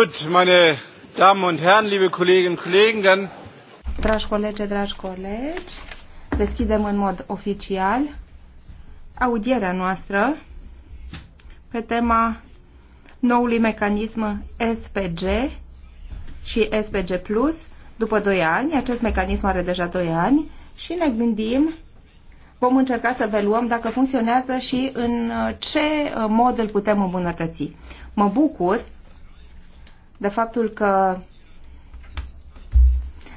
Gut, meine Damen und Herren, liebe Kolleginnen und Kollegen, dann. Dragi colegi, dragi colegi, deschidem în mod oficial audierea noastră pe tema noului mecanism SPG și SPG Plus după 2 ani. Acest mecanism are deja 2 ani și ne gândim vom încerca să evaluăm dacă funcționează și în ce mod îl putem îmbunătăți. Mă bucur de faptul că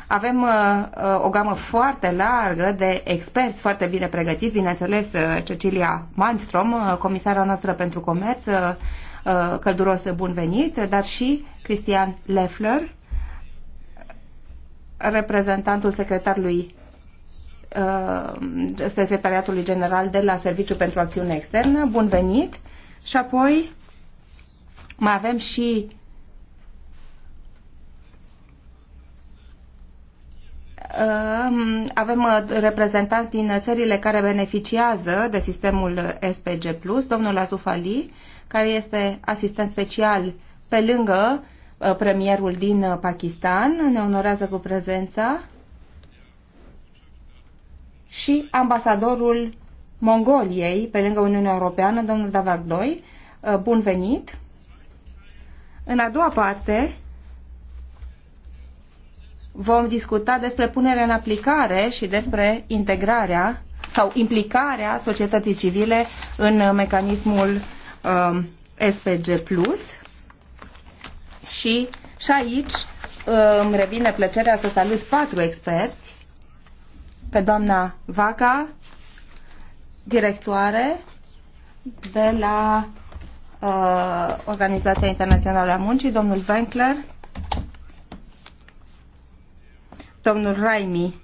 avem uh, uh, o gamă foarte largă de experți foarte bine pregătiți, bineînțeles uh, Cecilia Manstrom, uh, comisara noastră pentru comerț, uh, călduros bun venit, dar și Cristian Leffler, reprezentantul secretarului uh, secretariatului general de la Serviciu pentru Acțiune Externă, bun venit, și apoi mai avem și avem uh, reprezentanți din țările care beneficiază de sistemul SPG+, domnul Azufali, care este asistent special pe lângă uh, premierul din uh, Pakistan, ne onorează cu prezența, și ambasadorul Mongoliei pe lângă Uniunea Europeană, domnul Davardoi Bun venit! În a doua parte, vom discuta despre punerea în aplicare și despre integrarea sau implicarea societății civile în mecanismul um, SPG+. Și și aici îmi um, revine plăcerea să salut patru experți, pe doamna Vaca, directoare de la uh, Organizația Internațională a Muncii, domnul Winkler, domnul Raimi,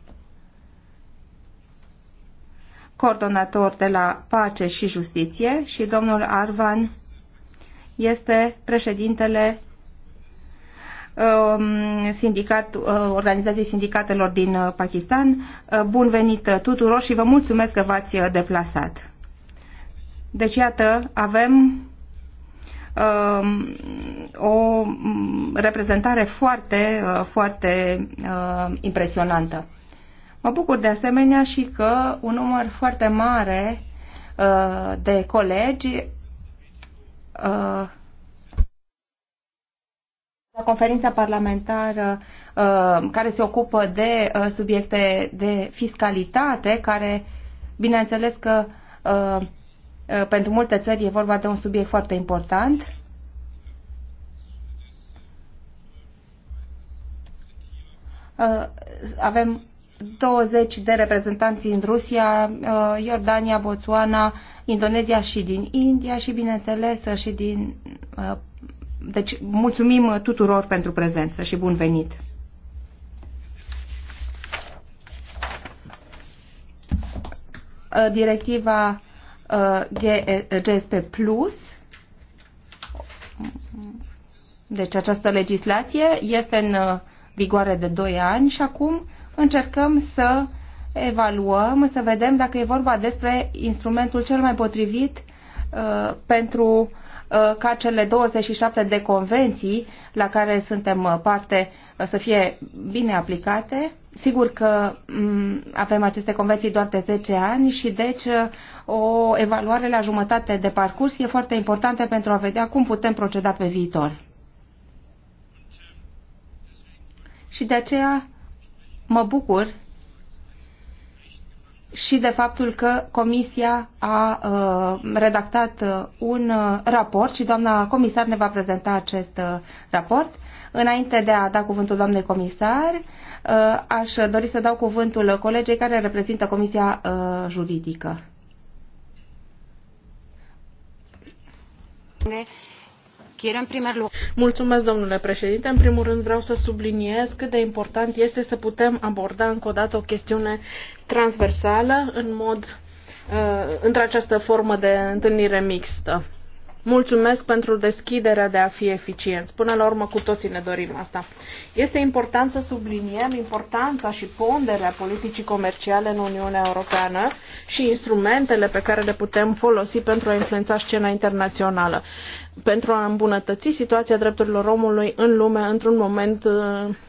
coordonator de la Pace și Justiție, și domnul Arvan este președintele um, sindicat, uh, Organizației Sindicatelor din uh, Pakistan. Uh, bun venit tuturor și vă mulțumesc că v-ați deplasat. Deci, iată, avem Um, o reprezentare foarte, uh, foarte uh, impresionantă. Mă bucur de asemenea și că un număr foarte mare uh, de colegi la conferința parlamentară care se ocupă de subiecte de fiscalitate, care bineînțeles că Uh, pentru multe țări e vorba de un subiect foarte important. Uh, avem 20 de reprezentanți din Rusia, uh, Iordania, Botswana, Indonezia și din India și, bineînțeles, și din... Deci, mulțumim tuturor pentru prezență și bun venit! Directiva GSP Plus. Deci această legislație este în uh, vigoare de 2 ani și acum încercăm să evaluăm, să vedem dacă e vorba despre instrumentul cel mai potrivit uh, pentru Uh, ca cele 27 de convenții la care suntem uh, parte uh, să fie bine aplicate. Sigur că mm, avem aceste convenții doar de 10 ani și deci o evaluare la jumătate de parcurs e foarte importantă pentru a vedea cum putem proceda pe viitor. Și de aceea mă bucur și de faptul că Comisia a uh, redactat uh, un uh, raport și doamna comisar ne va prezenta acest raport. Înainte de a da cuvântul doamnei comisar, aș dori să dau cuvântul colegei care reprezintă Comisia Juridică. Mulțumesc, domnule președinte. În primul rând vreau să subliniez cât de important este să putem aborda încă o dată o chestiune transversală în mod, uh, într-această formă de întâlnire mixtă. Mulțumesc pentru deschiderea de a fi eficienți. Până la urmă, cu toții ne dorim asta. Este important să subliniem importanța și ponderea politicii comerciale în Uniunea Europeană și instrumentele pe care le putem folosi pentru a influența scena internațională, pentru a îmbunătăți situația drepturilor omului în lume într-un moment uh,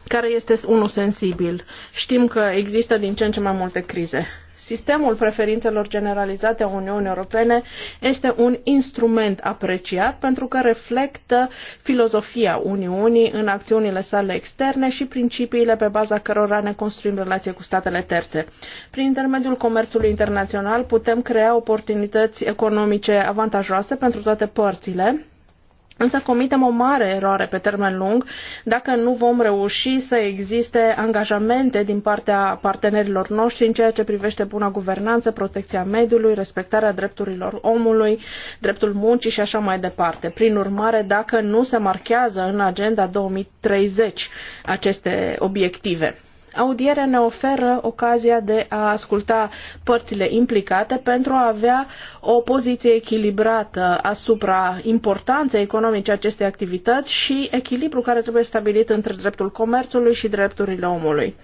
care este unul sensibil. Știm că există din ce în ce mai multe crize. Sistemul preferințelor generalizate a Uniunii Europene este un instrument apreciat pentru că reflectă filozofia Uniunii în acțiunile sale externe și principiile pe baza cărora ne construim relație cu statele terțe. Prin intermediul comerțului internațional putem crea oportunități economice avantajoase pentru toate părțile, Însă comitem o mare eroare pe termen lung dacă nu vom reuși să existe angajamente din partea partenerilor noștri în ceea ce privește buna guvernanță, protecția mediului, respectarea drepturilor omului, dreptul muncii și așa mai departe. Prin urmare, dacă nu se marchează în agenda 2030 aceste obiective. Audierea ne oferă ocazia de a asculta părțile implicate pentru a avea o poziție echilibrată asupra importanței economice acestei activități și echilibru care trebuie stabilit între dreptul comerțului și drepturile omului.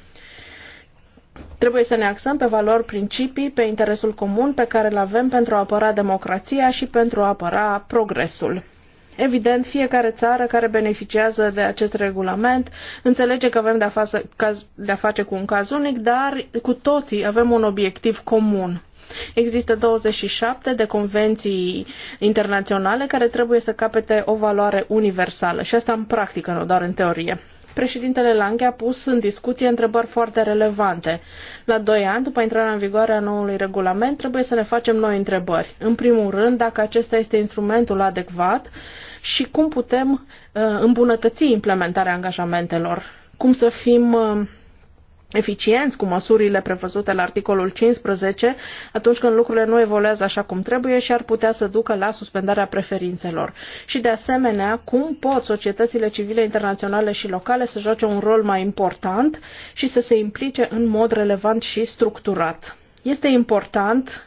Trebuie să ne axăm pe valori, principii, pe interesul comun pe care îl avem pentru a apăra democrația și pentru a apăra progresul. Evident, fiecare țară care beneficiază de acest regulament înțelege că avem de-a, face cu un caz unic, dar cu toții avem un obiectiv comun. Există 27 de convenții internaționale care trebuie să capete o valoare universală și asta în practică, nu doar în teorie președintele Lange a pus în discuție întrebări foarte relevante. La doi ani, după intrarea în vigoare a noului regulament, trebuie să ne facem noi întrebări. În primul rând, dacă acesta este instrumentul adecvat și cum putem uh, îmbunătăți implementarea angajamentelor. Cum să fim uh, eficienți cu măsurile prevăzute la articolul 15 atunci când lucrurile nu evoluează așa cum trebuie și ar putea să ducă la suspendarea preferințelor. Și de asemenea, cum pot societățile civile internaționale și locale să joace un rol mai important și să se implice în mod relevant și structurat. Este important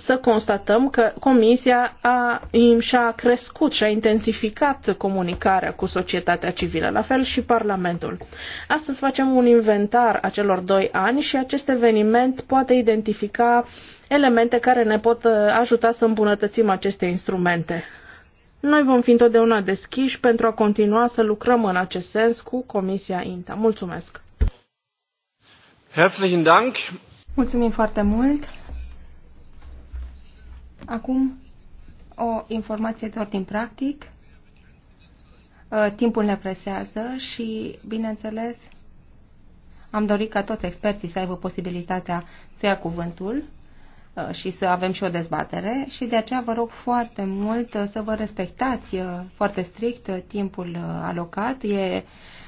să constatăm că Comisia a, și-a crescut și a intensificat comunicarea cu societatea civilă, la fel și Parlamentul. Astăzi facem un inventar a celor doi ani și acest eveniment poate identifica elemente care ne pot uh, ajuta să îmbunătățim aceste instrumente. Noi vom fi întotdeauna deschiși pentru a continua să lucrăm în acest sens cu Comisia INTA. Mulțumesc! Herzlichen Dank! Mulțumim foarte mult! Acum, o informație doar din practic. Uh, timpul ne presează și, bineînțeles, am dorit ca toți experții să aibă posibilitatea să ia cuvântul uh, și să avem și o dezbatere și de aceea vă rog foarte mult uh, să vă respectați foarte strict timpul alocat. E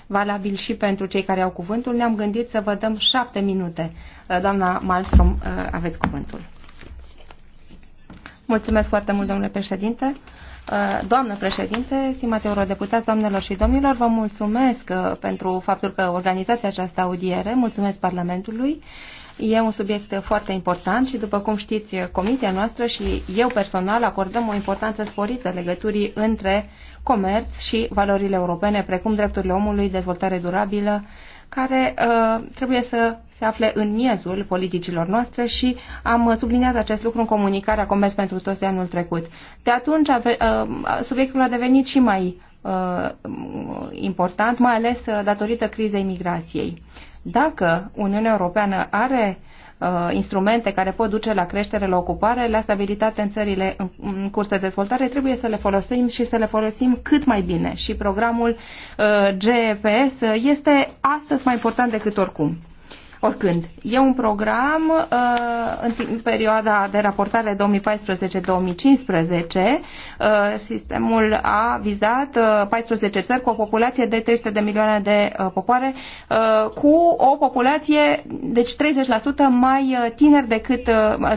valabil și pentru cei care au cuvântul. Ne-am gândit să vă dăm șapte minute. Doamna Malstrom, aveți cuvântul. Mulțumesc foarte mult, domnule președinte. Uh, doamnă președinte, stimați eurodeputați, doamnelor și domnilor, vă mulțumesc uh, pentru faptul că organizați această audiere, mulțumesc Parlamentului. E un subiect foarte important și, după cum știți, comisia noastră și eu personal acordăm o importanță sporită legăturii între comerț și valorile europene, precum drepturile omului, dezvoltare durabilă, care uh, trebuie să se afle în miezul politicilor noastre și am subliniat acest lucru în comunicarea Comerț pentru toți anul trecut. De atunci uh, subiectul a devenit și mai uh, important, mai ales uh, datorită crizei migrației. Dacă Uniunea Europeană are instrumente care pot duce la creștere, la ocupare, la stabilitate în țările în curs de dezvoltare, trebuie să le folosim și să le folosim cât mai bine. Și programul GPS este astăzi mai important decât oricum oricând. E un program uh, în perioada de raportare 2014-2015. Uh, sistemul a vizat 14 uh, țări cu o populație de 300 de milioane de popoare, cu o populație, deci 30% mai tineri decât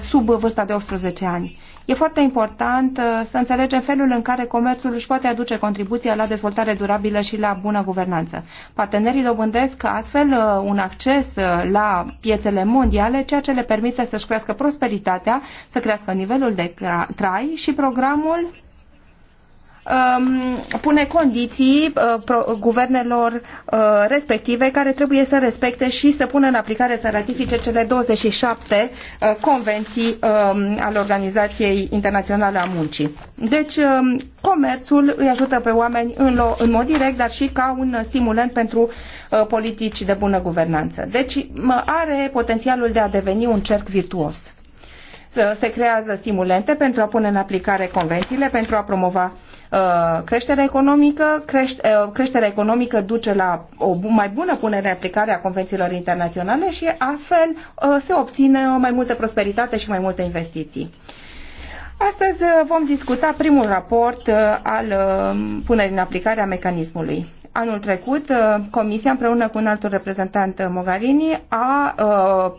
sub vârsta de 18 ani. E foarte important uh, să înțelegem felul în care comerțul își poate aduce contribuția la dezvoltare durabilă și la bună guvernanță. Partenerii dobândesc astfel uh, un acces uh, la piețele mondiale, ceea ce le permite să-și crească prosperitatea, să crească nivelul de trai și programul Um, pune condiții uh, guvernelor uh, respective care trebuie să respecte și să pună în aplicare, să ratifice cele 27 uh, convenții um, ale Organizației Internaționale a Muncii. Deci, um, comerțul îi ajută pe oameni în, mod direct, dar și ca un stimulant pentru politici de bună guvernanță. Deci, are potențialul de a deveni un cerc virtuos se creează stimulente pentru a pune în aplicare convențiile, pentru a promova uh, creșterea economică. Uh, creșterea economică duce la o mai bună punere în aplicare a convențiilor internaționale și astfel uh, se obține mai multă prosperitate și mai multe investiții. Astăzi vom discuta primul raport al punerii în aplicare a mecanismului anul trecut, uh, Comisia, împreună cu un altul reprezentant uh, Mogarini, a uh,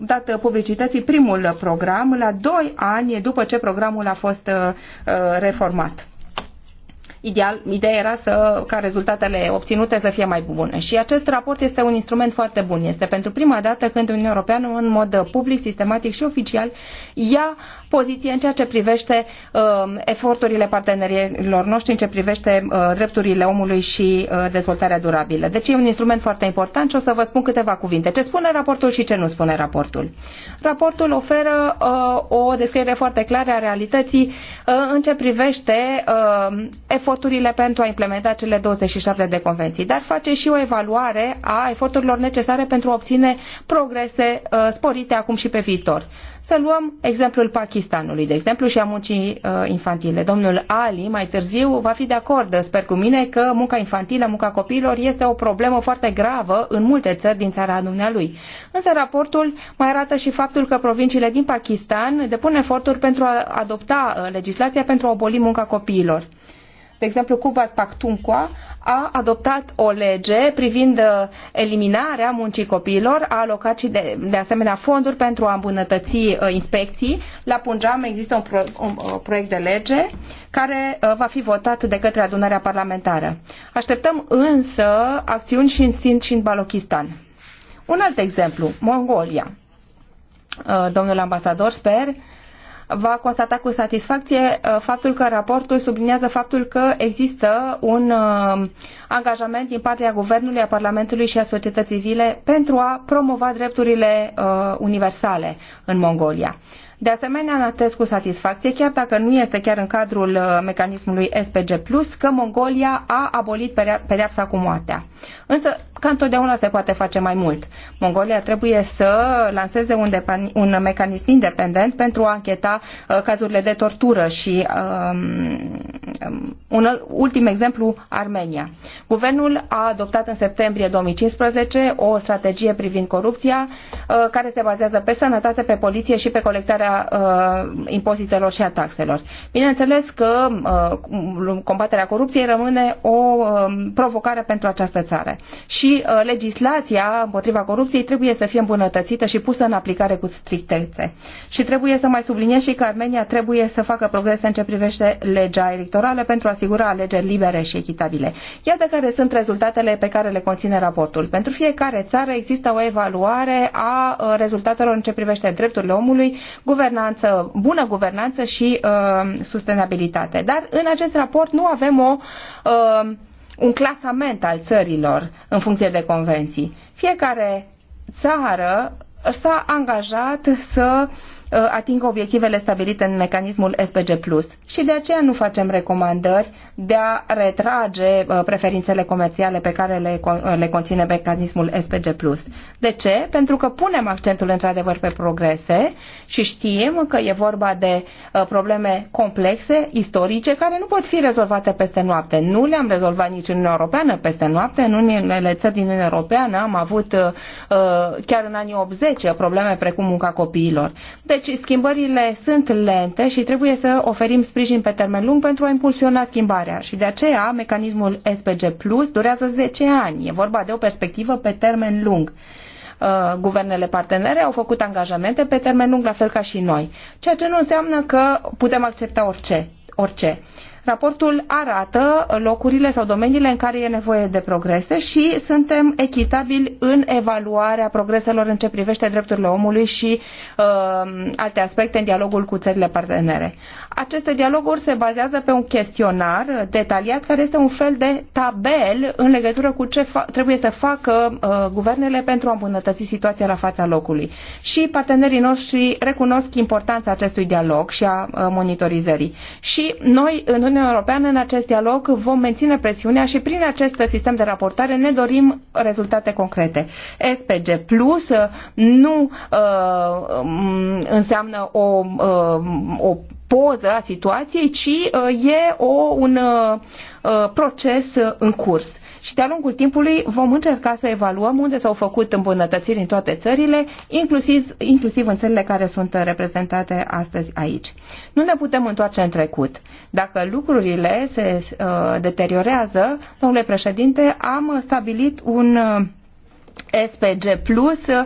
dat publicității primul program la doi ani după ce programul a fost reformat. Ideal, ideea era să, ca rezultatele obținute să fie mai bune. Și acest raport este un instrument foarte bun. Este pentru prima dată când Uniunea Europeană, în mod public, sistematic și oficial, ia poziție în ceea ce privește uh, eforturile partenerilor noștri, în ce privește uh, drepturile omului și uh, dezvoltarea durabilă. Deci e un instrument foarte important și o să vă spun câteva cuvinte. Ce spune raportul și ce nu spune raportul? Raportul oferă uh, o descriere foarte clară a realității uh, în ce privește uh, eforturile eforturile pentru a implementa cele 27 de convenții, dar face și o evaluare a eforturilor necesare pentru a obține progrese uh, sporite acum și pe viitor. Să luăm exemplul Pakistanului, de exemplu, și a muncii uh, infantile. Domnul Ali, mai târziu, va fi de acord, sper cu mine, că munca infantilă, munca copiilor este o problemă foarte gravă în multe țări din țara dumnealui. Însă raportul mai arată și faptul că provinciile din Pakistan depun eforturi pentru a adopta uh, legislația pentru a aboli munca copiilor. De exemplu, Cuba Pactunqua a adoptat o lege privind uh, eliminarea muncii copiilor, a alocat și de, de asemenea fonduri pentru a îmbunătăți uh, inspecții. La Punjab există un, pro, un, un uh, proiect de lege care va fi votat de către adunarea parlamentară. Așteptăm însă acțiuni și în Sind și în Balochistan. Un alt exemplu, Mongolia. Domnul ambasador, sper, va constata cu satisfacție uh, faptul că raportul subliniază faptul că există un uh, angajament din partea Guvernului, a Parlamentului și a societății civile pentru a promova drepturile uh, universale în Mongolia. De asemenea, notez cu satisfacție, chiar dacă nu este chiar în cadrul uh, mecanismului SPG+, că Mongolia a abolit pedeapsa cu moartea. Însă, ca întotdeauna se poate face mai mult. Mongolia trebuie să lanseze un, un mecanism independent pentru a încheta uh, cazurile de tortură și um, um un ultim exemplu, Armenia. Guvernul a adoptat în septembrie 2015 o strategie privind corupția uh, care se bazează pe sănătate, pe poliție și pe colectarea combaterea uh, impozitelor și a taxelor. Bineînțeles că uh, combaterea corupției rămâne o uh, provocare pentru această țară și uh, legislația împotriva corupției trebuie să fie îmbunătățită și pusă în aplicare cu strictețe. Și trebuie să mai subliniez și că Armenia trebuie să facă progrese în ce privește legea electorală pentru a asigura alegeri libere și echitabile. Iată care sunt rezultatele pe care le conține raportul. Pentru fiecare țară există o evaluare a uh, rezultatelor în ce privește drepturile omului, guvern guvernanță, bună guvernanță și uh, sustenabilitate. Dar în acest raport nu avem o, uh, un clasament al țărilor în funcție de convenții. Fiecare țară s-a angajat să uh, Uh, atingă obiectivele stabilite în mecanismul SPG+. Și de aceea nu facem recomandări de a retrage uh, preferințele comerciale pe care le, uh, le conține mecanismul SPG+. De ce? Pentru că punem accentul într-adevăr pe progrese și știm că e vorba de probleme complexe, istorice, care nu pot fi rezolvate peste noapte. Nu le-am rezolvat nici în Uniunea Europeană peste noapte. În unele țări din Uniunea Europeană am avut chiar în anii 80 probleme precum munca copiilor. Deci deci schimbările sunt lente și trebuie să oferim sprijin pe termen lung pentru a impulsiona schimbarea și de aceea mecanismul SPG Plus durează 10 ani. E vorba de o perspectivă pe termen lung uh, guvernele partenere au făcut angajamente pe termen lung, la fel ca și noi. Ceea ce nu înseamnă că putem accepta orice. orice. Raportul arată locurile sau domeniile în care e nevoie de progrese și suntem echitabili în evaluarea progreselor în ce privește drepturile omului și uh, alte aspecte în dialogul cu țările partenere. Aceste dialoguri se bazează pe un chestionar detaliat care este un fel de tabel în legătură cu ce trebuie să facă uh, guvernele pentru a îmbunătăți situația la fața locului. Și partenerii noștri recunosc importanța acestui dialog și a uh, monitorizării. Și noi, în Uniunea Europeană, în acest dialog vom menține presiunea și prin acest sistem de raportare ne dorim rezultate concrete. SPG Plus uh, nu uh, um, înseamnă o, uh, o poză a situației, ci uh, e o, un uh, uh, proces în curs. Și de-a lungul timpului vom încerca să evaluăm unde s-au făcut îmbunătățiri în toate țările, inclusiv, inclusiv în țările care sunt reprezentate astăzi aici. Nu ne putem întoarce în trecut. Dacă lucrurile se uh, deteriorează, domnule președinte, am stabilit un uh, SPG+, Plus uh,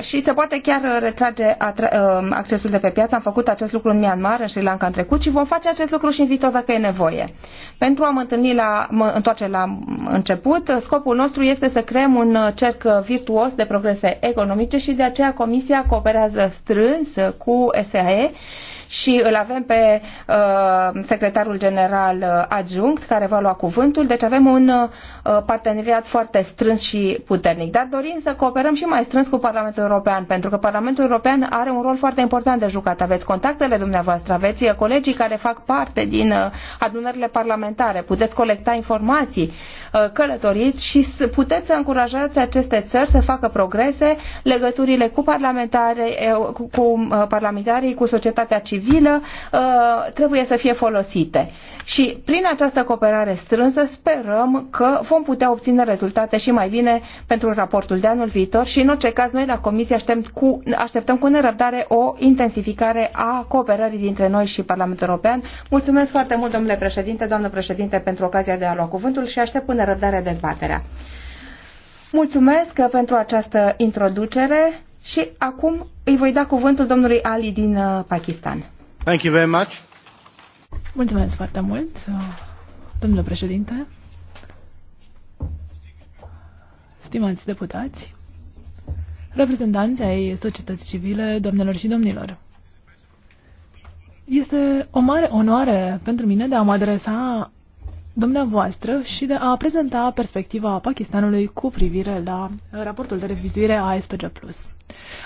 și se poate chiar retrage um, accesul de pe piață. Am făcut acest lucru în Myanmar, în Sri Lanka în trecut și vom face acest lucru și în viitor dacă e nevoie. Pentru a mă, întâlni la, mă întoarce la început, scopul nostru este să creăm un cerc virtuos de progrese economice și de aceea Comisia cooperează strâns cu SAE și îl avem pe uh, secretarul general uh, adjunct care va lua cuvântul, deci avem un uh, parteneriat foarte strâns și puternic. Dar dorim să cooperăm și mai strâns cu Parlamentul European, pentru că Parlamentul European are un rol foarte important de jucat. Aveți contactele dumneavoastră, aveți uh, colegii care fac parte din uh, adunările parlamentare, puteți colecta informații, uh, călătoriți și puteți să încurajați aceste țări să facă progrese legăturile cu, parlamentare, cu uh, parlamentarii, cu societatea civilă civilă uh, trebuie să fie folosite. Și prin această cooperare strânsă sperăm că vom putea obține rezultate și mai bine pentru raportul de anul viitor și în orice caz noi la Comisie așteptăm cu, așteptăm cu nerăbdare o intensificare a cooperării dintre noi și Parlamentul European. Mulțumesc foarte mult, domnule președinte, doamnă președinte, pentru ocazia de a lua cuvântul și aștept cu nerăbdare dezbaterea. Mulțumesc pentru această introducere. Și acum îi voi da cuvântul domnului Ali din uh, Pakistan. Thank you very much. Mulțumesc foarte mult, uh, domnule președinte. Stimați deputați, reprezentanți ai societății civile, domnilor și domnilor. Este o mare onoare pentru mine de a mă adresa dumneavoastră și de a prezenta perspectiva Pakistanului cu privire la raportul de revizuire a SPG+.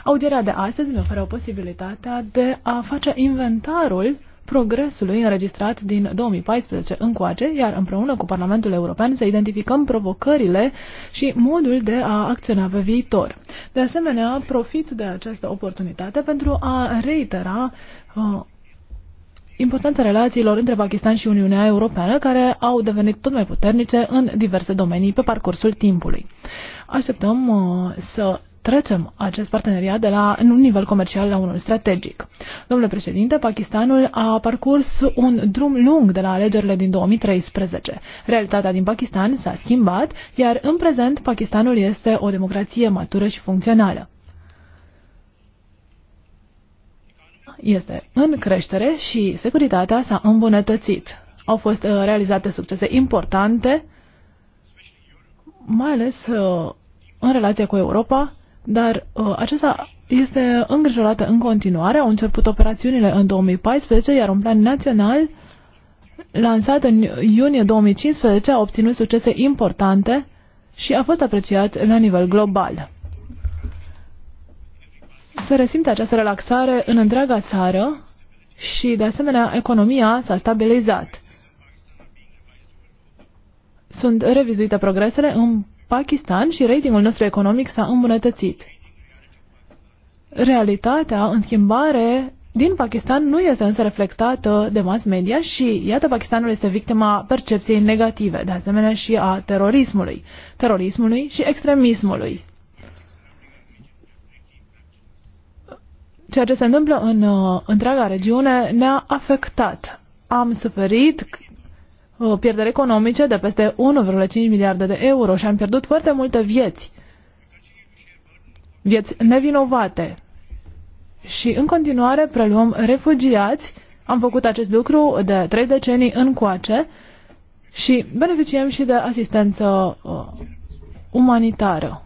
Audierea de astăzi mi oferă posibilitatea de a face inventarul progresului înregistrat din 2014 încoace, iar împreună cu Parlamentul European să identificăm provocările și modul de a acționa pe viitor. De asemenea, profit de această oportunitate pentru a reitera uh, importanța relațiilor între Pakistan și Uniunea Europeană, care au devenit tot mai puternice în diverse domenii pe parcursul timpului. Așteptăm uh, să trecem acest parteneriat de la un nivel comercial la unul strategic. Domnule președinte, Pakistanul a parcurs un drum lung de la alegerile din 2013. Realitatea din Pakistan s-a schimbat, iar în prezent Pakistanul este o democrație matură și funcțională. este în creștere și securitatea s-a îmbunătățit. Au fost uh, realizate succese importante, mai ales uh, în relația cu Europa, dar uh, acesta este îngrijorată în continuare. Au început operațiunile în 2014, iar un plan național lansat în iunie 2015 a obținut succese importante și a fost apreciat la nivel global se resimte această relaxare în întreaga țară și, de asemenea, economia s-a stabilizat. Sunt revizuite progresele în Pakistan și ratingul nostru economic s-a îmbunătățit. Realitatea, în schimbare, din Pakistan nu este însă reflectată de mass media și, iată, Pakistanul este victima percepției negative, de asemenea și a terorismului, terorismului și extremismului. Ceea ce se întâmplă în uh, întreaga regiune ne-a afectat. Am suferit uh, pierderi economice de peste 1,5 miliarde de euro și am pierdut foarte multe vieți. Vieți nevinovate. Și în continuare preluăm refugiați. Am făcut acest lucru de trei decenii încoace și beneficiem și de asistență uh, umanitară.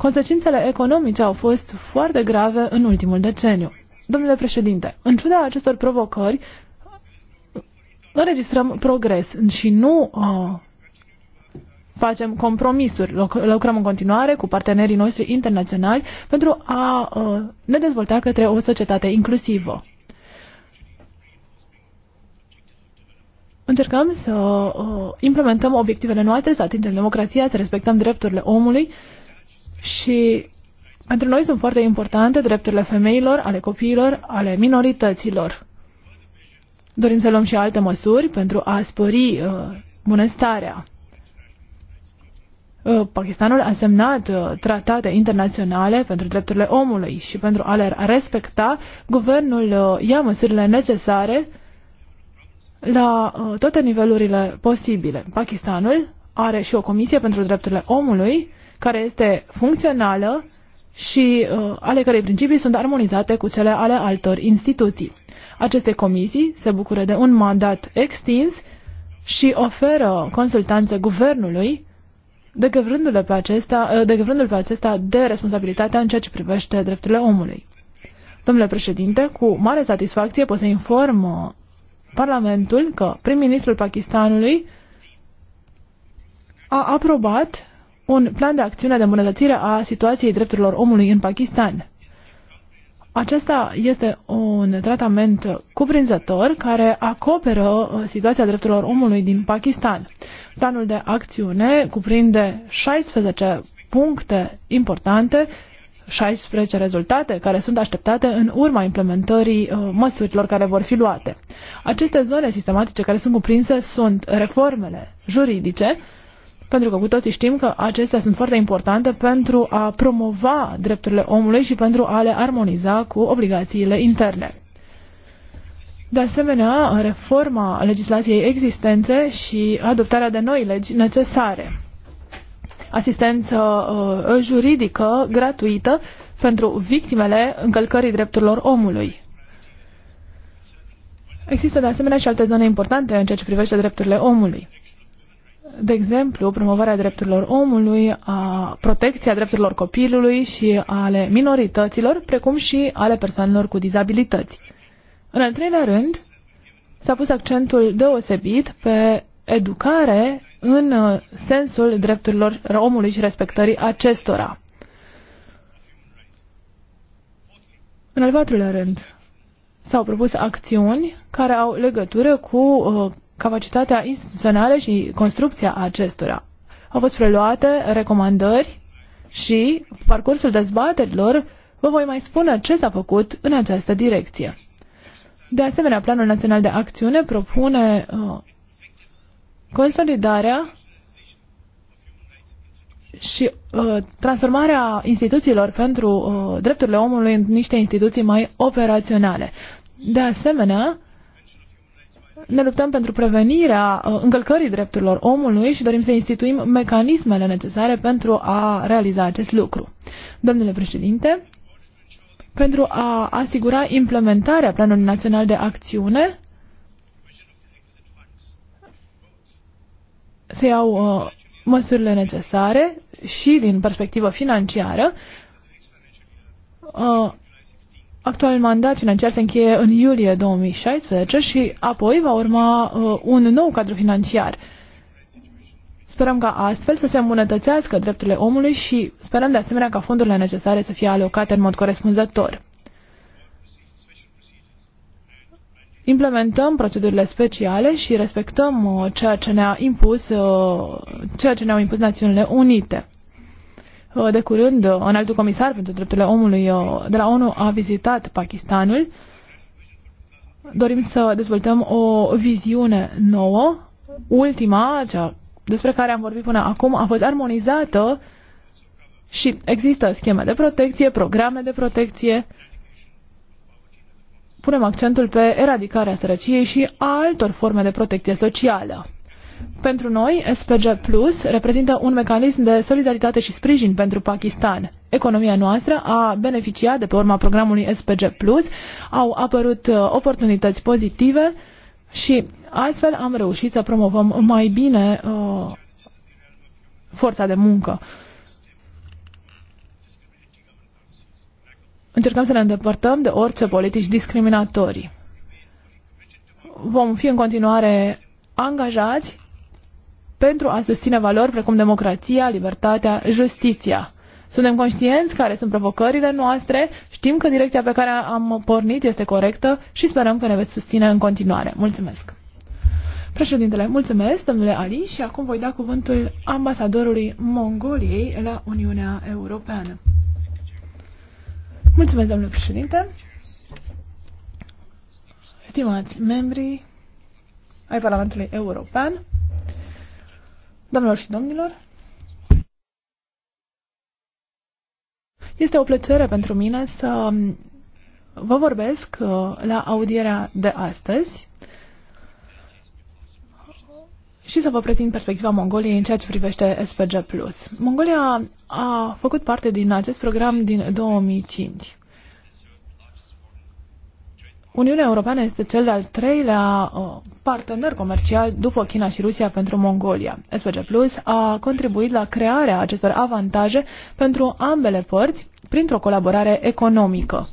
Consecințele economice au fost foarte grave în ultimul deceniu. Domnule președinte, în ciuda acestor provocări, înregistrăm progres și nu uh, facem compromisuri. Lucrăm în continuare cu partenerii noștri internaționali pentru a uh, ne dezvolta către o societate inclusivă. Încercăm să uh, implementăm obiectivele noastre, să atingem democrația, să respectăm drepturile omului uh, și pentru noi sunt foarte importante drepturile femeilor, ale copiilor, ale minorităților. Dorim să luăm și alte măsuri pentru a spări uh, bunăstarea. Uh, Pakistanul a semnat uh, tratate internaționale pentru drepturile omului și pentru a le respecta, guvernul uh, ia măsurile necesare la uh, toate nivelurile posibile. Pakistanul are și o comisie pentru drepturile omului care este funcțională și uh, ale cărei principii sunt armonizate cu cele ale altor instituții. Aceste comisii se bucură de un mandat extins și oferă consultanță guvernului, de l pe, acesta, uh, pe acesta de responsabilitatea în ceea ce privește drepturile omului. Domnule președinte, cu mare satisfacție pot să inform uh, Parlamentul că prim-ministrul Pakistanului a aprobat un plan de acțiune de îmbunătățire a situației drepturilor omului în Pakistan. Acesta este un tratament cuprinzător care acoperă uh, situația drepturilor omului din Pakistan. Planul de acțiune cuprinde 16 puncte importante, 16 rezultate care sunt așteptate în urma implementării uh, măsurilor care vor fi luate. Aceste zone sistematice care sunt cuprinse sunt reformele juridice, pentru că cu toții știm că acestea sunt foarte importante pentru a promova drepturile omului și pentru a le armoniza cu obligațiile interne. De asemenea, reforma legislației existente și adoptarea de noi legi necesare. Asistență uh, juridică gratuită pentru victimele încălcării drepturilor omului. Există de asemenea și alte zone importante în ceea ce privește drepturile omului de exemplu, promovarea drepturilor omului, a protecția drepturilor copilului și ale minorităților, precum și ale persoanelor cu dizabilități. În al treilea rând, s-a pus accentul deosebit pe educare în uh, sensul drepturilor omului și respectării acestora. În al patrulea rând, s-au propus acțiuni care au legătură cu uh, capacitatea instituțională și construcția acestora. Au fost preluate recomandări și, pe parcursul dezbaterilor, vă voi mai spune ce s-a făcut în această direcție. De asemenea, Planul Național de Acțiune propune uh, consolidarea și uh, transformarea instituțiilor pentru uh, drepturile omului în niște instituții mai operaționale. De asemenea, ne luptăm pentru prevenirea uh, încălcării drepturilor omului și dorim să instituim mecanismele necesare pentru a realiza acest lucru. Domnule președinte, pentru a asigura implementarea Planului Național de Acțiune, se iau uh, măsurile necesare și din perspectivă financiară. Uh, Actualul mandat financiar se încheie în iulie 2016 și apoi va urma uh, un nou cadru financiar. Sperăm ca astfel să se îmbunătățească drepturile omului și sperăm de asemenea ca fondurile necesare să fie alocate în mod corespunzător. Implementăm procedurile speciale și respectăm uh, ceea ce ne au impus, uh, ce ne impus Națiunile Unite. Uh, de curând, uh, un altul comisar pentru drepturile omului uh, de la ONU a vizitat Pakistanul. Dorim să dezvoltăm o viziune nouă. Ultima, cea despre care am vorbit până acum, a fost armonizată și există scheme de protecție, programe de protecție. Punem accentul pe eradicarea sărăciei și a altor forme de protecție socială. Pentru noi, SPG Plus reprezintă un mecanism de solidaritate și sprijin pentru Pakistan. Economia noastră a beneficiat de pe urma programului SPG Plus, au apărut uh, oportunități pozitive și astfel am reușit să promovăm mai bine uh, forța de muncă. Încercăm să ne îndepărtăm de orice politici discriminatorii. Vom fi în continuare angajați pentru a susține valori precum democrația, libertatea, justiția. Suntem conștienți care sunt provocările noastre, știm că direcția pe care am pornit este corectă și sperăm că ne veți susține în continuare. Mulțumesc! Președintele, mulțumesc, domnule Ali, și acum voi da cuvântul ambasadorului Mongoliei la Uniunea Europeană. Mulțumesc, domnule președinte! Stimați membrii ai Parlamentului European, Doamnelor și domnilor, este o plăcere pentru mine să vă vorbesc uh, la audierea de astăzi și să vă prezint perspectiva Mongoliei în ceea ce privește SPG+. Mongolia a făcut parte din acest program din 2005. Uniunea Europeană este cel de-al treilea uh, partener comercial după China și Rusia pentru Mongolia. SPG Plus a contribuit la crearea acestor avantaje pentru ambele părți printr-o colaborare economică.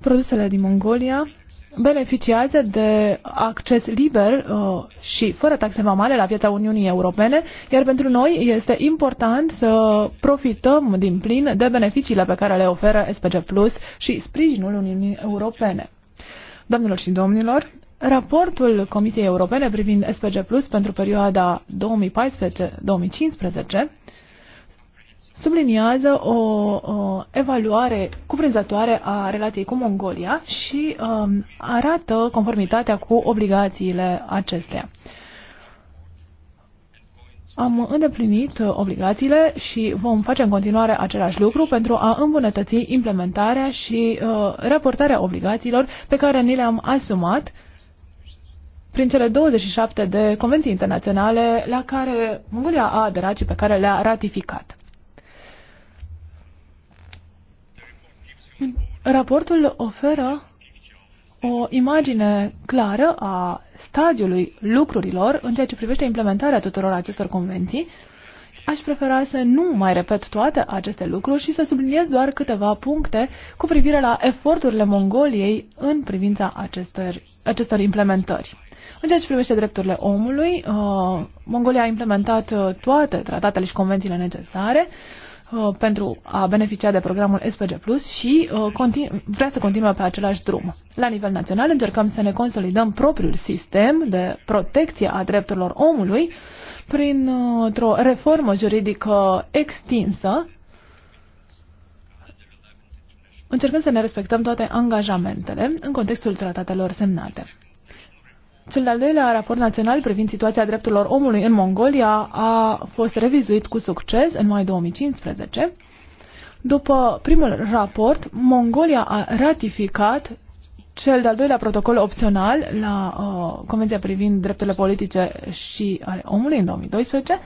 Produsele din Mongolia beneficiază de acces liber uh, și fără taxe vamale la viața Uniunii Europene, iar pentru noi este important să profităm din plin de beneficiile pe care le oferă SPG Plus și sprijinul Uniunii Europene. Domnilor și domnilor, raportul Comisiei Europene privind SPG Plus pentru perioada 2014-2015 subliniază o, o evaluare cuprinzătoare a relației cu Mongolia și um, arată conformitatea cu obligațiile acesteia. Am îndeplinit obligațiile și vom face în continuare același lucru pentru a îmbunătăți implementarea și uh, raportarea obligațiilor pe care ni le-am asumat prin cele 27 de convenții internaționale la care Mongolia a aderat și pe care le-a ratificat. Raportul oferă o imagine clară a stadiului lucrurilor în ceea ce privește implementarea tuturor acestor convenții. Aș prefera să nu mai repet toate aceste lucruri și să subliniez doar câteva puncte cu privire la eforturile Mongoliei în privința acestor, acestor implementări. În ceea ce privește drepturile omului, uh, Mongolia a implementat uh, toate tratatele și convențiile necesare. Uh, pentru a beneficia de programul SPG Plus și uh, vrea să continue pe același drum. La nivel național încercăm să ne consolidăm propriul sistem de protecție a drepturilor omului printr-o uh, reformă juridică extinsă, încercând să ne respectăm toate angajamentele în contextul tratatelor semnate. Cel de-al doilea raport național privind situația drepturilor omului în Mongolia a fost revizuit cu succes în mai 2015. După primul raport, Mongolia a ratificat cel de-al doilea protocol opțional la uh, Convenția privind drepturile politice și ale omului în 2012,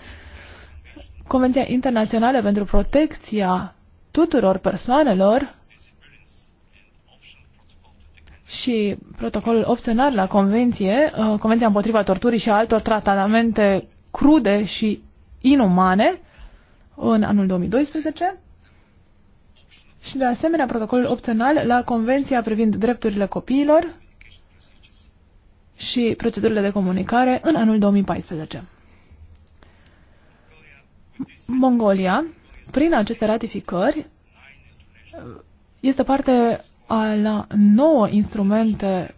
Convenția Internațională pentru protecția tuturor persoanelor și protocolul opțional la convenție, uh, Convenția împotriva torturii și altor tratamente crude și inumane în anul 2012 și de asemenea protocolul opțional la Convenția privind drepturile copiilor și procedurile de comunicare în anul 2014. Mongolia, prin aceste ratificări, este parte la nouă instrumente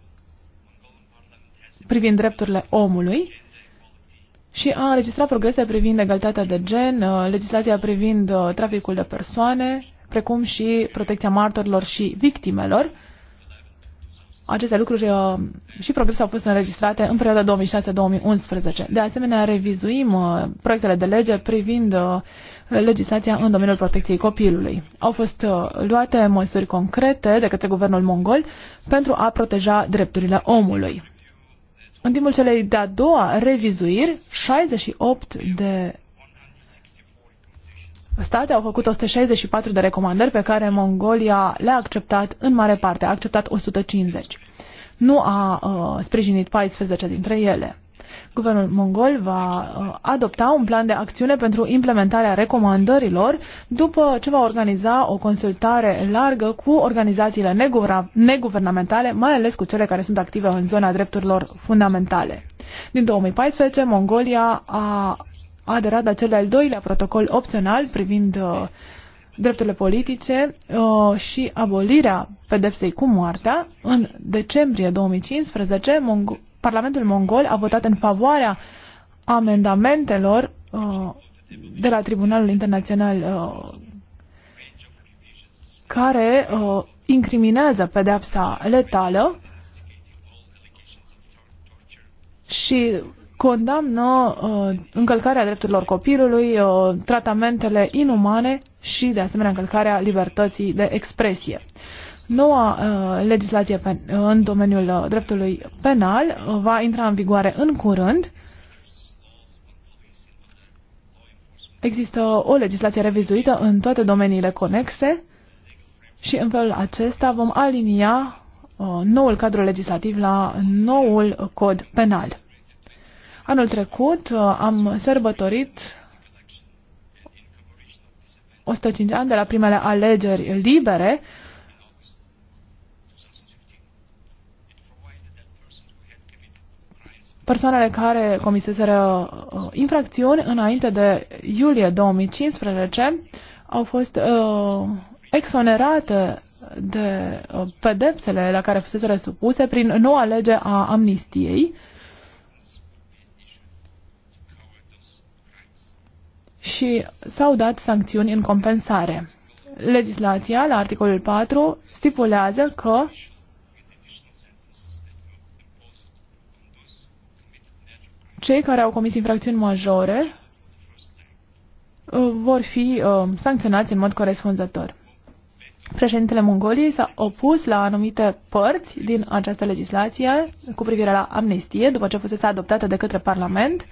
privind drepturile omului și a înregistrat progrese privind egalitatea de gen, uh, legislația privind uh, traficul de persoane, precum și protecția martorilor și victimelor. Aceste lucruri uh, și progrese au fost înregistrate în perioada 2006-2011. De asemenea, revizuim proiectele de lege privind legislația în domeniul protecției copilului. Au fost uh, luate măsuri concrete de către guvernul mongol pentru a proteja drepturile omului. În timpul celei de-a doua revizuiri, 68 de state au făcut 164 de recomandări pe care Mongolia le-a acceptat în mare parte, a acceptat 150. Nu a uh, sprijinit 14 dintre ele. Guvernul mongol va uh, adopta un plan de acțiune pentru implementarea recomandărilor după ce va organiza o consultare largă cu organizațiile neguvernamentale, mai ales cu cele care sunt active în zona drepturilor fundamentale. Din 2014, Mongolia a aderat la cel de-al doilea protocol opțional privind uh, drepturile politice uh, și abolirea pedepsei cu moartea, în decembrie 2015, Mong Parlamentul mongol a votat în favoarea amendamentelor uh, de la Tribunalul Internațional uh, care uh, incriminează pedepsa letală și condamnă uh, încălcarea drepturilor copilului, uh, tratamentele inumane și, de asemenea, încălcarea libertății de expresie. Uh, Noua uh, legislație pen, uh, în domeniul uh, dreptului penal uh, va intra în vigoare în curând. Există o legislație revizuită în toate domeniile conexe și în felul acesta vom alinia uh, noul cadru legislativ la noul cod penal. Anul trecut uh, am sărbătorit 105 ani de la primele alegeri libere persoanele care comiseseră uh, infracțiuni înainte de iulie 2015 au fost uh, exonerate de uh, pedepsele la care fuseseră supuse prin noua lege a amnistiei și s-au dat sancțiuni în compensare. Legislația, la articolul 4, stipulează că cei care au comis infracțiuni majore uh, vor fi uh, sancționați în mod corespunzător. Președintele Mongoliei s-a opus la anumite părți din această legislație cu privire la amnistie, după ce fusese adoptată de către Parlament.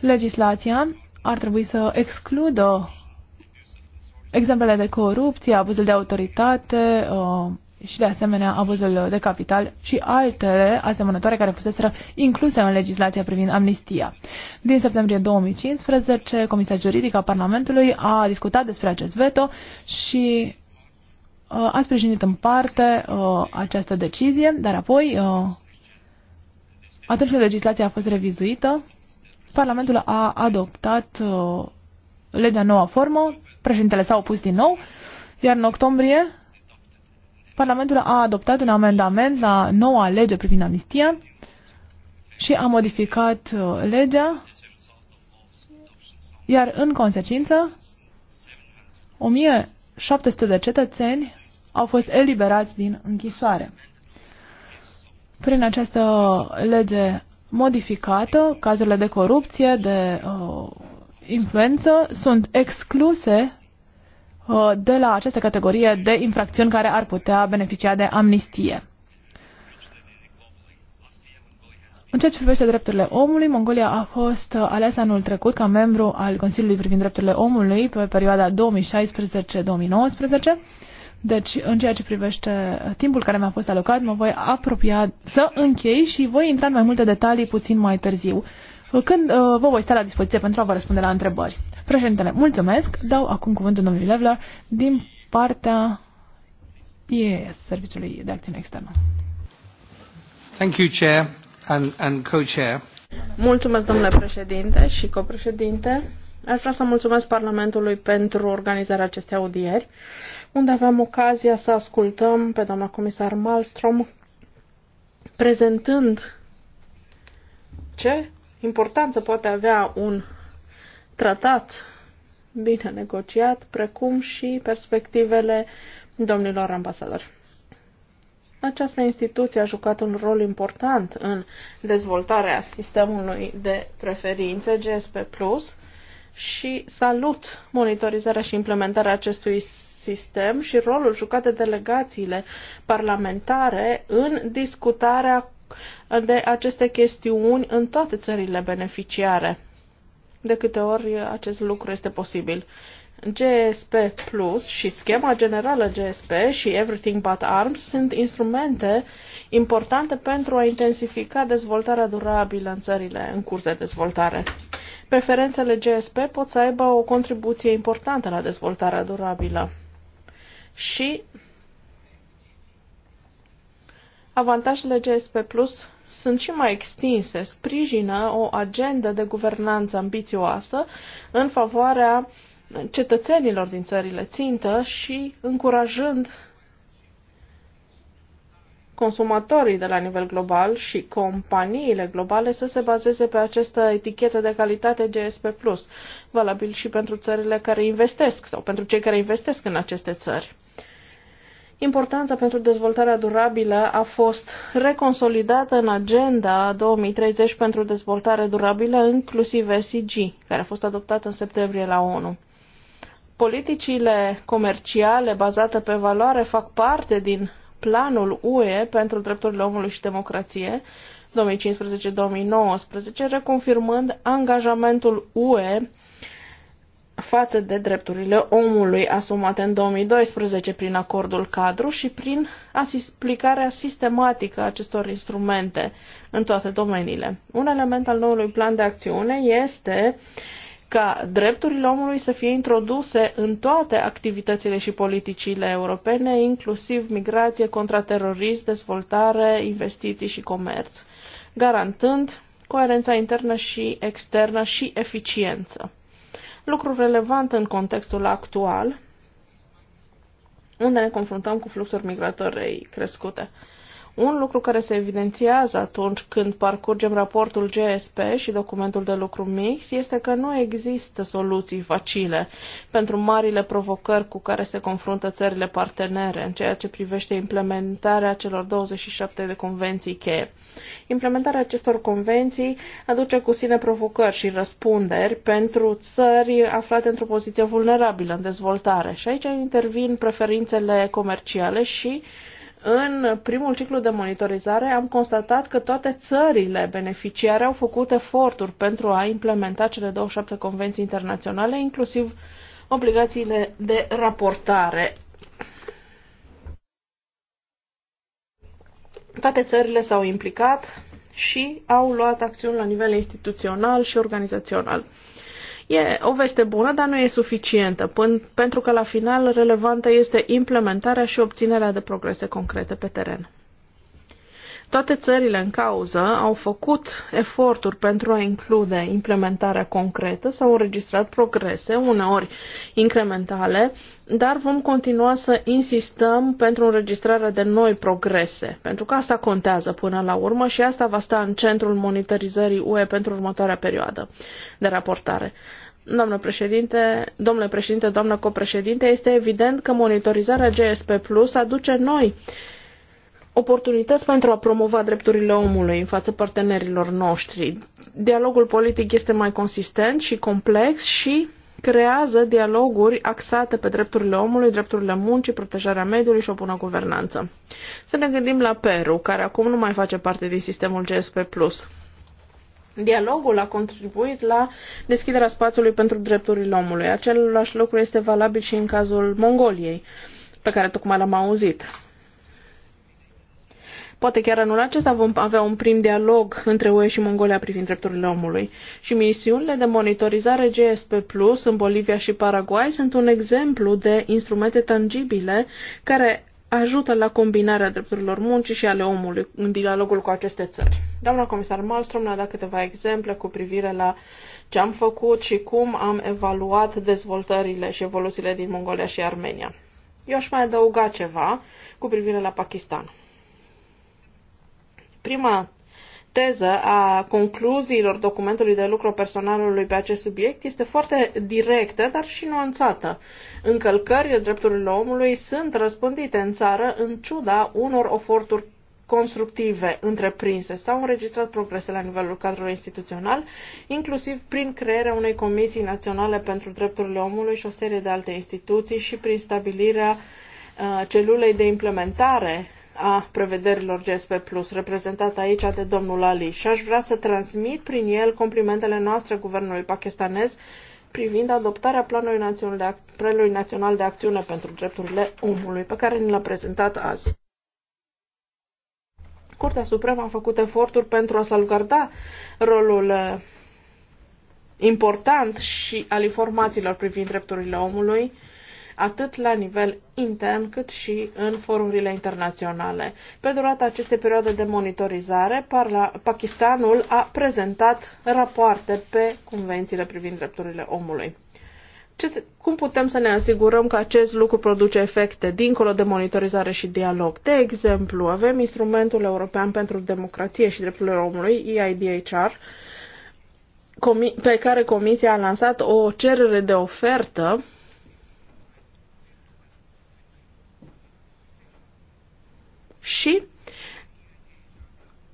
Legislația ar trebui să excludă exemplele de corupție, abuzul de autoritate, uh, și de asemenea abuzul de capital și altele asemănătoare care fuseseră incluse în legislația privind amnistia. Din septembrie 2015, Comisia Juridică a Parlamentului a discutat despre acest veto și uh, a sprijinit în parte uh, această decizie, dar apoi, uh, atunci când legislația a fost revizuită, Parlamentul a adoptat uh, legea noua formă, președintele s-a opus din nou, iar în octombrie Parlamentul a adoptat un amendament la noua lege privind amnistia și a modificat uh, legea, iar în consecință 1700 de cetățeni au fost eliberați din închisoare. Prin această lege modificată, cazurile de corupție, de uh, influență sunt excluse Uh, de la această categorie de infracțiuni care ar putea beneficia de amnistie. În ceea ce privește drepturile omului, Mongolia a fost uh, aleasă anul trecut ca membru al Consiliului privind drepturile omului pe perioada 2016-2019. Deci, în ceea ce privește uh, timpul care mi-a fost alocat, mă voi apropia să închei și voi intra în mai multe detalii puțin mai târziu când uh, vă voi sta la dispoziție pentru a vă răspunde la întrebări. Președintele, mulțumesc. Dau acum cuvântul domnului Levler din partea IES, Serviciului de Acțiune Externă. Thank you, Chair and, and Co-Chair. Mulțumesc, domnule președinte și copreședinte. Aș vrea să mulțumesc Parlamentului pentru organizarea acestei audieri, unde avem ocazia să ascultăm pe doamna comisar Malmström prezentând ce importanță poate avea un tratat bine negociat, precum și perspectivele domnilor ambasadori. Această instituție a jucat un rol important în dezvoltarea sistemului de preferințe GSP Plus și salut monitorizarea și implementarea acestui sistem și rolul jucat de delegațiile parlamentare în discutarea de aceste chestiuni în toate țările beneficiare. De câte ori acest lucru este posibil. GSP Plus și schema generală GSP și Everything But Arms sunt instrumente importante pentru a intensifica dezvoltarea durabilă în țările în curs de dezvoltare. Preferențele GSP pot să aibă o contribuție importantă la dezvoltarea durabilă. Și Avantajele GSP Plus sunt și mai extinse, sprijină o agendă de guvernanță ambițioasă în favoarea cetățenilor din țările țintă și încurajând consumatorii de la nivel global și companiile globale să se bazeze pe această etichetă de calitate GSP+, valabil și pentru țările care investesc sau pentru cei care investesc în aceste țări. Importanța pentru dezvoltarea durabilă a fost reconsolidată în agenda 2030 pentru dezvoltare durabilă, inclusiv SIG, care a fost adoptată în septembrie la ONU. Politicile comerciale bazate pe valoare fac parte din planul UE pentru drepturile omului și democrație 2015-2019, reconfirmând angajamentul UE față de drepturile omului asumate în 2012 prin acordul cadru și prin aplicarea sistematică a acestor instrumente în toate domeniile. Un element al noului plan de acțiune este ca drepturile omului să fie introduse în toate activitățile și politicile europene, inclusiv migrație, contraterorism, dezvoltare, investiții și comerț, garantând coerența internă și externă și eficiență lucru relevant în contextul actual, unde ne confruntăm cu fluxuri migratorii crescute. Un lucru care se evidențiază atunci când parcurgem raportul GSP și documentul de lucru mix este că nu există soluții facile pentru marile provocări cu care se confruntă țările partenere în ceea ce privește implementarea celor 27 de convenții cheie. Implementarea acestor convenții aduce cu sine provocări și răspunderi pentru țări aflate într-o poziție vulnerabilă în dezvoltare și aici intervin preferințele comerciale și uh, în primul ciclu de monitorizare am constatat că toate țările beneficiare au făcut eforturi pentru a implementa cele 27 convenții internaționale, inclusiv obligațiile de raportare. Toate țările s-au implicat și au luat acțiuni la nivel instituțional și organizațional. E o veste bună, dar nu e suficientă, pentru că la final relevantă este implementarea și obținerea de progrese concrete pe teren. Toate țările în cauză au făcut eforturi pentru a include implementarea concretă, s-au înregistrat progrese, uneori incrementale, dar vom continua să insistăm pentru înregistrarea de noi progrese, pentru că asta contează până la urmă și asta va sta în centrul monitorizării UE pentru următoarea perioadă de raportare. Doamnă președinte, domnule președinte, doamnă copreședinte, este evident că monitorizarea GSP Plus aduce noi oportunități pentru a promova drepturile omului în fața partenerilor noștri. Dialogul politic este mai consistent și complex și creează dialoguri axate pe drepturile omului, drepturile muncii, protejarea mediului și o bună guvernanță. Să ne gândim la Peru, care acum nu mai face parte din sistemul GSP+. Dialogul a contribuit la deschiderea spațiului pentru drepturile omului. Același lucru este valabil și în cazul Mongoliei, pe care tocmai l-am auzit. Poate chiar anul acesta vom avea un prim dialog între UE și Mongolia privind drepturile omului. Și misiunile de monitorizare GSP Plus în Bolivia și Paraguay sunt un exemplu de instrumente tangibile care ajută la combinarea drepturilor muncii și ale omului în dialogul cu aceste țări. Doamna comisar Malmström ne-a dat câteva exemple cu privire la ce am făcut și cum am evaluat dezvoltările și evoluțiile din Mongolia și Armenia. Eu aș mai adăuga ceva cu privire la Pakistan. Prima teză a concluziilor documentului de lucru personalului pe acest subiect este foarte directă, dar și nuanțată. Încălcările drepturilor omului sunt răspândite în țară în ciuda unor oforturi constructive întreprinse. S-au înregistrat progrese la nivelul cadrului instituțional, inclusiv prin crearea unei comisii naționale pentru drepturile omului și o serie de alte instituții și prin stabilirea uh, celulei de implementare a prevederilor GSP+, reprezentat aici de domnul Ali. Și aș vrea să transmit prin el complimentele noastre guvernului pakistanez privind adoptarea Planului Național de, Planului Național de Acțiune pentru Drepturile Omului, pe care ni l-a prezentat azi. Curtea Supremă a făcut eforturi pentru a salvgarda rolul eh, important și al informațiilor privind drepturile omului, atât la nivel intern cât și în forurile internaționale. Pe durata acestei perioade de monitorizare, Pakistanul a prezentat rapoarte pe convențiile privind drepturile omului. Ce, cum putem să ne asigurăm că acest lucru produce efecte dincolo de monitorizare și dialog? De exemplu, avem instrumentul european pentru democrație și drepturile omului, EIDHR, pe care Comisia a lansat o cerere de ofertă și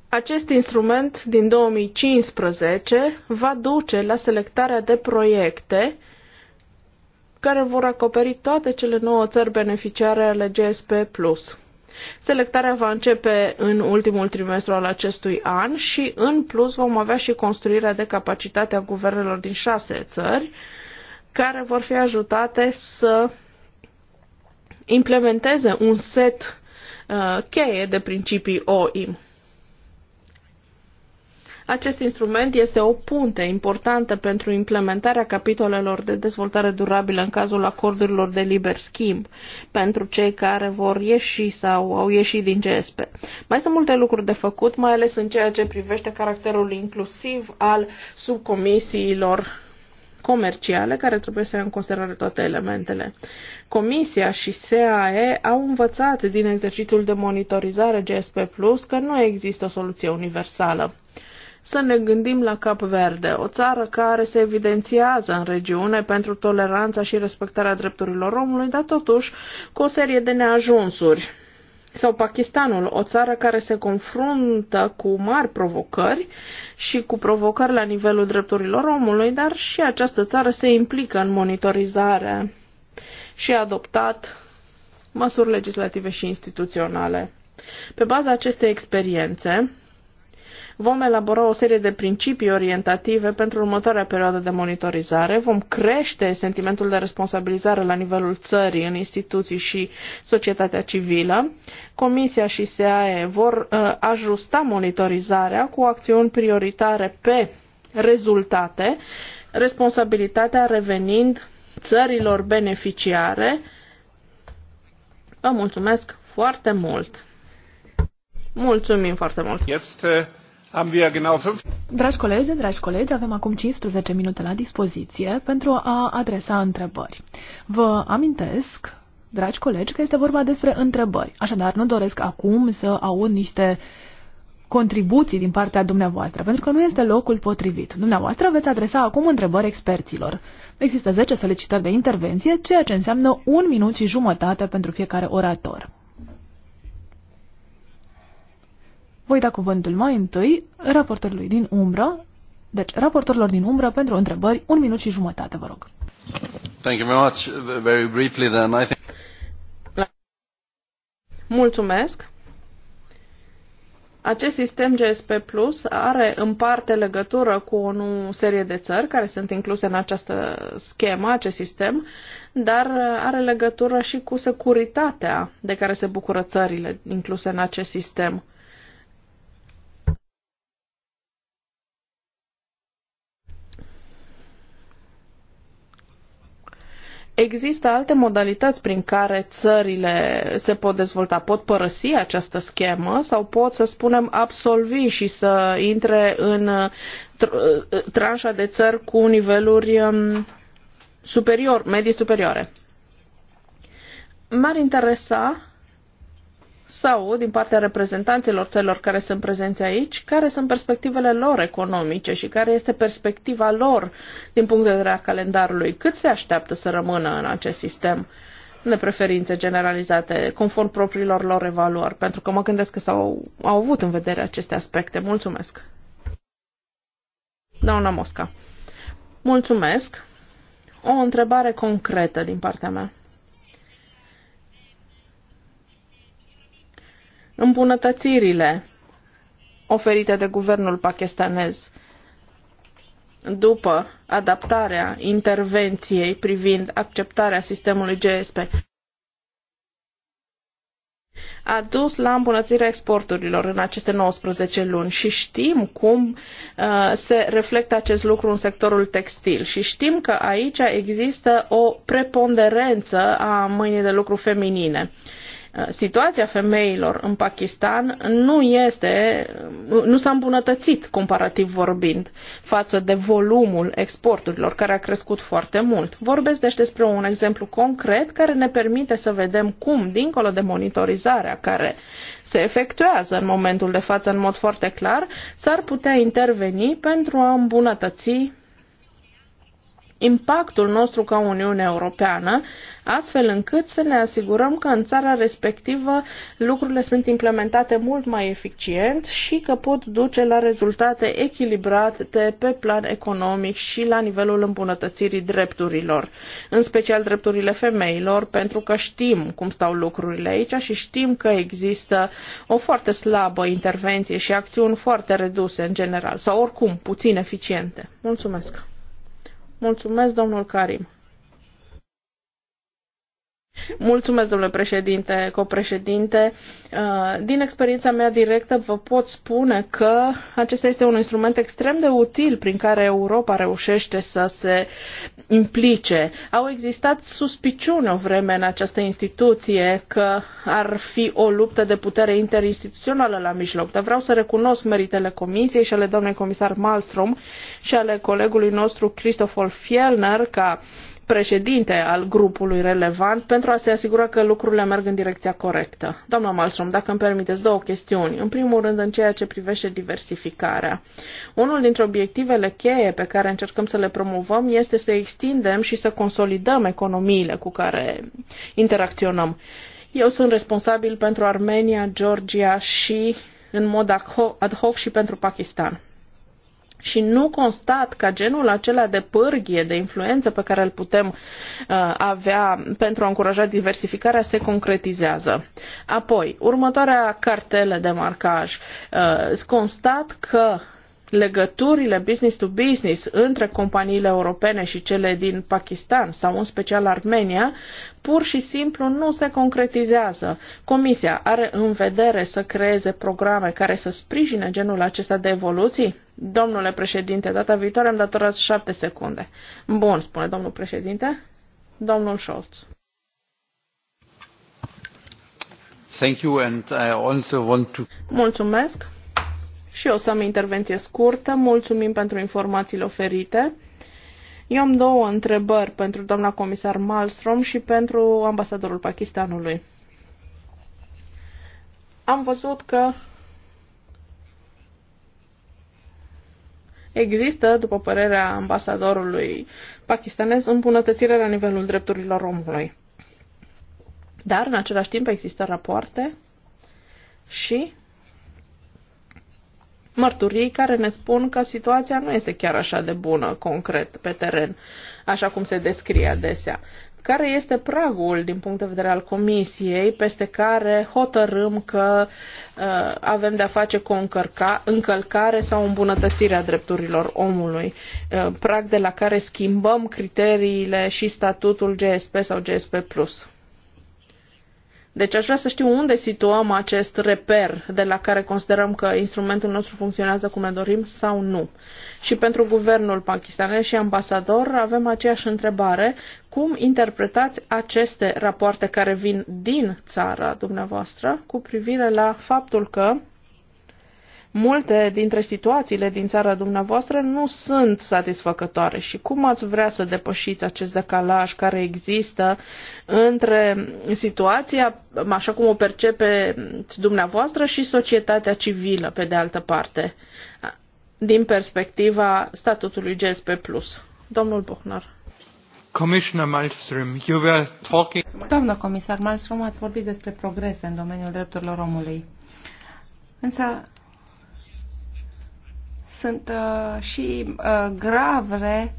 acest instrument din 2015 va duce la selectarea de proiecte care vor acoperi toate cele nouă țări beneficiare ale GSP+. Selectarea va începe în ultimul trimestru al acestui an și, în plus, vom avea și construirea de capacitate a guvernelor din șase țări, care vor fi ajutate să implementeze un set Uh, cheie de principii OIM. Acest instrument este o punte importantă pentru implementarea capitolelor de dezvoltare durabilă în cazul acordurilor de liber schimb pentru cei care vor ieși sau au ieșit din GSP. Mai sunt multe lucruri de făcut, mai ales în ceea ce privește caracterul inclusiv al subcomisiilor comerciale care trebuie să ia în considerare toate elementele. Comisia și SAE au învățat din exercițiul de monitorizare GSP Plus că nu există o soluție universală. Să ne gândim la Cap Verde, o țară care se evidențiază în regiune pentru toleranța și respectarea drepturilor omului, dar totuși cu o serie de neajunsuri sau Pakistanul, o țară care se confruntă cu mari provocări și cu provocări la nivelul drepturilor omului, dar și această țară se implică în monitorizare și a adoptat măsuri legislative și instituționale. Pe baza acestei experiențe, Vom elabora o serie de principii orientative pentru următoarea perioadă de monitorizare. Vom crește sentimentul de responsabilizare la nivelul țării, în instituții și societatea civilă. Comisia și SAE vor uh, ajusta monitorizarea cu acțiuni prioritare pe rezultate, responsabilitatea revenind țărilor beneficiare. Vă mulțumesc foarte mult! Mulțumim foarte mult! Este Dragi colegi, dragi colegi, avem acum 15 minute la dispoziție pentru a adresa întrebări. Vă amintesc, dragi colegi, că este vorba despre întrebări. Așadar, nu doresc acum să aud niște contribuții din partea dumneavoastră, pentru că nu este locul potrivit. Dumneavoastră veți adresa acum întrebări experților. Există 10 solicitări de intervenție, ceea ce înseamnă un minut și jumătate pentru fiecare orator. Voi da cuvântul mai întâi raportorului din umbră, deci raportorilor din umbră pentru întrebări, un minut și jumătate, vă rog. Thank you very much. Very briefly then, I think... Mulțumesc. Acest sistem GSP Plus are în parte legătură cu o serie de țări care sunt incluse în această schemă, acest sistem, dar are legătură și cu securitatea de care se bucură țările incluse în acest sistem. Există alte modalități prin care țările se pot dezvolta, pot părăsi această schemă sau pot, să spunem, absolvi și să intre în tranșa de țări cu niveluri um, superior, medii superioare. M-ar interesa sau din partea reprezentanților celor care sunt prezenți aici, care sunt perspectivele lor economice și care este perspectiva lor din punct de vedere a calendarului, cât se așteaptă să rămână în acest sistem de preferințe generalizate, conform propriilor lor evaluări, pentru că mă gândesc că s-au au avut în vedere aceste aspecte. Mulțumesc! Doamna Mosca. Mulțumesc! O întrebare concretă din partea mea. îmbunătățirile oferite de guvernul pakistanez după adaptarea intervenției privind acceptarea sistemului GSP a dus la îmbunătățirea exporturilor în aceste 19 luni și știm cum uh, se reflectă acest lucru în sectorul textil și știm că aici există o preponderență a mâinii de lucru feminine. Uh, Uh, situația femeilor în Pakistan nu este, uh, nu s-a îmbunătățit comparativ vorbind față de volumul exporturilor care a crescut foarte mult. Vorbesc deci despre un exemplu concret care ne permite să vedem cum, dincolo de monitorizarea care se efectuează în momentul de față în mod foarte clar, s-ar putea interveni pentru a îmbunătăți impactul nostru ca Uniune Europeană, astfel încât să ne asigurăm că în țara respectivă lucrurile sunt implementate mult mai eficient și că pot duce la rezultate echilibrate pe plan economic și la nivelul îmbunătățirii drepturilor, în special drepturile femeilor, pentru că știm cum stau lucrurile aici și știm că există o foarte slabă intervenție și acțiuni foarte reduse în general, sau oricum puțin eficiente. Mulțumesc! Mulțumesc, domnul Karim. Mulțumesc, domnule președinte, copreședinte. Uh, din experiența mea directă vă pot spune că acesta este un instrument extrem de util prin care Europa reușește să se implice. Au existat suspiciuni o vreme în această instituție că ar fi o luptă de putere interinstituțională la mijloc, dar vreau să recunosc meritele comisiei și ale doamnei comisar Malmström și ale colegului nostru Christopher Fjellner ca președinte al grupului relevant pentru a se asigura că lucrurile merg în direcția corectă. Doamna Malstrom, dacă îmi permiteți două chestiuni. În primul rând, în ceea ce privește diversificarea. Unul dintre obiectivele cheie pe care încercăm să le promovăm este să extindem și să consolidăm economiile cu care interacționăm. Eu sunt responsabil pentru Armenia, Georgia și, în mod ad hoc, și pentru Pakistan și nu constat ca genul acela de pârghie, de influență pe care îl putem uh, avea pentru a încuraja diversificarea se concretizează. Apoi, următoarea cartelă de marcaj. Uh, constat că legăturile business to business între companiile europene și cele din Pakistan sau în special Armenia pur și simplu nu se concretizează. Comisia are în vedere să creeze programe care să sprijine genul acesta de evoluții? Domnule președinte, data viitoare am datorat șapte secunde. Bun, spune domnul președinte. Domnul Scholz. Thank you and I also want to... Mulțumesc și o să am intervenție scurtă. Mulțumim pentru informațiile oferite. Eu am două întrebări pentru doamna comisar Malmström și pentru ambasadorul Pakistanului. Am văzut că există, după părerea ambasadorului pakistanez, îmbunătățire la nivelul drepturilor omului. Dar, în același timp, există rapoarte și mărturii care ne spun că situația nu este chiar așa de bună, concret, pe teren, așa cum se descrie adesea. Care este pragul, din punct de vedere al Comisiei, peste care hotărâm că uh, avem de-a face cu o încărca, încălcare sau îmbunătățirea drepturilor omului? Uh, prag de la care schimbăm criteriile și statutul GSP sau GSP+. Plus. Deci aș vrea să știu unde situăm acest reper de la care considerăm că instrumentul nostru funcționează cum ne dorim sau nu. Și pentru guvernul pakistanez și ambasador avem aceeași întrebare. Cum interpretați aceste rapoarte care vin din țara dumneavoastră cu privire la faptul că Multe dintre situațiile din țara dumneavoastră nu sunt satisfăcătoare și cum ați vrea să depășiți acest decalaj care există între situația, așa cum o percepeți dumneavoastră, și societatea civilă, pe de altă parte, din perspectiva statutului GSP+. Domnul Bohnar. Commissioner Malmström, you were talking... Doamna comisar Malmström, ați vorbit despre progrese în domeniul drepturilor omului. Însă sunt uh, și uh, grave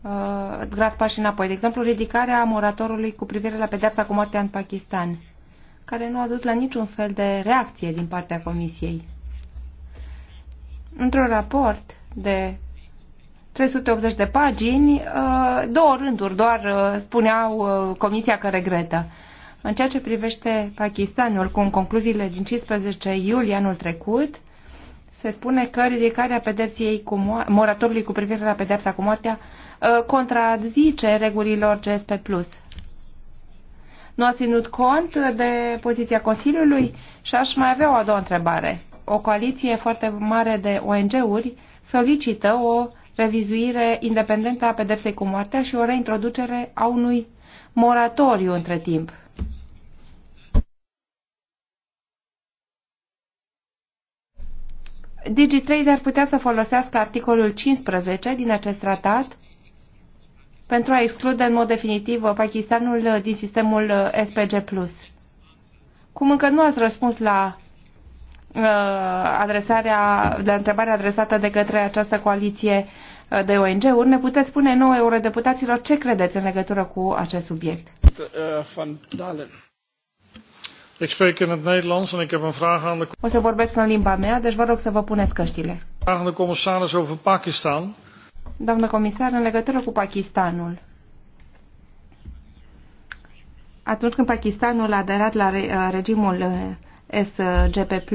uh, grav pași înapoi. De exemplu, ridicarea moratorului cu privire la pedeapsa cu moartea în Pakistan, care nu a dus la niciun fel de reacție din partea Comisiei. Într-un raport de 380 de pagini, uh, două rânduri doar uh, spuneau uh, Comisia că regretă. În ceea ce privește Pakistanul, cu concluziile din 15 iulie anul trecut, se spune că ridicarea pedepsiei cu moratorului cu privire la pedepsa cu moartea uh, contrazice regulilor GSP+. Nu a ținut cont de poziția Consiliului și aș mai avea o a doua întrebare. O coaliție foarte mare de ONG-uri solicită o revizuire independentă a pedepsei cu moartea și o reintroducere a unui moratoriu între timp DigiTrade ar putea să folosească articolul 15 din acest tratat pentru a exclude în mod definitiv Pakistanul din sistemul uh, SPG+. Cum încă nu ați răspuns la uh, adresarea, la întrebarea adresată de către această coaliție uh, de ONG-uri, ne puteți spune nouă eurodeputaților ce credeți în legătură cu acest subiect. Van Ik spreek in het Nederlands en ik heb een vraag aan de... O să vorbesc în limba mea, deci vă rog să vă puneți căștile. Vraag aan de commissaris over Pakistan. Doamnă comisar, în legătură cu Pakistanul. Atunci când Pakistanul a aderat la uh, regimul uh, SGP+,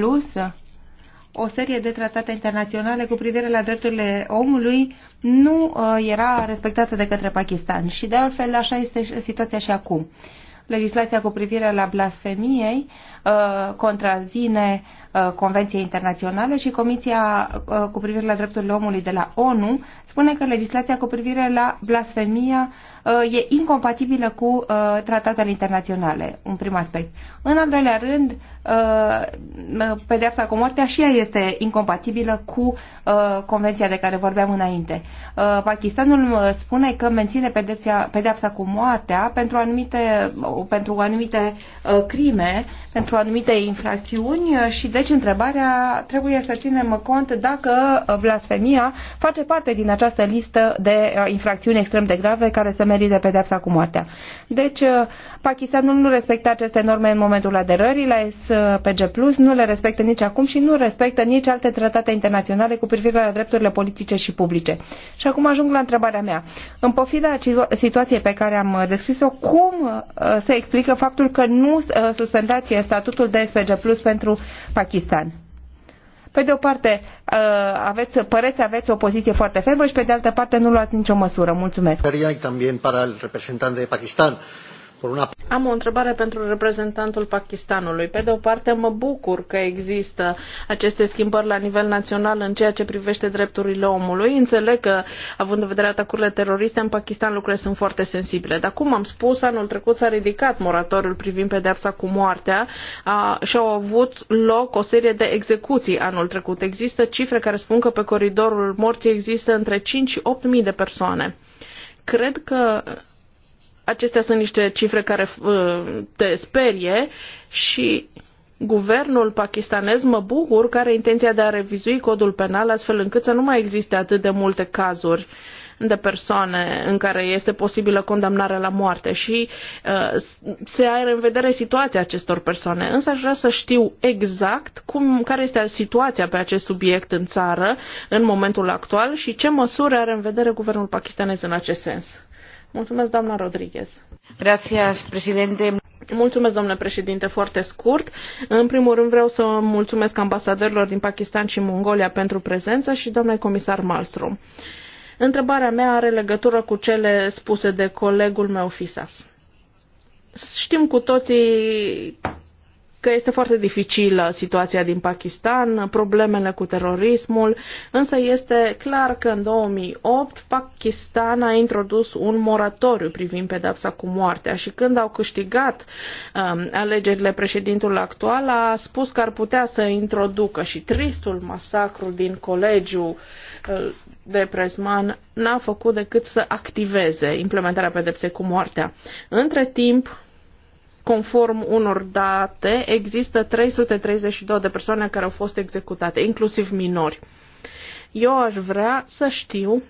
o serie de tratate internaționale cu privire la drepturile omului nu uh, era respectată de către Pakistan și de altfel așa este situația și acum legislația cu privire la blasfemiei uh, contravine uh, Convenției Internaționale și Comisia uh, cu privire la drepturile omului de la ONU spune că legislația cu privire la blasfemia e incompatibilă cu tratatele internaționale, un prim aspect. În al doilea rând, Uh, uh, pedeapsa cu moartea și ea este incompatibilă cu uh, convenția de care vorbeam înainte. Pakistanul spune că menține pedeapsa pedeapsa cu moartea pentru anumite, pentru anumite crime, pentru anumite infracțiuni și deci întrebarea trebuie să ținem cont dacă blasfemia face parte din această listă de infracțiuni extrem de grave care se merită pedeapsa cu moartea. Deci Pakistanul nu respectă aceste norme în momentul aderării la S Uh, PG+, nu le respectă nici acum și nu respectă nici alte tratate internaționale cu privire la drepturile politice și publice. Și acum ajung la întrebarea mea. În pofida situației pe care am uh, descris-o, cum uh, se explică faptul că nu suspendați statutul de SPG+, pentru Pakistan? Pe de o parte, aveți, păreți aveți o poziție foarte fermă și pe de altă parte nu luați nicio măsură. Mulțumesc. Am o întrebare pentru reprezentantul Pakistanului. Pe de o parte, mă bucur că există aceste schimbări la nivel național în ceea ce privește drepturile omului. Înțeleg că, având în vedere atacurile teroriste, în Pakistan lucrurile sunt foarte sensibile. Dar, cum am spus, anul trecut s-a ridicat moratoriul privind pedeapsa cu moartea și au avut loc o serie de execuții anul trecut. Există cifre care spun că pe coridorul morții există între 5 și 8 mii de persoane. Cred că Acestea sunt niște cifre care uh, te sperie și guvernul pakistanez mă bucur că are intenția de a revizui codul penal astfel încât să nu mai existe atât de multe cazuri de persoane în care este posibilă condamnarea la moarte și uh, se are în vedere situația acestor persoane. Însă aș vrea să știu exact cum, care este situația pe acest subiect în țară în momentul actual și ce măsuri are în vedere guvernul pakistanez în acest sens. Mulțumesc, doamna Rodriguez. Gracias, președinte. Mulțumesc, domnule președinte, foarte scurt. În primul rând vreau să mulțumesc ambasadorilor din Pakistan și Mongolia pentru prezență și domnule comisar Malmström. Întrebarea mea are legătură cu cele spuse de colegul meu Fisas. Știm cu toții că este foarte dificilă situația din Pakistan, problemele cu terorismul, însă este clar că în 2008 Pakistan a introdus un moratoriu privind pedapsa cu moartea și când au câștigat um, alegerile președintul actual a spus că ar putea să introducă și tristul masacru din colegiul uh, de Presman n-a făcut decât să activeze implementarea pedepsei cu moartea. Între timp, Conform unor date, există 332 de persoane care au fost executate, inclusiv minori. Eu aș vrea să știu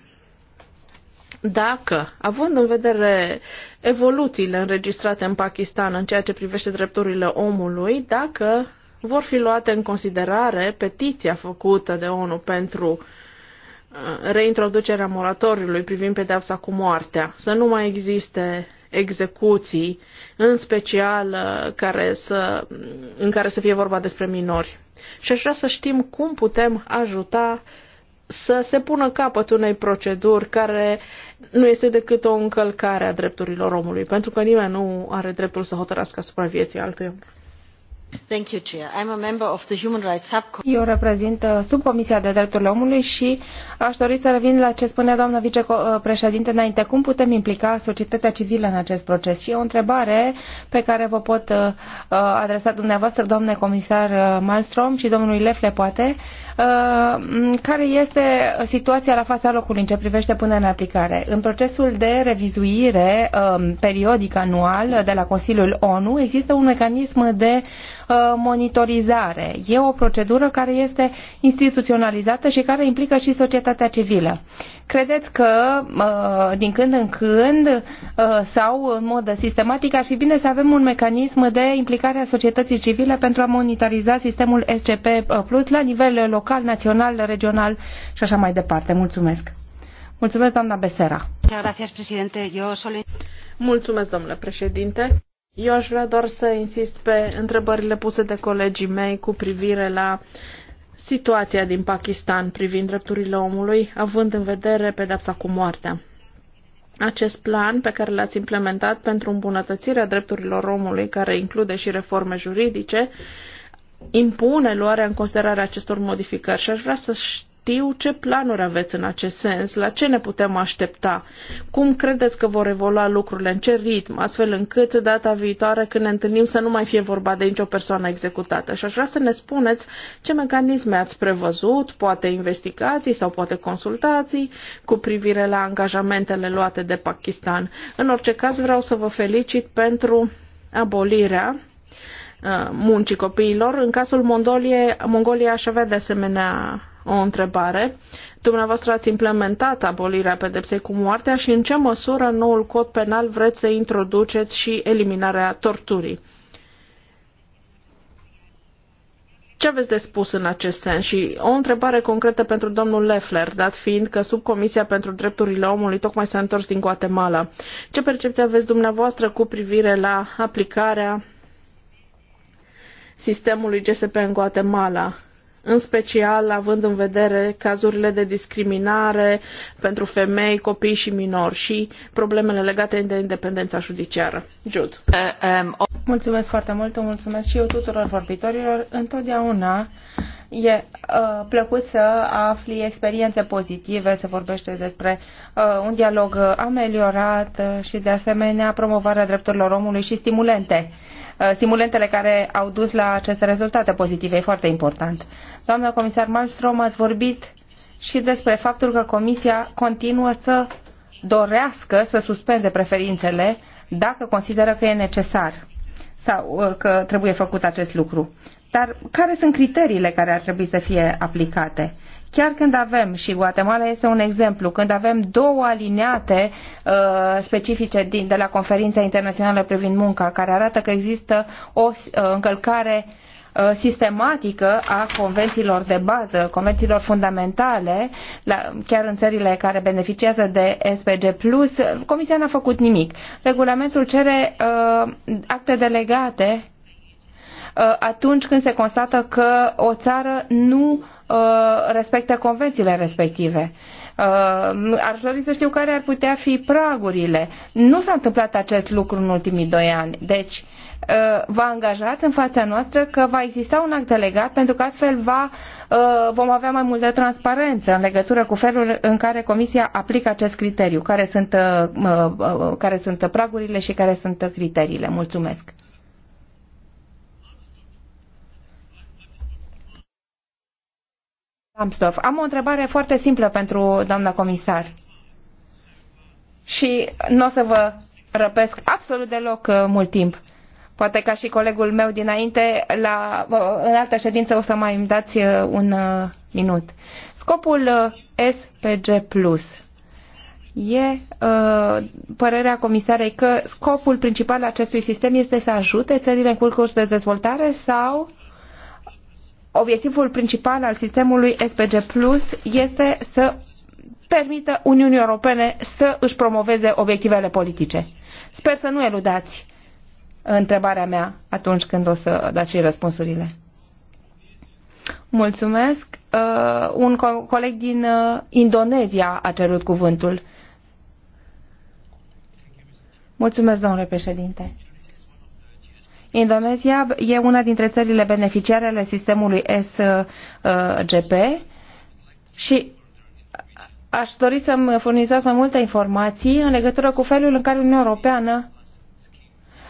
dacă, având în vedere evoluțiile înregistrate în Pakistan în ceea ce privește drepturile omului, dacă vor fi luate în considerare petiția făcută de ONU pentru uh, reintroducerea moratoriului privind pedeapsa cu moartea, să nu mai existe execuții în special uh, care să, în care să fie vorba despre minori. Și aș vrea să știm cum putem ajuta să se pună capăt unei proceduri care nu este decât o încălcare a drepturilor omului, pentru că nimeni nu are dreptul să hotărască asupra vieții altuia. Eu reprezint uh, subcomisia de drepturile omului și aș dori să revin la ce spunea doamna vicepreședinte înainte. Cum putem implica societatea civilă în acest proces? Și e o întrebare pe care vă pot uh, uh, adresa dumneavoastră, doamne comisar Malmström și domnului Lefle, poate. proces? Uh, care este situația la fața locului în ce privește până în aplicare. În procesul de revizuire um, periodic anual de la Consiliul ONU există un mecanism de uh, monitorizare. E o procedură care este instituționalizată și care implică și societatea civilă. Credeți că din când în când sau în mod sistematic ar fi bine să avem un mecanism de implicare a societății civile pentru a monitoriza sistemul SCP Plus la nivel local, național, regional și așa mai departe. Mulțumesc. Mulțumesc, doamna Besera. Mulțumesc, domnule președinte. Eu aș vrea doar să insist pe întrebările puse de colegii mei cu privire la situația din Pakistan privind drepturile omului, având în vedere pedepsa cu moartea. Acest plan pe care l-ați implementat pentru îmbunătățirea drepturilor omului, care include și reforme juridice, impune luarea în considerare acestor modificări și aș vrea să știu știu ce planuri aveți în acest sens, la ce ne putem aștepta, cum credeți că vor evolua lucrurile, în ce ritm, astfel încât data viitoare când ne întâlnim să nu mai fie vorba de nicio persoană executată. Și aș vrea să ne spuneți ce mecanisme ați prevăzut, poate investigații sau poate consultații cu privire la angajamentele luate de Pakistan. În orice caz vreau să vă felicit pentru abolirea uh, muncii copiilor. În cazul Mongoliei Mongolia aș avea de asemenea o întrebare. Dumneavoastră ați implementat abolirea pedepsei cu moartea și în ce măsură noul cod penal vreți să introduceți și eliminarea torturii? Ce aveți de spus în acest sens? Și o întrebare concretă pentru domnul Leffler, dat fiind că subcomisia pentru drepturile omului tocmai s-a întors din Guatemala. Ce percepție aveți dumneavoastră cu privire la aplicarea sistemului GSP în Guatemala? în special având în vedere cazurile de discriminare pentru femei, copii și minori și problemele legate de independența judiciară. Jude. Uh, um, mulțumesc foarte mult, mulțumesc și eu tuturor vorbitorilor. Întotdeauna e uh, plăcut să afli experiențe pozitive, se vorbește despre uh, un dialog ameliorat și de asemenea promovarea drepturilor omului și stimulente. Uh, stimulentele care au dus la aceste rezultate pozitive e foarte important. Uh, Doamna comisar Malmström, ați vorbit și despre faptul că Comisia continuă să dorească să suspende preferințele dacă consideră că e necesar sau uh, că trebuie făcut acest lucru. Dar care sunt criteriile care ar trebui să fie aplicate? Chiar când avem, și Guatemala este un exemplu, când avem două alineate uh, specifice din, de la Conferința Internațională privind munca, care arată că există o uh, încălcare uh, Uh, sistematică a convențiilor de bază, convențiilor fundamentale, la, chiar în țările care beneficiază de SPG+, Comisia n-a făcut nimic. Regulamentul cere uh, acte delegate uh, atunci când se constată că o țară nu uh, respectă convențiile respective. Uh, ar dori să știu care ar putea fi pragurile. Nu s-a întâmplat acest lucru în ultimii doi ani. Deci, uh, Uh, vă angajați în fața noastră că va exista un act delegat pentru că astfel va, uh, vom avea mai multă transparență în legătură cu felul în care Comisia aplică acest criteriu, care sunt, uh, care sunt pragurile și care sunt criteriile. Mulțumesc! Amstorf. Am o întrebare foarte simplă pentru doamna comisar. Și nu o să vă răpesc absolut deloc mult timp. Poate ca și colegul meu dinainte, la, în altă ședință o să mai îmi dați uh, un uh, minut. Scopul uh, SPG Plus e uh, părerea comisarei că scopul principal al acestui sistem este să ajute țările în curs de dezvoltare sau obiectivul principal al sistemului SPG Plus este să permită Uniunii Europene să își promoveze obiectivele politice. Sper să nu eludați întrebarea mea atunci când o să dați și răspunsurile. Mulțumesc. Uh, un co coleg din uh, Indonezia a cerut cuvântul. Mulțumesc, domnule președinte. Indonezia e una dintre țările beneficiare ale sistemului SGP și aș dori să-mi furnizați mai multe informații în legătură cu felul în care Uniunea Europeană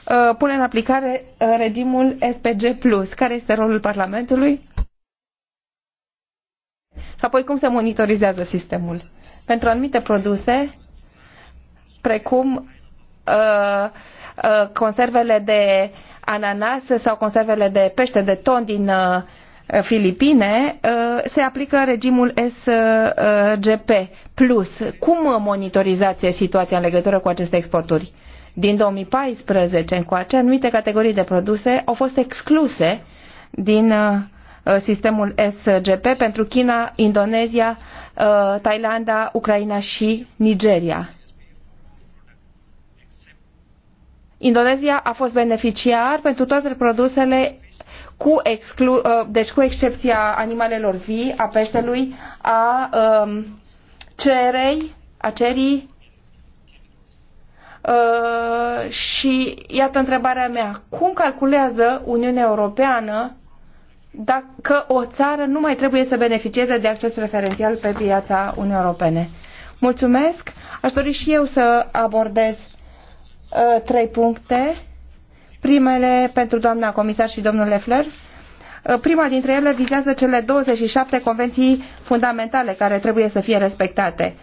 Uh, pune în aplicare uh, regimul SPG+. Care este rolul Parlamentului? Și apoi cum se monitorizează sistemul? Pentru anumite produse, precum uh, conservele de ananas sau conservele de pește de ton din Filipine, se aplică regimul SGP+. Cum monitorizați situația în legătură cu aceste exporturi? Din 2014 încoace, anumite categorii de produse au fost excluse din uh, uh, sistemul SGP pentru China, Indonezia, uh, Thailanda, Ucraina și Nigeria. Indonezia a fost beneficiar pentru toate produsele cu exclu- deci cu excepția animalelor vii, a peștelui, a um, cerei, a cerii Uh, și iată întrebarea mea. Cum calculează Uniunea Europeană dacă o țară nu mai trebuie să beneficieze de acces preferențial pe piața Uniunii Europene? Mulțumesc. Aș dori și eu să abordez uh, trei puncte. Primele pentru doamna comisar și domnul Leffler. Uh, prima dintre ele vizează cele 27 convenții fundamentale care trebuie să fie respectate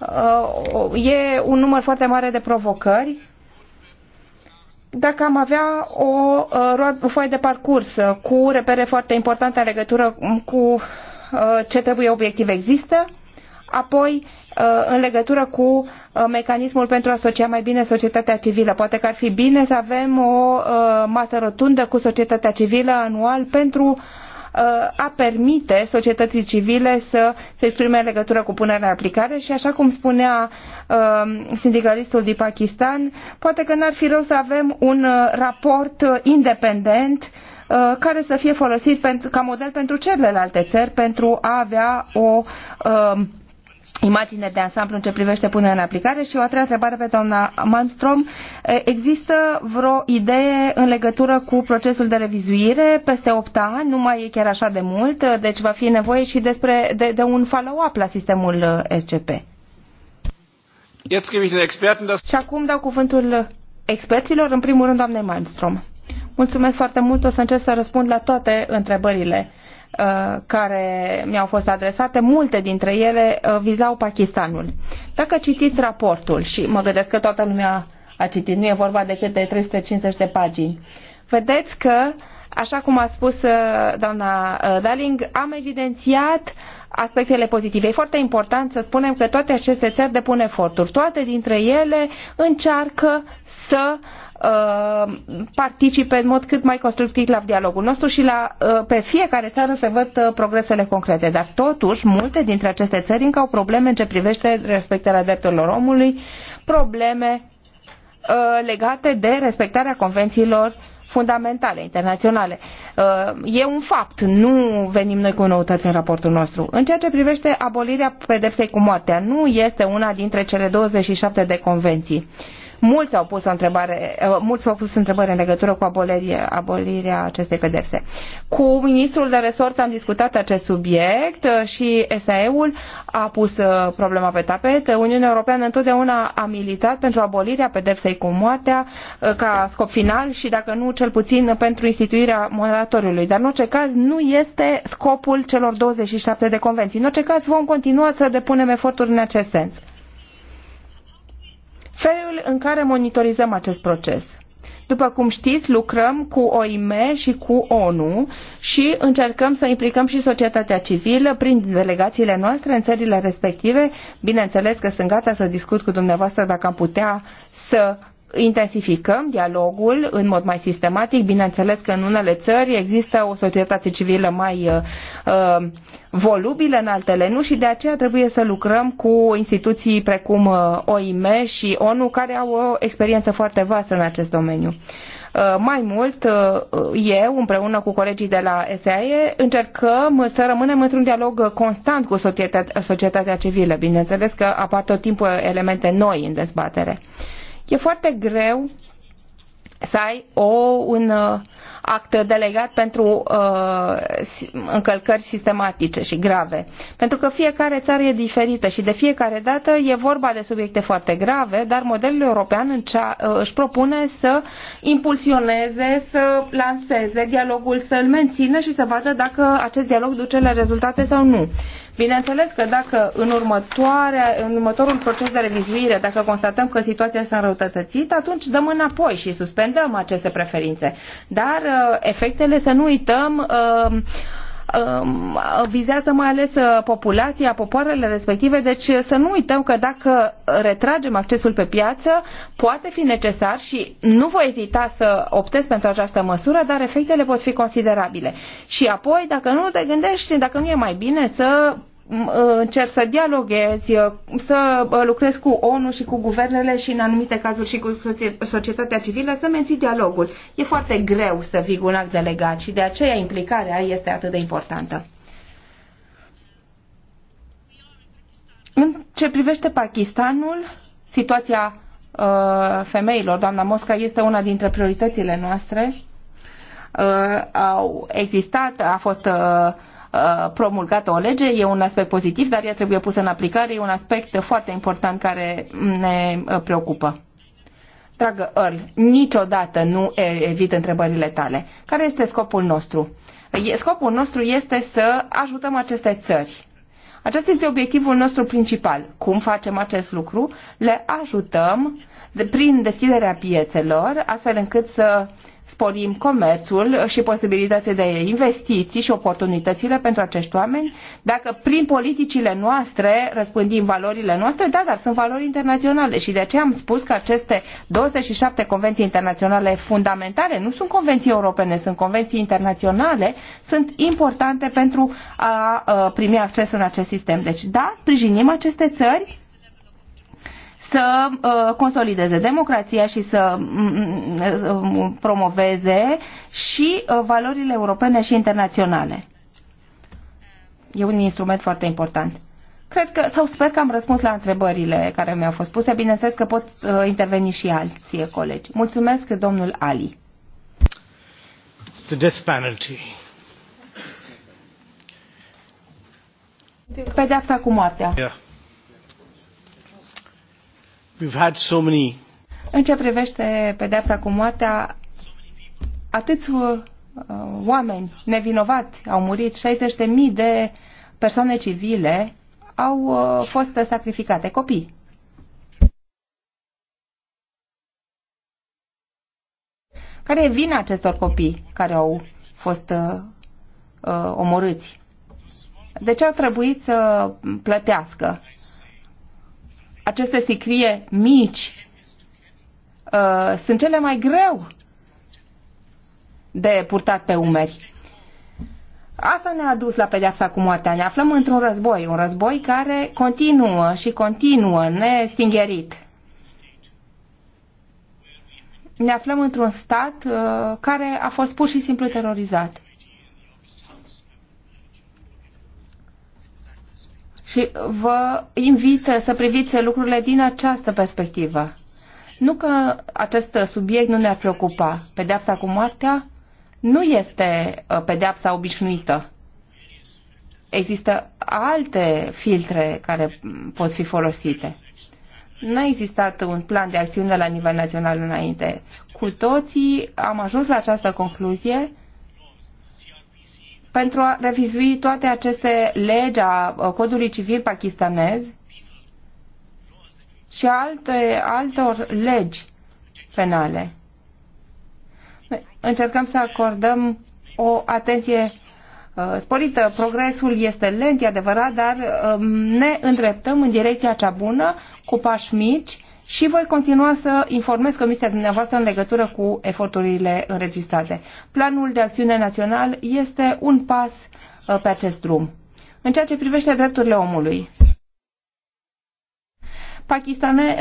Uh, e un număr foarte mare de provocări. Dacă am avea o, uh, o foaie de parcurs cu repere foarte importante în legătură cu uh, ce trebuie obiectiv există, apoi în legătură cu mecanismul pentru a asocia mai bine societatea civilă. Poate că ar fi bine să avem o masă rotundă cu societatea civilă anual pentru Uh, a permite societății civile să se exprime în legătură cu punerea în aplicare și așa cum spunea um, sindicalistul din Pakistan, poate că n-ar fi rău să avem un uh, raport uh, independent care să fie folosit pentru, ca model pentru celelalte țări pentru a avea o um, imagine de ansamblu în ce privește punerea în aplicare și o a treia întrebare pe doamna Malmstrom. Există vreo idee în legătură cu procesul de revizuire peste 8 ani? Nu mai e chiar așa de mult, deci va fi nevoie și despre, de, de un follow-up la sistemul uh, SCP. Și acum dau cuvântul experților, în primul rând doamnei Malmstrom. Mulțumesc foarte mult, o să încerc să răspund la toate întrebările Uh, care mi-au fost adresate, multe dintre ele uh, vizau Pakistanul. Dacă citiți raportul, și mă gândesc că toată lumea a citit, nu e vorba decât de 350 de pagini, vedeți că, așa cum a spus uh, doamna Daling, am evidențiat aspectele pozitive. E foarte important să spunem că toate aceste țări depun eforturi. Toate dintre ele încearcă să uh, Uh, participe în mod cât mai constructiv la dialogul nostru și la, uh, pe fiecare țară se văd uh, progresele concrete. Dar totuși, multe dintre aceste țări încă au probleme în ce privește respectarea drepturilor omului, probleme legate de respectarea convențiilor fundamentale, internaționale. E un fapt, nu venim noi cu noutăți în raportul nostru. În ceea ce privește abolirea pedepsei cu moartea, nu este una dintre cele 27 de convenții. Mulți au pus o întrebare, uh, mulți au pus întrebări în legătură cu abolirea, abolirea acestei pedepse. Cu ministrul de resort am discutat acest subiect uh, și SAE-ul a pus uh, problema pe tapet. Uniunea Europeană întotdeauna a militat pentru abolirea pedepsei cu moartea ca scop final și dacă nu, cel puțin pentru instituirea moratoriului. Dar în orice caz nu este scopul celor 27 de convenții. În orice caz vom continua să depunem eforturi în acest sens felul în care monitorizăm acest proces. După cum știți, lucrăm cu OIM și cu ONU și încercăm să implicăm și societatea civilă prin delegațiile noastre în țările respective. Bineînțeles că sunt gata să discut cu dumneavoastră dacă am putea să intensificăm dialogul în mod mai sistematic. Bineînțeles că în unele țări există o societate civilă mai uh, uh volubilă, în altele nu și de aceea trebuie să lucrăm cu instituții precum uh, OIM și ONU care au o experiență foarte vastă în acest domeniu. Uh, mai mult, eu, împreună cu colegii de la SAE, încercăm să rămânem într-un dialog constant cu societatea civilă. Bineînțeles că apar tot timpul elemente noi în dezbatere. Uh, E foarte greu să ai o, un uh, act delegat pentru uh, încălcări sistematice și grave. Pentru că fiecare țară e diferită și de fiecare dată e vorba de subiecte foarte grave, dar modelul european încea, uh, își propune să impulsioneze, să lanseze dialogul, să-l mențină și să vadă dacă acest dialog duce la rezultate sau nu. Bineînțeles că dacă în, următoarea, în următorul proces de revizuire, dacă constatăm că situația s-a înrăutățit, atunci dăm înapoi și suspendăm aceste preferințe. Dar uh, efectele, să nu uităm, uh, uh, vizează mai ales populația, popoarele respective, deci să nu uităm că dacă retragem accesul pe piață, poate fi necesar și nu voi ezita să optez pentru această măsură, dar efectele pot fi considerabile. Și apoi, dacă nu te gândești, dacă nu e mai bine să Uh, încerc să dialoghez, uh, să uh, lucrez cu ONU și cu guvernele și în anumite cazuri și cu societatea civilă să menții dialogul. E foarte greu să fii un act delegat și de aceea implicarea este atât de importantă. În ce privește Pakistanul, situația uh, femeilor, doamna Mosca, este una dintre prioritățile noastre. Uh, au existat, a fost uh, Uh, promulgată o lege, e un aspect pozitiv, dar ea trebuie pusă în aplicare, e un aspect foarte important care ne uh, preocupă. Dragă Earl, niciodată nu evit întrebările tale. Care este scopul nostru? Scopul nostru este să ajutăm aceste țări. Acesta este obiectivul nostru principal. Cum facem acest lucru? Le ajutăm prin deschiderea piețelor, astfel încât să sporim comerțul și posibilitățile de investiții și oportunitățile pentru acești oameni, dacă prin politicile noastre răspândim valorile noastre, da, dar sunt valori internaționale și de aceea am spus că aceste 27 convenții internaționale fundamentale, nu sunt convenții europene, sunt convenții internaționale, sunt importante pentru a primi acces în acest sistem. Deci, da, sprijinim aceste țări, să uh, consolideze democrația și să mm, mm, mm, promoveze și uh, valorile europene și internaționale. E un instrument foarte important. Cred că, sau sper că am răspuns la întrebările care mi-au fost puse. Bineînțeles că pot uh, interveni și alții uh, colegi. Mulțumesc, domnul Ali. The death penalty. Pedeapsa cu moartea. Yeah. We've had so many... În ce privește pedeapsa cu moartea, atâți uh, oameni nevinovați au murit, 60.000 de persoane civile au uh, fost sacrificate, copii. Care e vina acestor copii care au fost uh, uh, omorâți? De ce au trebuit să plătească? aceste sicrie mici uh, sunt cele mai greu de purtat pe umeri. Asta ne-a dus la pedeapsa cu moartea. Ne aflăm într-un război, un război care continuă și continuă nestingerit. Ne aflăm într-un stat uh, care a fost pur și simplu terorizat. Și vă invit să priviți lucrurile din această perspectivă. Nu că acest subiect nu ne-ar preocupa. Pedeapsa cu moartea nu este uh, pedeapsa obișnuită. Există alte filtre care pot fi folosite. Nu a existat un plan de acțiune la nivel național înainte. Cu toții am ajuns la această concluzie pentru a revizui toate aceste legi a codului civil pakistanez și alte, altor legi penale. Noi încercăm să acordăm o atenție sporită. Progresul este lent, e adevărat, dar ne îndreptăm în direcția cea bună, cu pași mici, și voi continua să informez Comisia dumneavoastră în legătură cu eforturile înregistrate. Planul de acțiune național este un pas uh, pe acest drum. În ceea ce privește drepturile omului,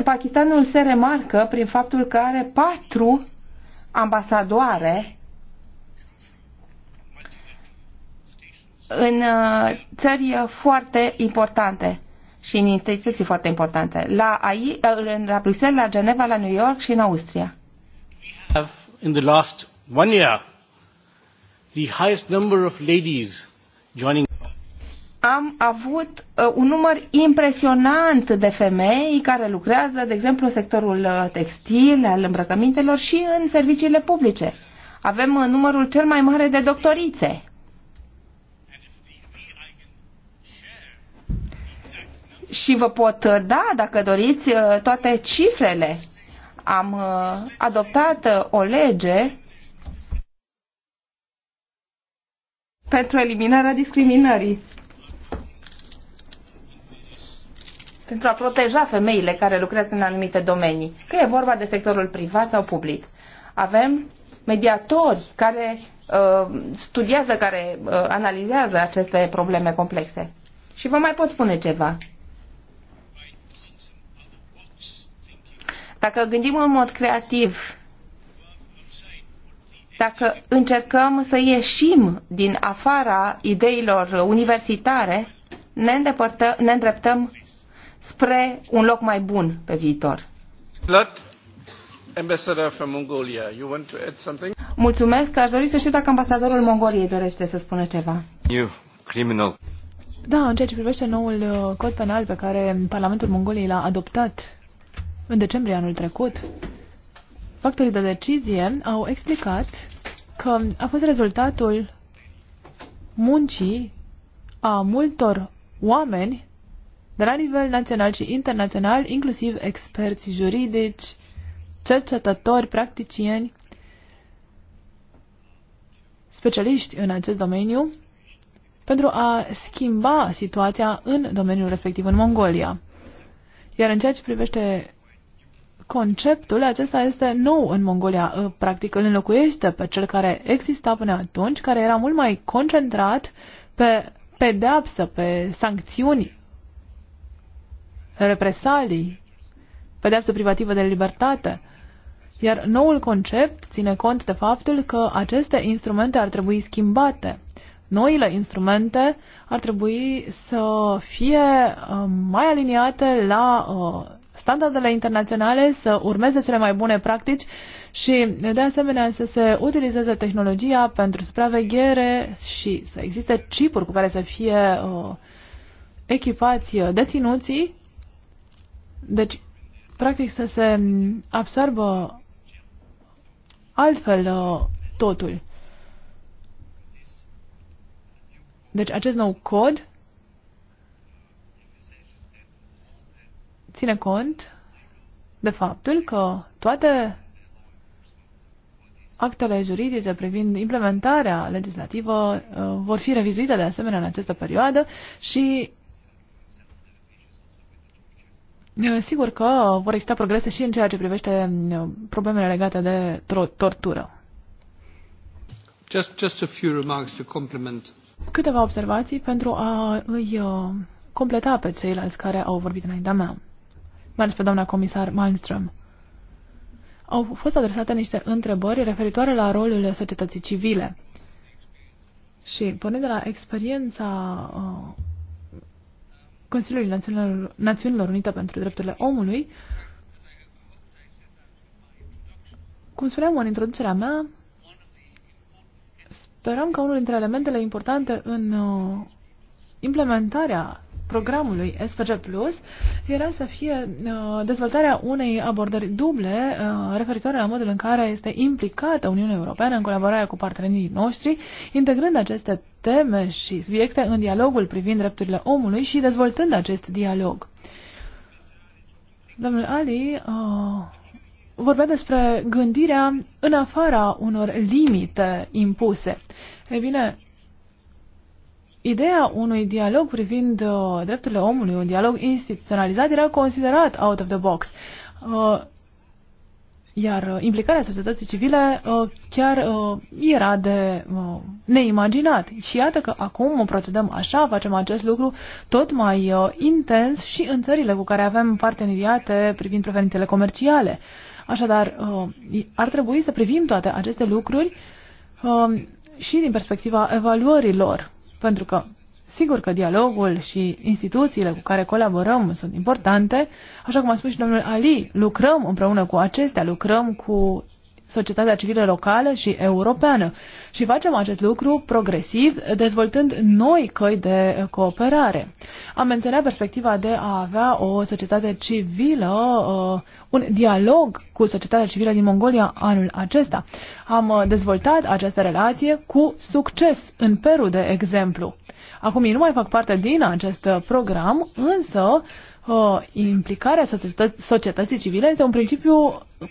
Pakistanul se remarcă prin faptul că are patru ambasadoare în uh, țări foarte importante și în instituții foarte importante, la, AI, la Bruxelles, la Geneva, la New York și în Austria. In the last one year, the highest number of ladies joining am avut uh, un număr impresionant de femei care lucrează, de exemplu, în sectorul uh, textil, al îmbrăcămintelor și în serviciile publice. Avem uh, numărul cel mai mare de doctorițe. și vă pot uh, da, dacă doriți, uh, toate cifrele. Am uh, adoptat o lege pentru eliminarea discriminării. Pentru a proteja femeile care lucrează în anumite domenii, că e vorba de sectorul privat sau public. Avem mediatori care uh, studiază, care uh, analizează aceste probleme complexe. Și vă mai pot spune ceva. Dacă gândim în mod creativ, dacă încercăm să ieșim din afara ideilor universitare, ne, îndepărtă, ne îndreptăm spre un loc mai bun pe viitor. Mulțumesc, aș dori să știu dacă ambasadorul Mongoliei dorește să spună ceva. You, criminal. Da, în ceea ce privește noul uh, cod penal pe care Parlamentul Mongoliei l-a adoptat în decembrie anul trecut, factorii de decizie au explicat că a fost rezultatul muncii a multor oameni de la nivel național și internațional, inclusiv experți juridici, cercetători, practicieni, specialiști în acest domeniu, pentru a schimba situația în domeniul respectiv în Mongolia. Iar în ceea ce privește conceptul acesta este nou în Mongolia. Practic îl înlocuiește pe cel care exista până atunci, care era mult mai concentrat pe pedeapsă, pe sancțiuni, represalii, pedeapsă privativă de libertate. Iar noul concept ține cont de faptul că aceste instrumente ar trebui schimbate. Noile instrumente ar trebui să fie uh, mai aliniate la uh, standardele internaționale, să urmeze cele mai bune practici și, de asemenea, să se utilizeze tehnologia pentru supraveghere și să existe chipuri cu care să fie uh, echipați uh, deținuții. Deci, practic, să se absorbă altfel uh, totul. Deci acest nou cod ține cont de faptul că toate actele juridice privind implementarea legislativă uh, vor fi revizuite de asemenea în această perioadă și uh, sigur că vor exista progrese și în ceea ce privește uh, problemele legate de tortură. Just, just a few remarks to complement. Câteva observații pentru a îi completa pe ceilalți care au vorbit înaintea mea mai ales pe doamna comisar Malmström. Au fost adresate niște întrebări referitoare la rolul societății civile. Și pornind de la experiența uh, Consiliului Națiunilor, Națiunilor Unite pentru Drepturile Omului, cum spuneam în introducerea mea, sperăm că unul dintre elementele importante în uh, implementarea programului SPG Plus era să fie uh, dezvoltarea unei abordări duble uh, referitoare la modul în care este implicată Uniunea Europeană în colaborarea cu partenerii noștri, integrând aceste teme și subiecte în dialogul privind drepturile omului și dezvoltând acest dialog. Domnul Ali uh, vorbea despre gândirea în afara unor limite impuse. Ei bine, Ideea unui dialog privind uh, drepturile omului, un dialog instituționalizat, era considerat out of the box. Uh, iar uh, implicarea societății civile uh, chiar uh, era de uh, neimaginat. Și iată că acum procedăm așa, facem acest lucru tot mai uh, intens și în țările cu care avem parteneriate privind preferințele comerciale. Așadar, uh, ar trebui să privim toate aceste lucruri uh, și din perspectiva evaluărilor. Pentru că, sigur că dialogul și instituțiile cu care colaborăm sunt importante, așa cum a spus și domnul Ali, lucrăm împreună cu acestea, lucrăm cu societatea civilă locală și europeană. Și facem acest lucru progresiv, dezvoltând noi căi de cooperare. Am menționat perspectiva de a avea o societate civilă, uh, un dialog cu societatea civilă din Mongolia anul acesta. Am uh, dezvoltat această relație cu succes în Peru, de exemplu. Acum ei nu mai fac parte din acest program, însă uh, uh, implicarea societății civile este un principiu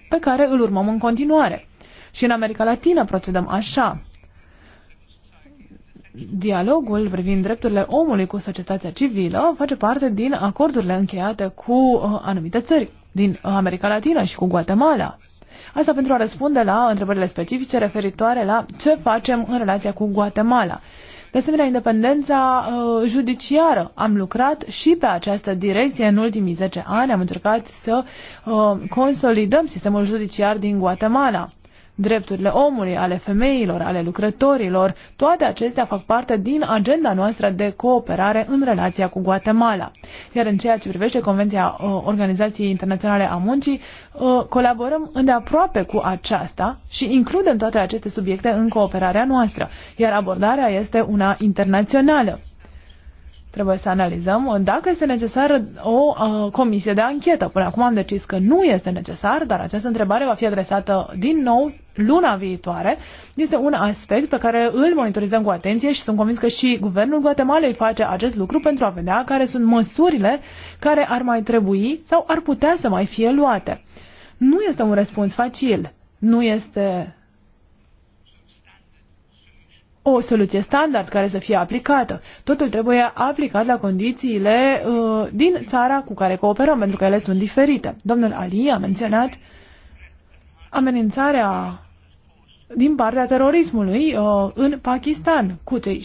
pe care îl urmăm în continuare. Și în America Latină procedăm așa. Dialogul privind drepturile omului cu societatea civilă face parte din acordurile încheiate cu uh, anumite țări din America Latină și cu Guatemala. Asta pentru a răspunde la întrebările specifice referitoare la ce facem în relația cu Guatemala. De asemenea, independența uh, judiciară. Am lucrat și pe această direcție în ultimii 10 ani. Am încercat să uh, consolidăm sistemul judiciar din Guatemala drepturile omului, ale femeilor, ale lucrătorilor, toate acestea fac parte din agenda noastră de cooperare în relația cu Guatemala. Iar în ceea ce privește Convenția uh, Organizației Internaționale a Muncii, uh, colaborăm îndeaproape cu aceasta și includem toate aceste subiecte în cooperarea noastră, iar abordarea este una internațională. Trebuie să analizăm uh, dacă este necesară o uh, comisie de anchetă. Până acum am decis că nu este necesar, dar această întrebare va fi adresată din nou luna viitoare. Este un aspect pe care îl monitorizăm cu atenție și sunt convins că și guvernul Guatemalei face acest lucru pentru a vedea care sunt măsurile care ar mai trebui sau ar putea să mai fie luate. Nu este un răspuns facil. Nu este o soluție standard care să fie aplicată. Totul trebuie aplicat la condițiile uh, din țara cu care cooperăm, pentru că ele sunt diferite. Domnul Ali a menționat amenințarea din partea terorismului uh, în Pakistan, cu cei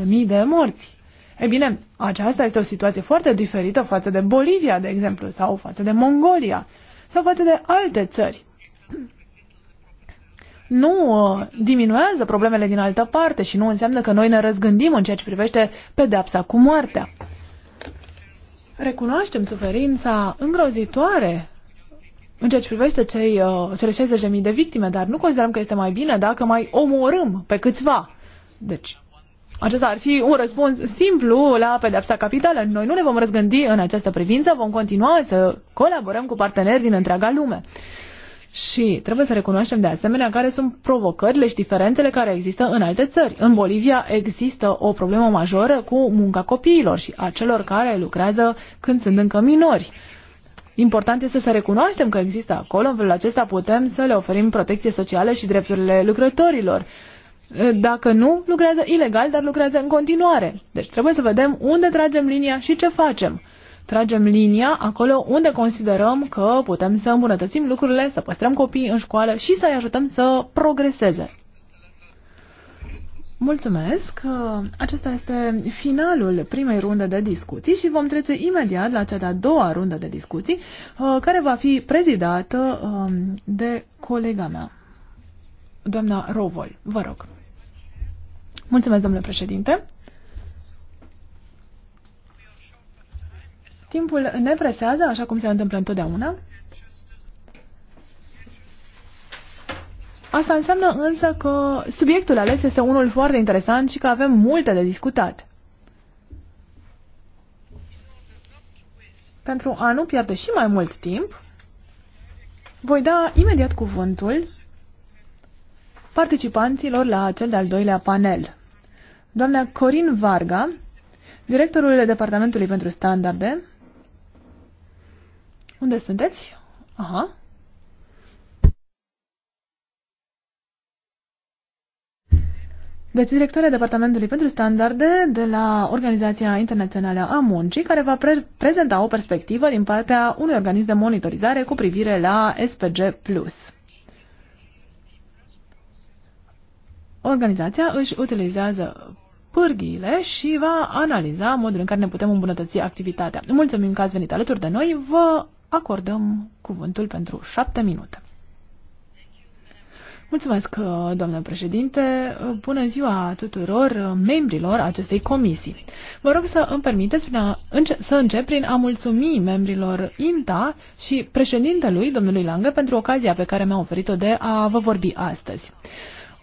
60.000 de morți. E bine, aceasta este o situație foarte diferită față de Bolivia, de exemplu, sau față de Mongolia, sau față de alte țări nu uh, diminuează problemele din altă parte și nu înseamnă că noi ne răzgândim în ceea ce privește pedepsa cu moartea. Recunoaștem suferința îngrozitoare în ceea ce privește cei, uh, cele 60.000 de victime, dar nu considerăm că este mai bine dacă mai omorâm pe câțiva. Deci, acesta ar fi un răspuns simplu la pedepsa capitală. Noi nu ne vom răzgândi în această privință, vom continua să colaborăm cu parteneri din întreaga lume. Și trebuie să recunoaștem de asemenea care sunt provocările și diferențele care există în alte țări. În Bolivia există o problemă majoră cu munca copiilor și a celor care lucrează când sunt încă minori. Important este să recunoaștem că există acolo, în felul acesta putem să le oferim protecție socială și drepturile lucrătorilor. Dacă nu, lucrează ilegal, dar lucrează în continuare. Deci trebuie să vedem unde tragem linia și ce facem tragem linia acolo unde considerăm că putem să îmbunătățim lucrurile, să păstrăm copiii în școală și să-i ajutăm să progreseze. Mulțumesc! Acesta este finalul primei runde de discuții și vom trece imediat la cea de-a doua rundă de discuții, uh, care va fi prezidată um, de colega mea, doamna Rovol. Vă rog! Mulțumesc, domnule președinte! Timpul ne presează, așa cum se întâmplă întotdeauna. Asta înseamnă însă că subiectul ales este unul foarte interesant și că avem multe de discutat. Pentru a nu pierde și mai mult timp, voi da imediat cuvântul participanților la cel de-al doilea panel. Doamna Corin Varga, directorul Departamentului pentru Standarde unde sunteți? Aha. Deci, directoarea Departamentului pentru Standarde de la Organizația Internațională a Muncii, care va pre- prezenta o perspectivă din partea unui organism de monitorizare cu privire la SPG+. Organizația își utilizează pârghiile și va analiza modul în care ne putem îmbunătăți activitatea. Mulțumim că ați venit alături de noi. Vă acordăm cuvântul pentru șapte minute. Mulțumesc, uh, doamnă președinte. Uh, bună ziua tuturor uh, membrilor acestei comisii. Vă rog să îmi permiteți prin a înce- să încep prin a mulțumi membrilor INTA și președintelui, domnului Lange, pentru ocazia pe care mi-a oferit-o de a vă vorbi astăzi.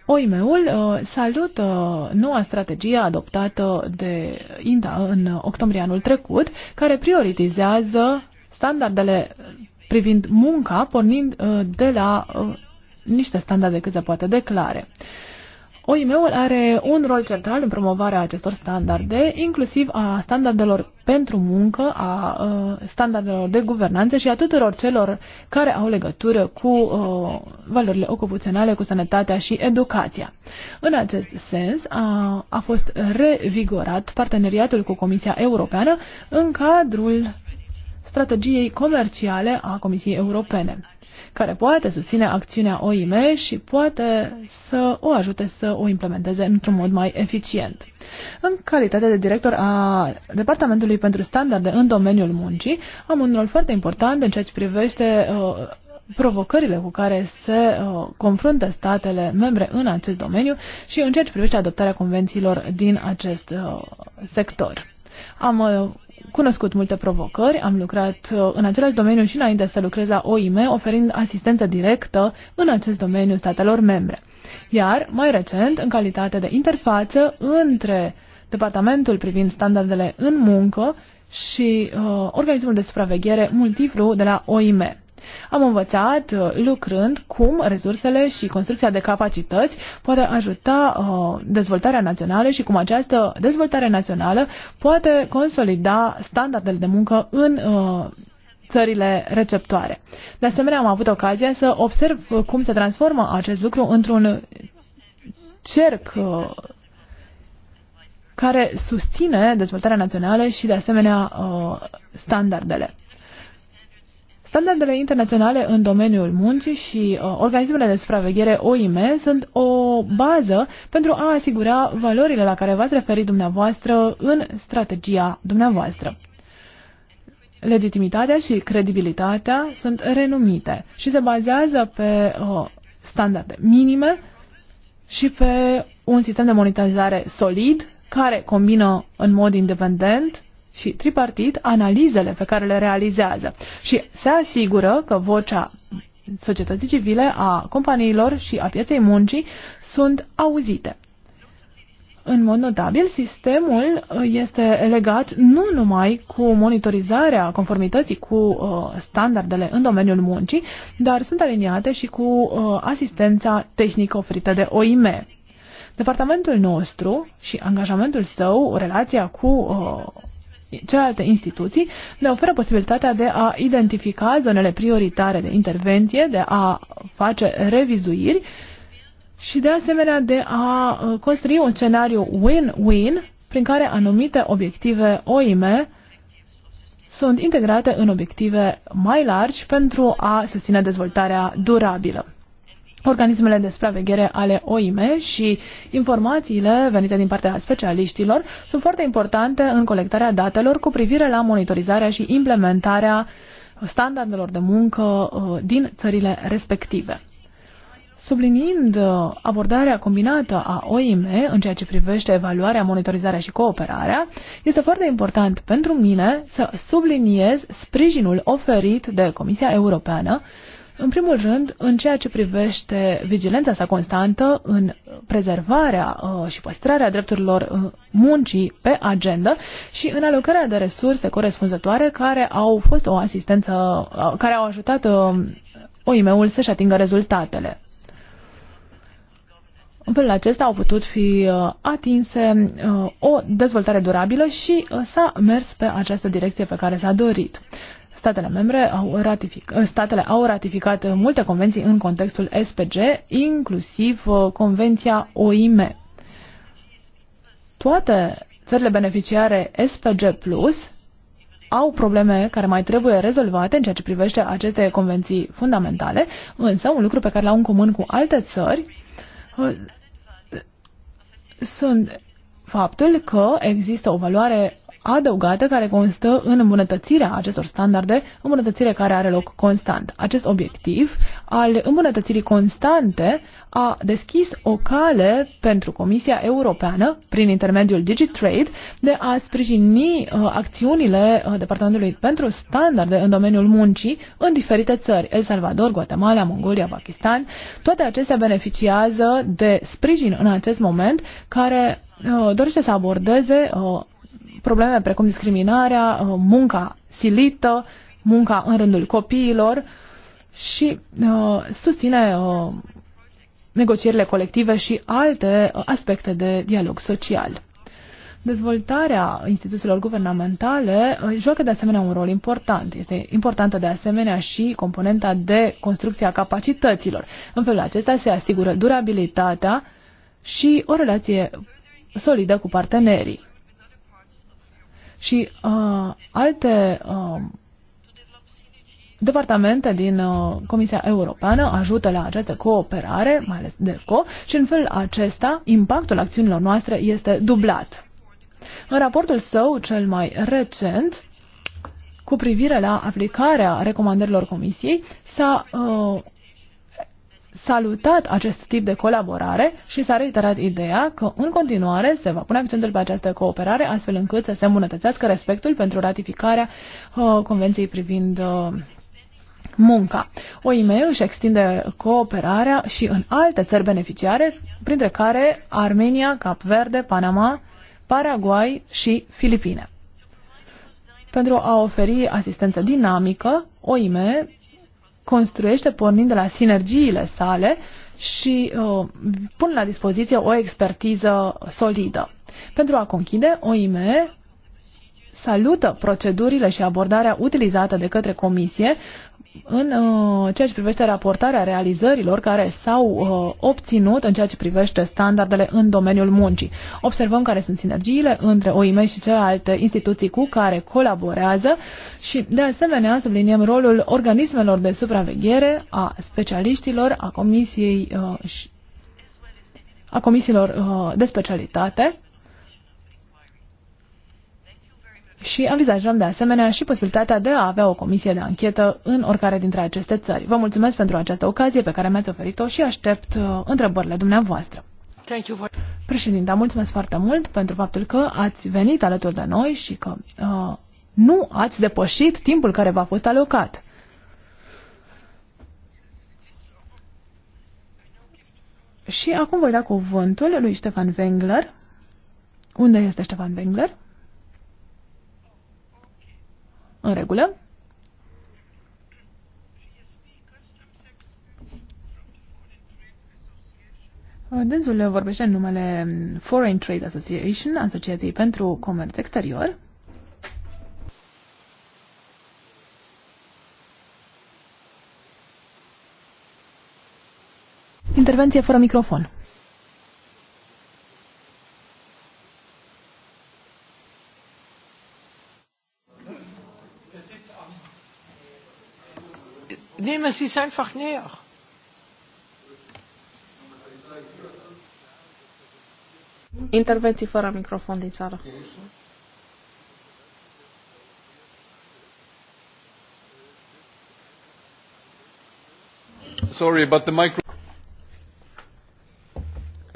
OIM-ul salută noua strategie adoptată de INTA în octombrie anul trecut, care prioritizează standardele privind munca, pornind uh, de la uh, niște standarde cât se poate declare. OIM-ul are un rol central în promovarea acestor standarde, inclusiv a standardelor pentru muncă, a uh, standardelor de guvernanță și a tuturor celor care au legătură cu valorile ocupaționale, cu sănătatea și educația. În acest sens a, a fost revigorat parteneriatul cu Comisia Europeană în cadrul strategiei comerciale a Comisiei Europene, care poate susține acțiunea OIM și poate să o ajute să o implementeze într-un mod mai eficient. În calitate de director a Departamentului pentru Standarde în domeniul muncii, am un rol foarte important în ceea ce privește uh, provocările cu care se uh, confruntă statele membre în acest domeniu și în ceea ce privește adoptarea convențiilor din acest uh, sector. Am uh, cunoscut multe provocări, am lucrat uh, în același domeniu și înainte să lucrez la OIM, oferind asistență directă în acest domeniu statelor membre. Iar, mai recent, în calitate de interfață între Departamentul privind standardele în muncă și uh, organismul de supraveghere multiplu de la OIM. Am învățat uh, lucrând cum resursele și construcția de capacități poate ajuta uh, dezvoltarea națională și cum această dezvoltare națională poate consolida standardele de muncă în uh, țările receptoare. De asemenea, am avut ocazia să observ cum se transformă acest lucru într-un cerc care susține dezvoltarea națională și, de asemenea, standardele. Standardele internaționale în domeniul muncii și uh, organismele de supraveghere OIM sunt o bază pentru a asigura valorile la care v-ați referit dumneavoastră în strategia dumneavoastră. Legitimitatea și credibilitatea sunt renumite și se bazează pe uh, standarde minime și pe un sistem de monitorizare solid care combină în mod independent și tripartit analizele pe care le realizează și se asigură că vocea societății civile, a companiilor și a pieței muncii sunt auzite. În mod notabil, sistemul uh, este legat nu numai cu monitorizarea conformității cu uh, standardele în domeniul muncii, dar sunt aliniate și cu uh, asistența tehnică oferită de OIM. Departamentul nostru și angajamentul său, relația cu uh, celelalte instituții ne oferă posibilitatea de a identifica zonele prioritare de intervenție, de a face revizuiri și de asemenea de a uh, construi un scenariu win-win prin care anumite obiective OIM sunt integrate în obiective mai largi pentru a susține dezvoltarea durabilă organismele de supraveghere ale OIME și informațiile venite din partea specialiștilor sunt foarte importante în colectarea datelor cu privire la monitorizarea și implementarea standardelor de muncă uh, din țările respective. Subliniind uh, abordarea combinată a OIM în ceea ce privește evaluarea, monitorizarea și cooperarea, este foarte important pentru mine să subliniez sprijinul oferit de Comisia Europeană în primul rând, în ceea ce privește vigilența sa constantă în prezervarea uh, și păstrarea drepturilor uh, muncii pe agenda și în alocarea de resurse corespunzătoare care au fost o asistență, uh, care au ajutat OIM-ul să-și atingă rezultatele. În felul acesta au putut fi atinse o dezvoltare durabilă și s-a mers pe această direcție pe care s-a dorit. Statele membre au ratific, statele au ratificat multe convenții în contextul SPG, inclusiv uh, convenția OIM. Toate țările beneficiare SPG Plus au probleme care mai trebuie rezolvate în ceea ce privește aceste convenții fundamentale, însă un lucru pe care l-au în comun cu alte țări uh, sunt faptul că există o valoare adăugată care constă în îmbunătățirea acestor standarde, îmbunătățire care are loc constant. Acest obiectiv al îmbunătățirii constante a deschis o cale pentru Comisia Europeană, prin intermediul DigiTrade, de a sprijini uh, acțiunile uh, Departamentului pentru Standarde în domeniul muncii în diferite țări, El Salvador, Guatemala, Mongolia, Pakistan. Toate acestea beneficiază de sprijin în acest moment care uh, dorește să abordeze probleme precum discriminarea, uh, munca silită, munca în rândul copiilor și uh, susține uh, negocierile colective și alte uh, aspecte de dialog social. Dezvoltarea instituțiilor guvernamentale uh, joacă de asemenea un rol important. Este importantă de asemenea și componenta de construcție a capacităților. În felul acesta se asigură durabilitatea și o relație solidă cu partenerii și uh, alte uh, departamente din uh, Comisia Europeană ajută la această cooperare, mai ales DECO, și în felul acesta impactul acțiunilor noastre este dublat. În raportul său cel mai recent, cu privire la aplicarea recomandărilor Comisiei, s-a uh, salutat acest tip de colaborare și s-a reiterat ideea că în continuare se va pune accentul pe această cooperare astfel încât să se îmbunătățească respectul pentru ratificarea uh, Convenției privind uh, munca. OIME își extinde cooperarea și în alte țări beneficiare, printre care Armenia, Cap Verde, Panama, Paraguay și Filipine. Pentru a oferi asistență dinamică, OIME construiește pornind de la sinergiile sale și uh, pun la dispoziție o expertiză solidă. Pentru a conchide, OIME salută procedurile și abordarea utilizată de către Comisie în uh, ceea ce privește raportarea realizărilor care s-au uh, obținut în ceea ce privește standardele în domeniul muncii, observăm care sunt sinergiile între OIM și celelalte instituții cu care colaborează și, de asemenea, subliniem rolul organismelor de supraveghere, a specialiștilor, a comisiei uh, și a comisiilor uh, de specialitate și învizajăm de asemenea și posibilitatea de a avea o comisie de anchetă în oricare dintre aceste țări. Vă mulțumesc pentru această ocazie pe care mi-ați oferit-o și aștept uh, întrebările dumneavoastră. Thank you for... Președinte, mulțumesc foarte mult pentru faptul că ați venit alături de noi și că uh, nu ați depășit timpul care v-a fost alocat. Și acum voi da cuvântul lui Ștefan Wengler. Unde este Ștefan Wengler? În regulă. Dânsul vorbește în numele Foreign Trade Association, Asociației pentru Comerț Exterior. Intervenție fără microfon. nehmen Sie es einfach näher. Intervenții fără microfon din țară. Sorry, but the micro...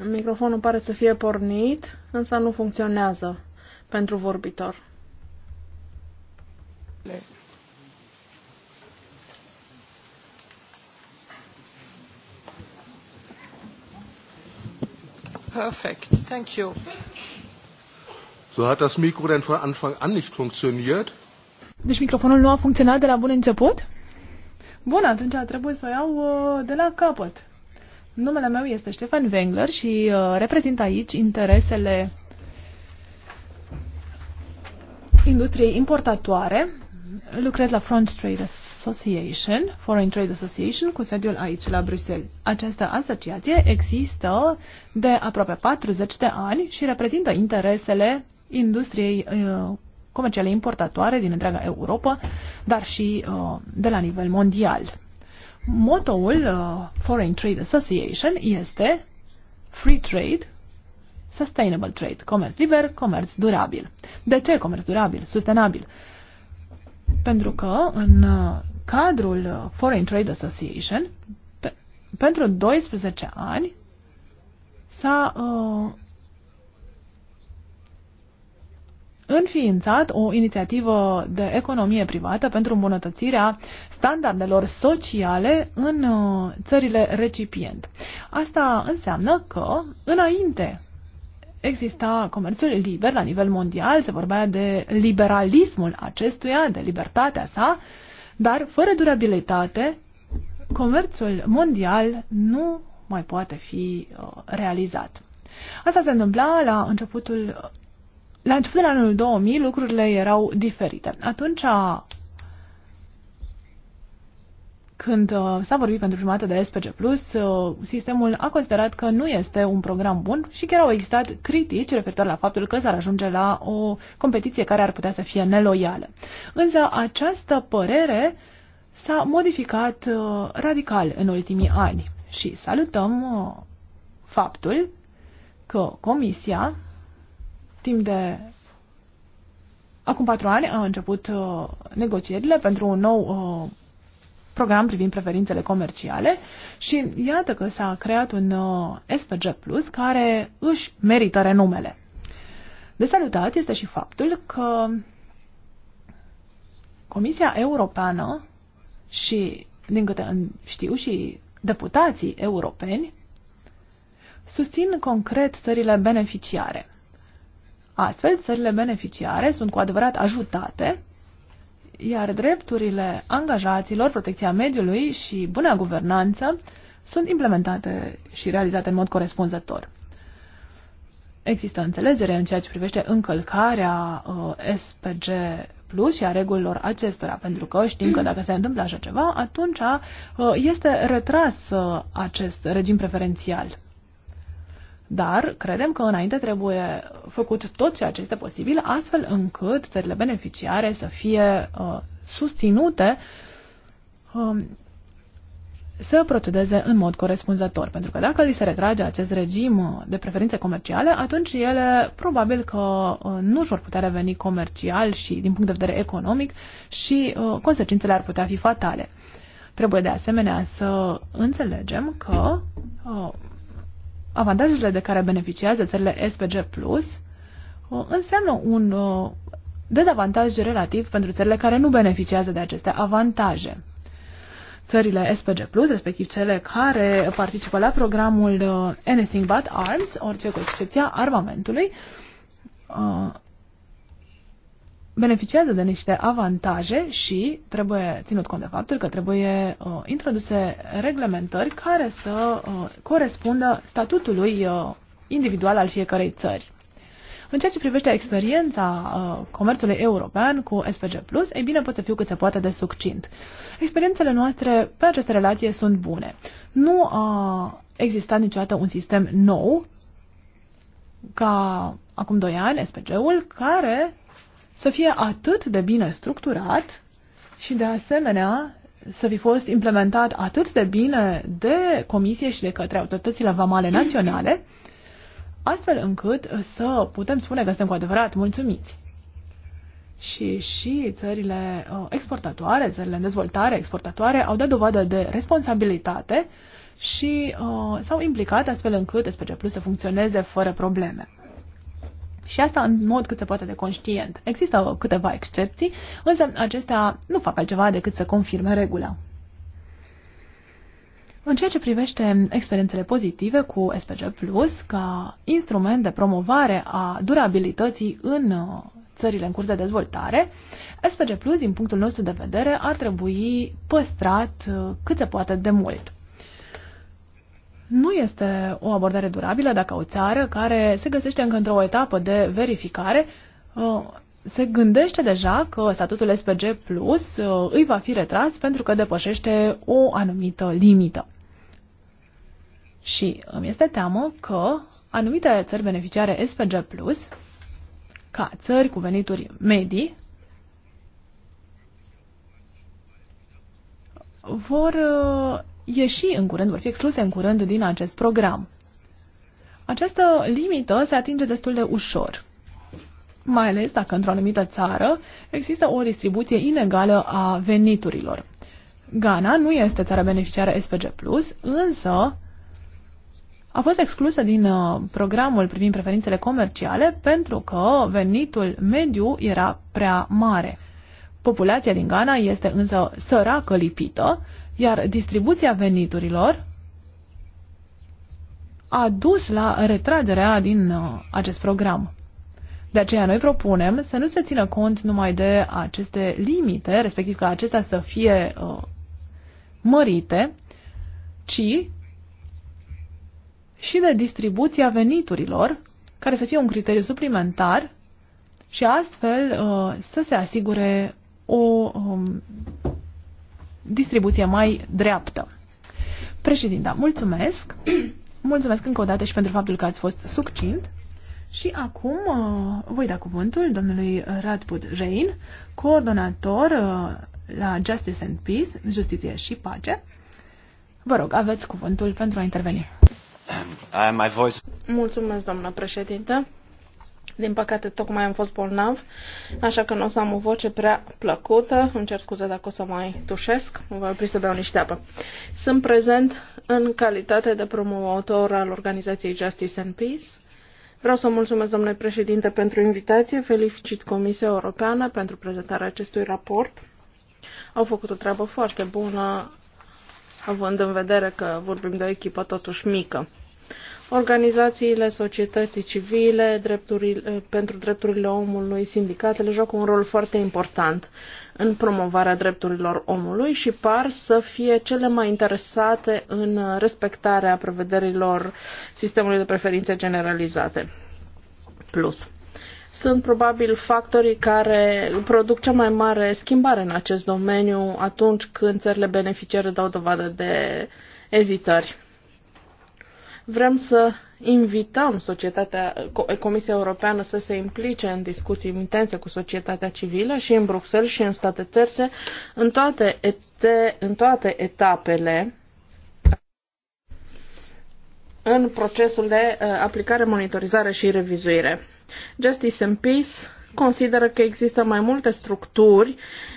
Microfonul pare să fie pornit, însă nu funcționează pentru vorbitor. Le. Perfect. Thank you. So hat das Mikro denn von Anfang an nicht funktioniert? Deci microfonul nu a funcționat de la bun început? Bun, atunci a trebuit să o iau uh, de la capăt. Numele meu este Ștefan Wengler și uh, reprezint aici interesele industriei importatoare lucrez la Front Trade Association, Foreign Trade Association, cu sediul aici, la Bruxelles. Această asociație există de aproape 40 de ani și reprezintă interesele industriei uh, comerciale importatoare din întreaga Europa, dar și uh, de la nivel mondial. Motoul uh, Foreign Trade Association este Free Trade, Sustainable Trade, comerț liber, comerț durabil. De ce comerț durabil, sustenabil? Uh, pentru că în uh, cadrul uh, Foreign Trade Association, pe, pentru 12 ani, s-a uh, înființat o inițiativă de economie privată pentru îmbunătățirea standardelor sociale în uh, țările recipient. Asta înseamnă că, înainte exista comerțul liber la nivel mondial, se vorbea de liberalismul acestuia, de libertatea sa, dar fără durabilitate, comerțul mondial nu mai poate fi uh, realizat. Asta se întâmpla la începutul la începutul anului 2000 lucrurile erau diferite. Atunci când uh, s-a vorbit pentru prima dată de SPG+, uh, sistemul a considerat că nu este un program bun și chiar au existat critici referitor la faptul că s-ar ajunge la o competiție care ar putea să fie neloială. Însă această părere s-a modificat uh, radical în ultimii ani și salutăm uh, faptul că Comisia, timp de acum patru ani, a început uh, negocierile pentru un nou uh, program privind preferințele comerciale și iată că s-a creat un uh, SPG Plus care își merită renumele. De salutat este și faptul că Comisia Europeană și, din câte știu, și deputații europeni susțin concret țările beneficiare. Astfel, țările beneficiare sunt cu adevărat ajutate iar drepturile angajaților, protecția mediului și buna guvernanță sunt implementate și realizate în mod corespunzător. Există înțelegere în ceea ce privește încălcarea uh, SPG Plus și a regulilor acestora, pentru că știm că dacă se întâmplă așa ceva, atunci uh, este retras uh, acest regim preferențial. Dar credem că înainte trebuie făcut tot ceea ce este posibil, astfel încât țările beneficiare să fie uh, susținute uh, să procedeze în mod corespunzător. Pentru că dacă li se retrage acest regim uh, de preferințe comerciale, atunci ele probabil că uh, nu își vor putea reveni comercial și din punct de vedere economic și uh, consecințele ar putea fi fatale. Trebuie de asemenea să înțelegem că uh, avantajele de care beneficiază țările SPG+, Plus, uh, înseamnă un uh, dezavantaj relativ pentru țările care nu beneficiază de aceste avantaje. Țările SPG+, Plus, respectiv cele care participă la programul uh, Anything But Arms, orice cu excepția armamentului, beneficiază de niște avantaje și trebuie ținut cont de faptul că trebuie uh, introduse reglementări care să uh, corespundă statutului uh, individual al fiecărei țări. În ceea ce privește experiența uh, comerțului european cu SPG+, ei bine, pot să fiu cât se poate de succint. Experiențele noastre pe aceste relații sunt bune. Nu a existat niciodată un sistem nou ca acum doi ani, SPG-ul, care să fie atât de bine structurat și de asemenea să fi fost implementat atât de bine de comisie și de către autoritățile vamale naționale, astfel încât să putem spune că suntem cu adevărat mulțumiți. Și și țările uh, exportatoare, țările în dezvoltare exportatoare au dat dovadă de responsabilitate și uh, s-au implicat astfel încât SPG Plus să funcționeze fără probleme. Și asta în mod cât se poate de conștient. Există câteva excepții, însă acestea nu fac altceva decât să confirme regula. În ceea ce privește experiențele pozitive cu SPG Plus ca instrument de promovare a durabilității în uh, țările în curs de dezvoltare, SPG Plus, din punctul nostru de vedere, ar trebui păstrat uh, cât se poate de mult. Nu este o abordare durabilă dacă o țară care se găsește încă într-o etapă de verificare uh, se gândește deja că statutul SPG Plus uh, îi va fi retras pentru că depășește o anumită limită. Și îmi este teamă că anumite țări beneficiare SPG Plus, ca țări cu venituri medii, vor uh, ieși în curând, vor fi excluse în curând din acest program. Această limită se atinge destul de ușor, mai ales dacă într-o anumită țară există o distribuție inegală a veniturilor. Ghana nu este țara beneficiară SPG+, însă a fost exclusă din uh, programul privind preferințele comerciale pentru că venitul mediu era prea mare. Populația din Ghana este însă săracă lipită iar distribuția veniturilor a dus la retragerea din uh, acest program. De aceea noi propunem să nu se țină cont numai de aceste limite, respectiv că acestea să fie uh, mărite, ci și de distribuția veniturilor, care să fie un criteriu suplimentar și astfel uh, să se asigure o um, distribuție mai dreaptă. Președinta, mulțumesc! Mulțumesc încă o dată și pentru faptul că ați fost succint. Și acum uh, voi da cuvântul domnului Radput Rein, coordonator uh, la Justice and Peace, Justiție și Pace. Vă rog, aveți cuvântul pentru a interveni. Mulțumesc, doamnă președinte. Din păcate, tocmai am fost bolnav, așa că nu o să am o voce prea plăcută. Îmi cer scuze dacă o să mai tușesc. Voi opri să beau niște apă. Sunt prezent în calitate de promotor al organizației Justice and Peace. Vreau să mulțumesc, domnule președinte, pentru invitație. Felicit Comisia Europeană pentru prezentarea acestui raport. Au făcut o treabă foarte bună, având în vedere că vorbim de o echipă totuși mică. Organizațiile societății civile drepturile, eh, pentru drepturile omului, sindicatele joacă un rol foarte important în promovarea drepturilor omului și par să fie cele mai interesate în respectarea prevederilor sistemului de preferințe generalizate. Plus sunt probabil factorii care produc cea mai mare schimbare în acest domeniu atunci când țările beneficiare dau dovadă de ezitări. Vrem să invităm societatea, Comisia Europeană să se implice în discuții intense cu societatea civilă și în Bruxelles și în state terțe, în toate, ete, în toate etapele în procesul de uh, aplicare, monitorizare și revizuire. Justice and Peace consideră că există mai multe structuri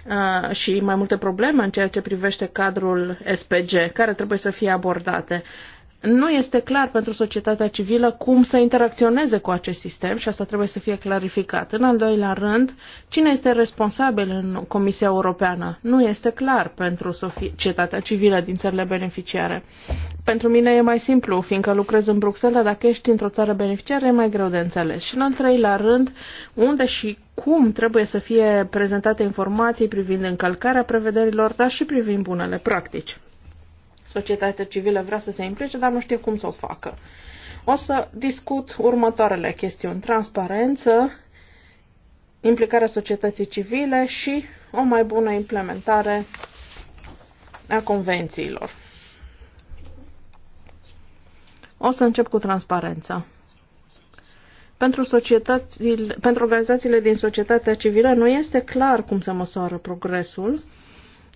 uh, și mai multe probleme în ceea ce privește cadrul SPG, care trebuie să fie abordate nu este clar pentru societatea civilă cum să interacționeze cu acest sistem și asta trebuie să fie clarificat. În al doilea rând, cine este responsabil în Comisia Europeană? Nu este clar pentru societatea civilă din țările beneficiare. Pentru mine e mai simplu, fiindcă lucrez în Bruxelles, dacă ești într-o țară beneficiară e mai greu de înțeles. Și în al treilea rând, unde și cum trebuie să fie prezentate informații privind încălcarea prevederilor, dar și privind bunele practici societatea civilă vrea să se implice, dar nu știe cum să o facă. O să discut următoarele chestiuni. Transparență, implicarea societății civile și o mai bună implementare a convențiilor. O să încep cu transparența. Pentru, pentru organizațiile din societatea civilă nu este clar cum se măsoară progresul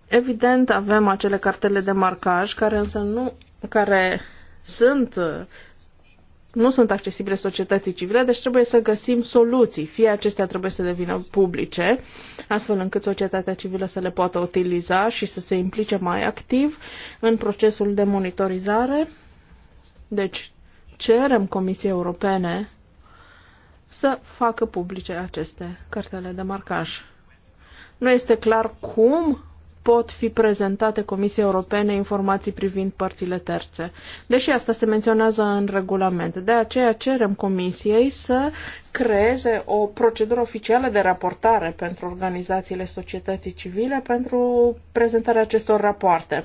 Evident, avem acele cartele de marcaj care însă nu, care sunt nu sunt accesibile societății civile, deci trebuie să găsim soluții. Fie acestea trebuie să devină publice, astfel încât societatea civilă să le poată utiliza și să se implice mai activ în procesul de monitorizare. Deci, cerem Comisiei Europene să facă publice aceste cartele de marcaj. Nu este clar cum pot fi prezentate Comisiei Europene informații privind părțile terțe. Deși asta se menționează în regulament, de aceea cerem Comisiei să creeze o procedură oficială de raportare pentru organizațiile societății civile pentru prezentarea acestor rapoarte.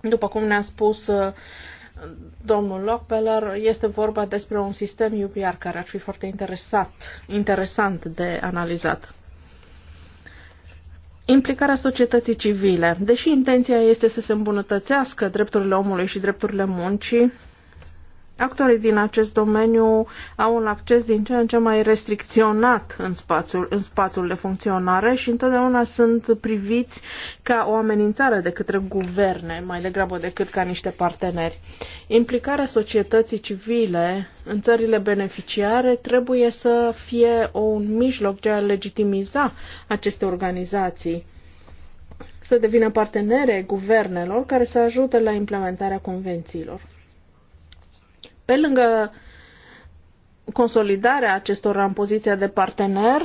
După cum ne-a spus uh, domnul Lockbeller, este vorba despre un sistem UPR care ar fi foarte interesat, interesant de analizat implicarea societății civile. Deși intenția este să se îmbunătățească drepturile omului și drepturile muncii, Actorii din acest domeniu au un acces din ce în ce mai restricționat în spațiul, în spațiul de funcționare și întotdeauna sunt priviți ca o amenințare de către guverne, mai degrabă decât ca niște parteneri. Implicarea societății civile în țările beneficiare trebuie să fie un mijloc de a legitimiza aceste organizații să devină partenere guvernelor care să ajute la implementarea convențiilor. Pe lângă consolidarea acestora în poziția de partener,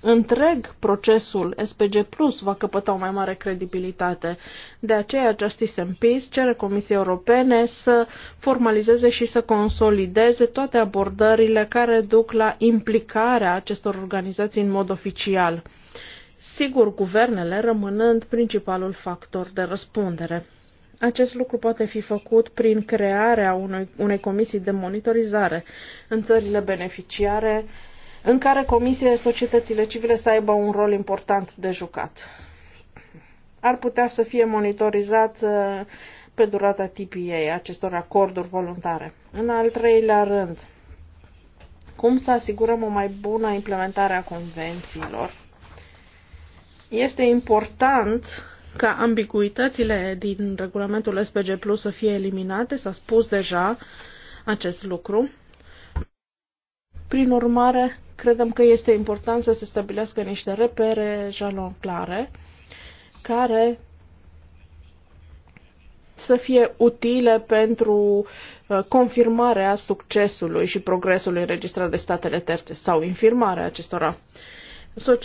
întreg procesul SPG Plus va căpăta o mai mare credibilitate. De aceea, Justice and Peace cere Comisiei Europene să formalizeze și să consolideze toate abordările care duc la implicarea acestor organizații în mod oficial. Sigur, guvernele rămânând principalul factor de răspundere. Acest lucru poate fi făcut prin crearea unei, unei comisii de monitorizare în țările beneficiare, în care comisiile societățile civile să aibă un rol important de jucat. Ar putea să fie monitorizat uh, pe durata TPA acestor acorduri voluntare. În al treilea rând, cum să asigurăm o mai bună implementare a convențiilor? Este important ca ambiguitățile din regulamentul SPG Plus să fie eliminate. S-a spus deja acest lucru. Prin urmare, credem că este important să se stabilească niște repere jalon clare care să fie utile pentru uh, confirmarea succesului și progresului înregistrat de statele terțe sau infirmarea acestora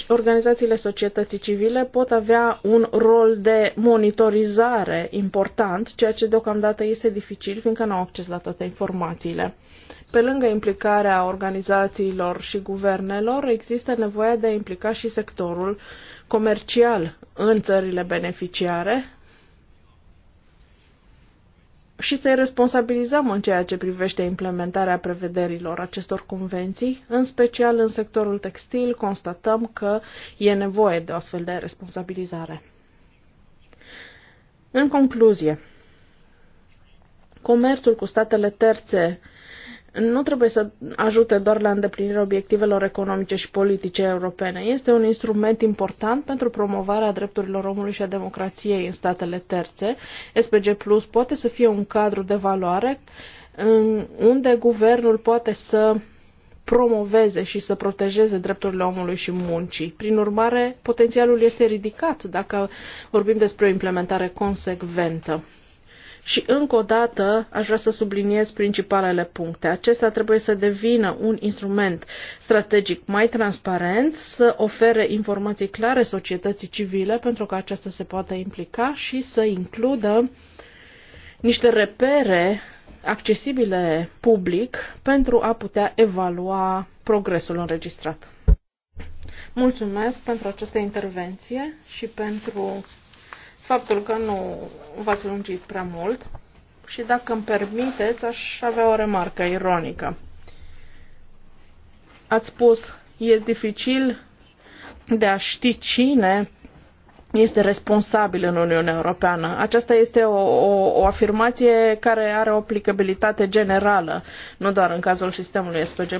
organizațiile societății civile pot avea un rol de monitorizare important, ceea ce deocamdată este dificil, fiindcă nu au acces la toate informațiile. Pe lângă implicarea organizațiilor și guvernelor, există nevoia de a implica și sectorul comercial în țările beneficiare, și să-i responsabilizăm în ceea ce privește implementarea prevederilor acestor convenții, în special în sectorul textil, constatăm că e nevoie de o astfel de responsabilizare. În concluzie, comerțul cu statele terțe nu trebuie să ajute doar la îndeplinirea obiectivelor economice și politice europene. Este un instrument important pentru promovarea drepturilor omului și a democrației în statele terțe. SPG Plus poate să fie un cadru de valoare unde guvernul poate să promoveze și să protejeze drepturile omului și muncii. Prin urmare, potențialul este ridicat dacă vorbim despre o implementare consecventă. Și încă o dată aș vrea să subliniez principalele puncte. Acesta trebuie să devină un instrument strategic mai transparent, să ofere informații clare societății civile pentru că aceasta se poate implica și să includă niște repere accesibile public pentru a putea evalua progresul înregistrat. Mulțumesc pentru această intervenție și pentru faptul că nu v-ați lungit prea mult și dacă îmi permiteți, aș avea o remarcă ironică. Ați spus, e dificil de a ști cine este responsabil în Uniunea Europeană. Aceasta este o, o, o afirmație care are o aplicabilitate generală, nu doar în cazul sistemului SPG+.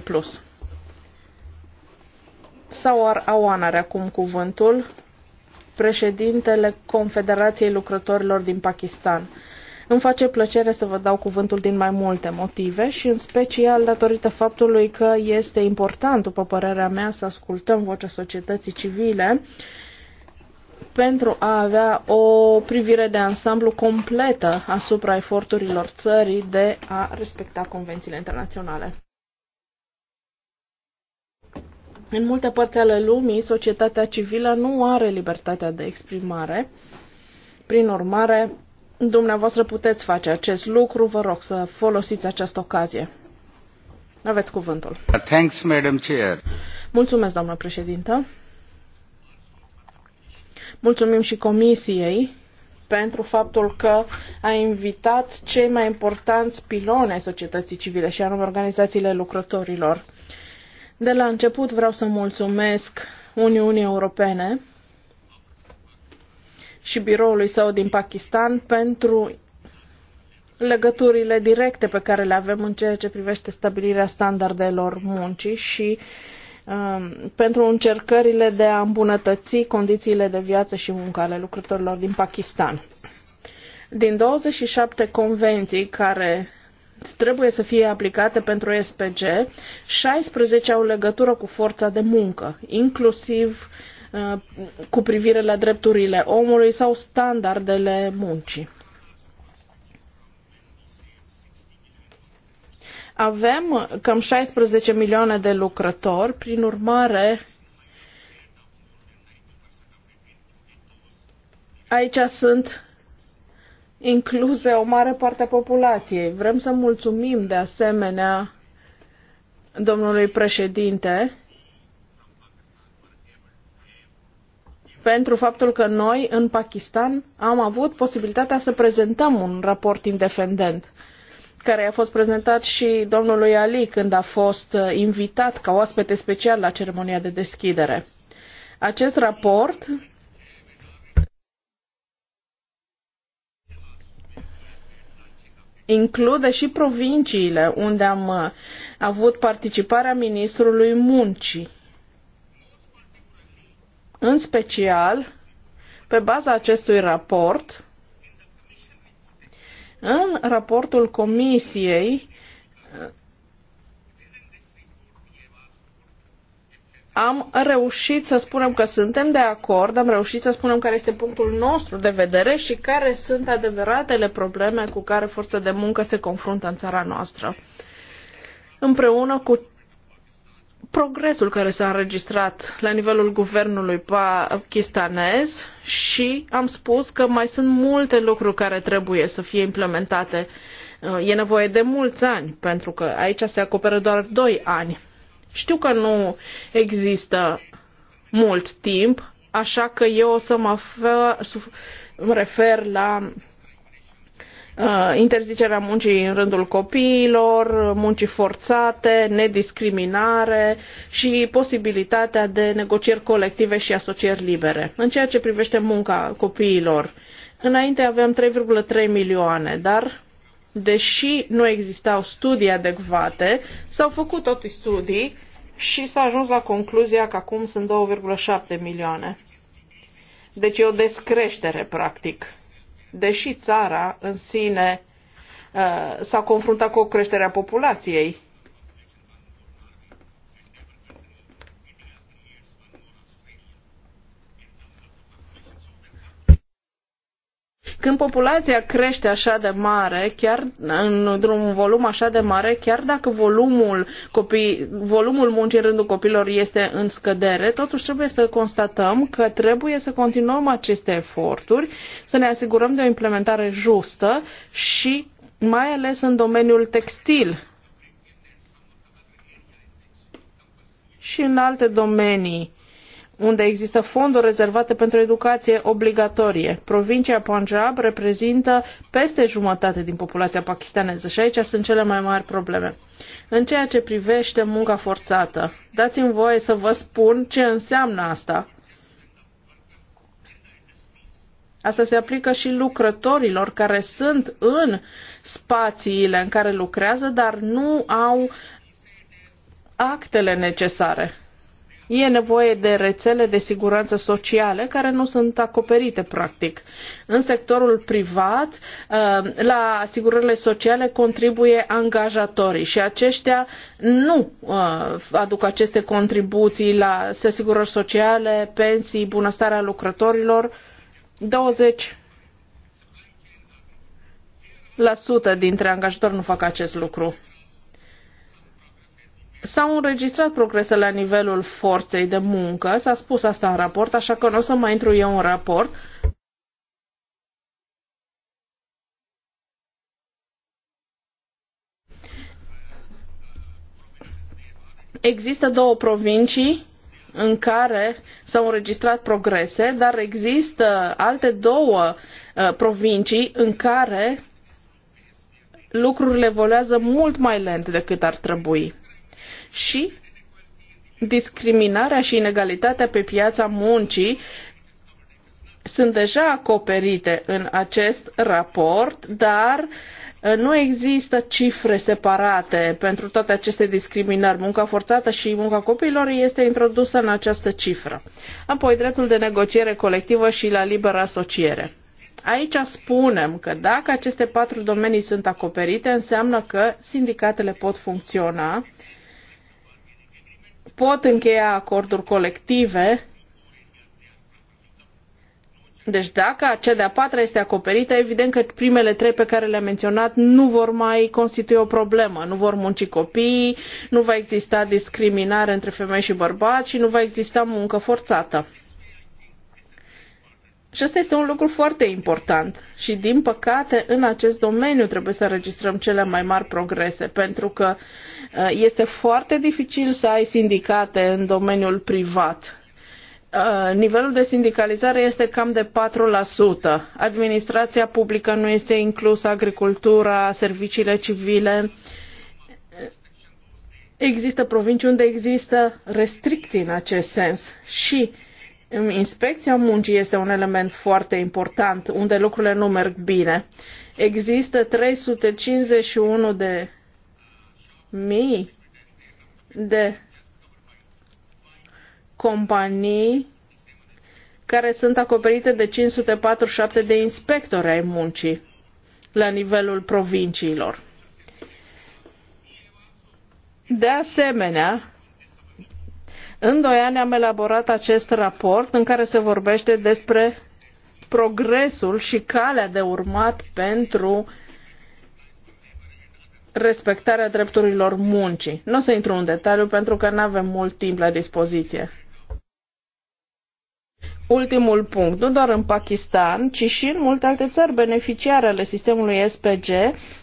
Sau ar, au are acum cuvântul președintele Confederației Lucrătorilor din Pakistan. Îmi face plăcere să vă dau cuvântul din mai multe motive și în special datorită faptului că este important, după părerea mea, să ascultăm vocea societății civile pentru a avea o privire de ansamblu completă asupra eforturilor țării de a respecta convențiile internaționale. În multe părți ale lumii, societatea civilă nu are libertatea de exprimare. Prin urmare, dumneavoastră puteți face acest lucru, vă rog să folosiți această ocazie. Aveți cuvântul. Thanks, Madam Chair. Mulțumesc, doamnă președintă. Mulțumim și comisiei pentru faptul că a invitat cei mai importanți piloni ai societății civile, și anume organizațiile lucrătorilor. De la început vreau să mulțumesc Uniunii Europene și biroului său din Pakistan pentru legăturile directe pe care le avem în ceea ce privește stabilirea standardelor muncii și um, pentru încercările de a îmbunătăți condițiile de viață și muncă ale lucrătorilor din Pakistan. Din 27 convenții care trebuie să fie aplicate pentru SPG, 16 au legătură cu forța de muncă, inclusiv uh, cu privire la drepturile omului sau standardele muncii. Avem cam 16 milioane de lucrători, prin urmare aici sunt incluse o mare parte a populației. Vrem să mulțumim de asemenea domnului președinte pentru faptul că noi în Pakistan am avut posibilitatea să prezentăm un raport independent care a fost prezentat și domnului Ali când a fost uh, invitat ca oaspete special la ceremonia de deschidere. Acest raport include și provinciile unde am uh, avut participarea Ministrului Muncii. În special, pe baza acestui raport, în raportul Comisiei am reușit să spunem că suntem de acord, am reușit să spunem care este punctul nostru de vedere și care sunt adevăratele probleme cu care forța de muncă se confruntă în țara noastră. Împreună cu progresul care s-a înregistrat la nivelul guvernului pakistanez și am spus că mai sunt multe lucruri care trebuie să fie implementate. E nevoie de mulți ani, pentru că aici se acoperă doar 2 ani știu că nu există mult timp, așa că eu o să mă refer la uh, interzicerea muncii în rândul copiilor, muncii forțate, nediscriminare și posibilitatea de negocieri colective și asocieri libere. În ceea ce privește munca copiilor, înainte aveam 3,3 milioane, dar deși nu existau studii adecvate, s-au făcut totuși studii și s-a ajuns la concluzia că acum sunt 2,7 milioane. Deci e o descreștere, practic. Deși țara în sine uh, s-a confruntat cu o creștere a populației, Când populația crește așa de mare, chiar într-un volum așa de mare, chiar dacă volumul, copii, volumul muncii în rândul copilor este în scădere, totuși trebuie să constatăm că trebuie să continuăm aceste eforturi, să ne asigurăm de o implementare justă și mai ales în domeniul textil, și în alte domenii unde există fonduri rezervate pentru educație obligatorie. Provincia Punjab reprezintă peste jumătate din populația pakistaneză și aici sunt cele mai mari probleme. În ceea ce privește munca forțată, dați-mi voie să vă spun ce înseamnă asta. Asta se aplică și lucrătorilor care sunt în spațiile în care lucrează, dar nu au actele necesare. E nevoie de rețele de siguranță sociale care nu sunt acoperite practic. În sectorul privat, uh, la asigurările sociale contribuie angajatorii și aceștia nu uh, aduc aceste contribuții la asigurări sociale, pensii, bunăstarea lucrătorilor. 20 la sută dintre angajatori nu fac acest lucru. S-au înregistrat progrese la nivelul forței de muncă, s-a spus asta în raport, așa că nu o să mai intru eu în raport. Există două provincii în care s-au înregistrat progrese, dar există alte două uh, provincii în care lucrurile evoluează mult mai lent decât ar trebui și discriminarea și inegalitatea pe piața muncii sunt deja acoperite în acest raport, dar uh, nu există cifre separate pentru toate aceste discriminări. Munca forțată și munca copiilor este introdusă în această cifră. Apoi, dreptul de negociere colectivă și la liberă asociere. Aici spunem că dacă aceste patru domenii sunt acoperite, înseamnă că sindicatele pot funcționa pot încheia acorduri colective. Deci dacă cea de-a patra este acoperită, evident că primele trei pe care le-am menționat nu vor mai constitui o problemă. Nu vor munci copiii, nu va exista discriminare între femei și bărbați și nu va exista muncă forțată. Și asta este un lucru foarte important. Și, din păcate, în acest domeniu trebuie să înregistrăm cele mai mari progrese, pentru că Eh, este foarte dificil să ai sindicate în domeniul privat. Eh, nivelul de sindicalizare este cam de 4%. Administrația publică nu este inclusă, agricultura, serviciile civile. Există provincii unde există restricții în acest sens și mm, inspecția muncii este un element foarte important, unde lucrurile nu merg bine. Există 351 de mi de companii care sunt acoperite de 547 de inspectori ai muncii la nivelul provinciilor. De asemenea, în doi ani am elaborat acest raport în care se vorbește despre progresul și calea de urmat pentru respectarea drepturilor muncii. Nu o să intru în detaliu pentru că nu avem mult timp la dispoziție. Ultimul punct. Nu doar în Pakistan, ci și în multe alte țări beneficiare ale sistemului SPG,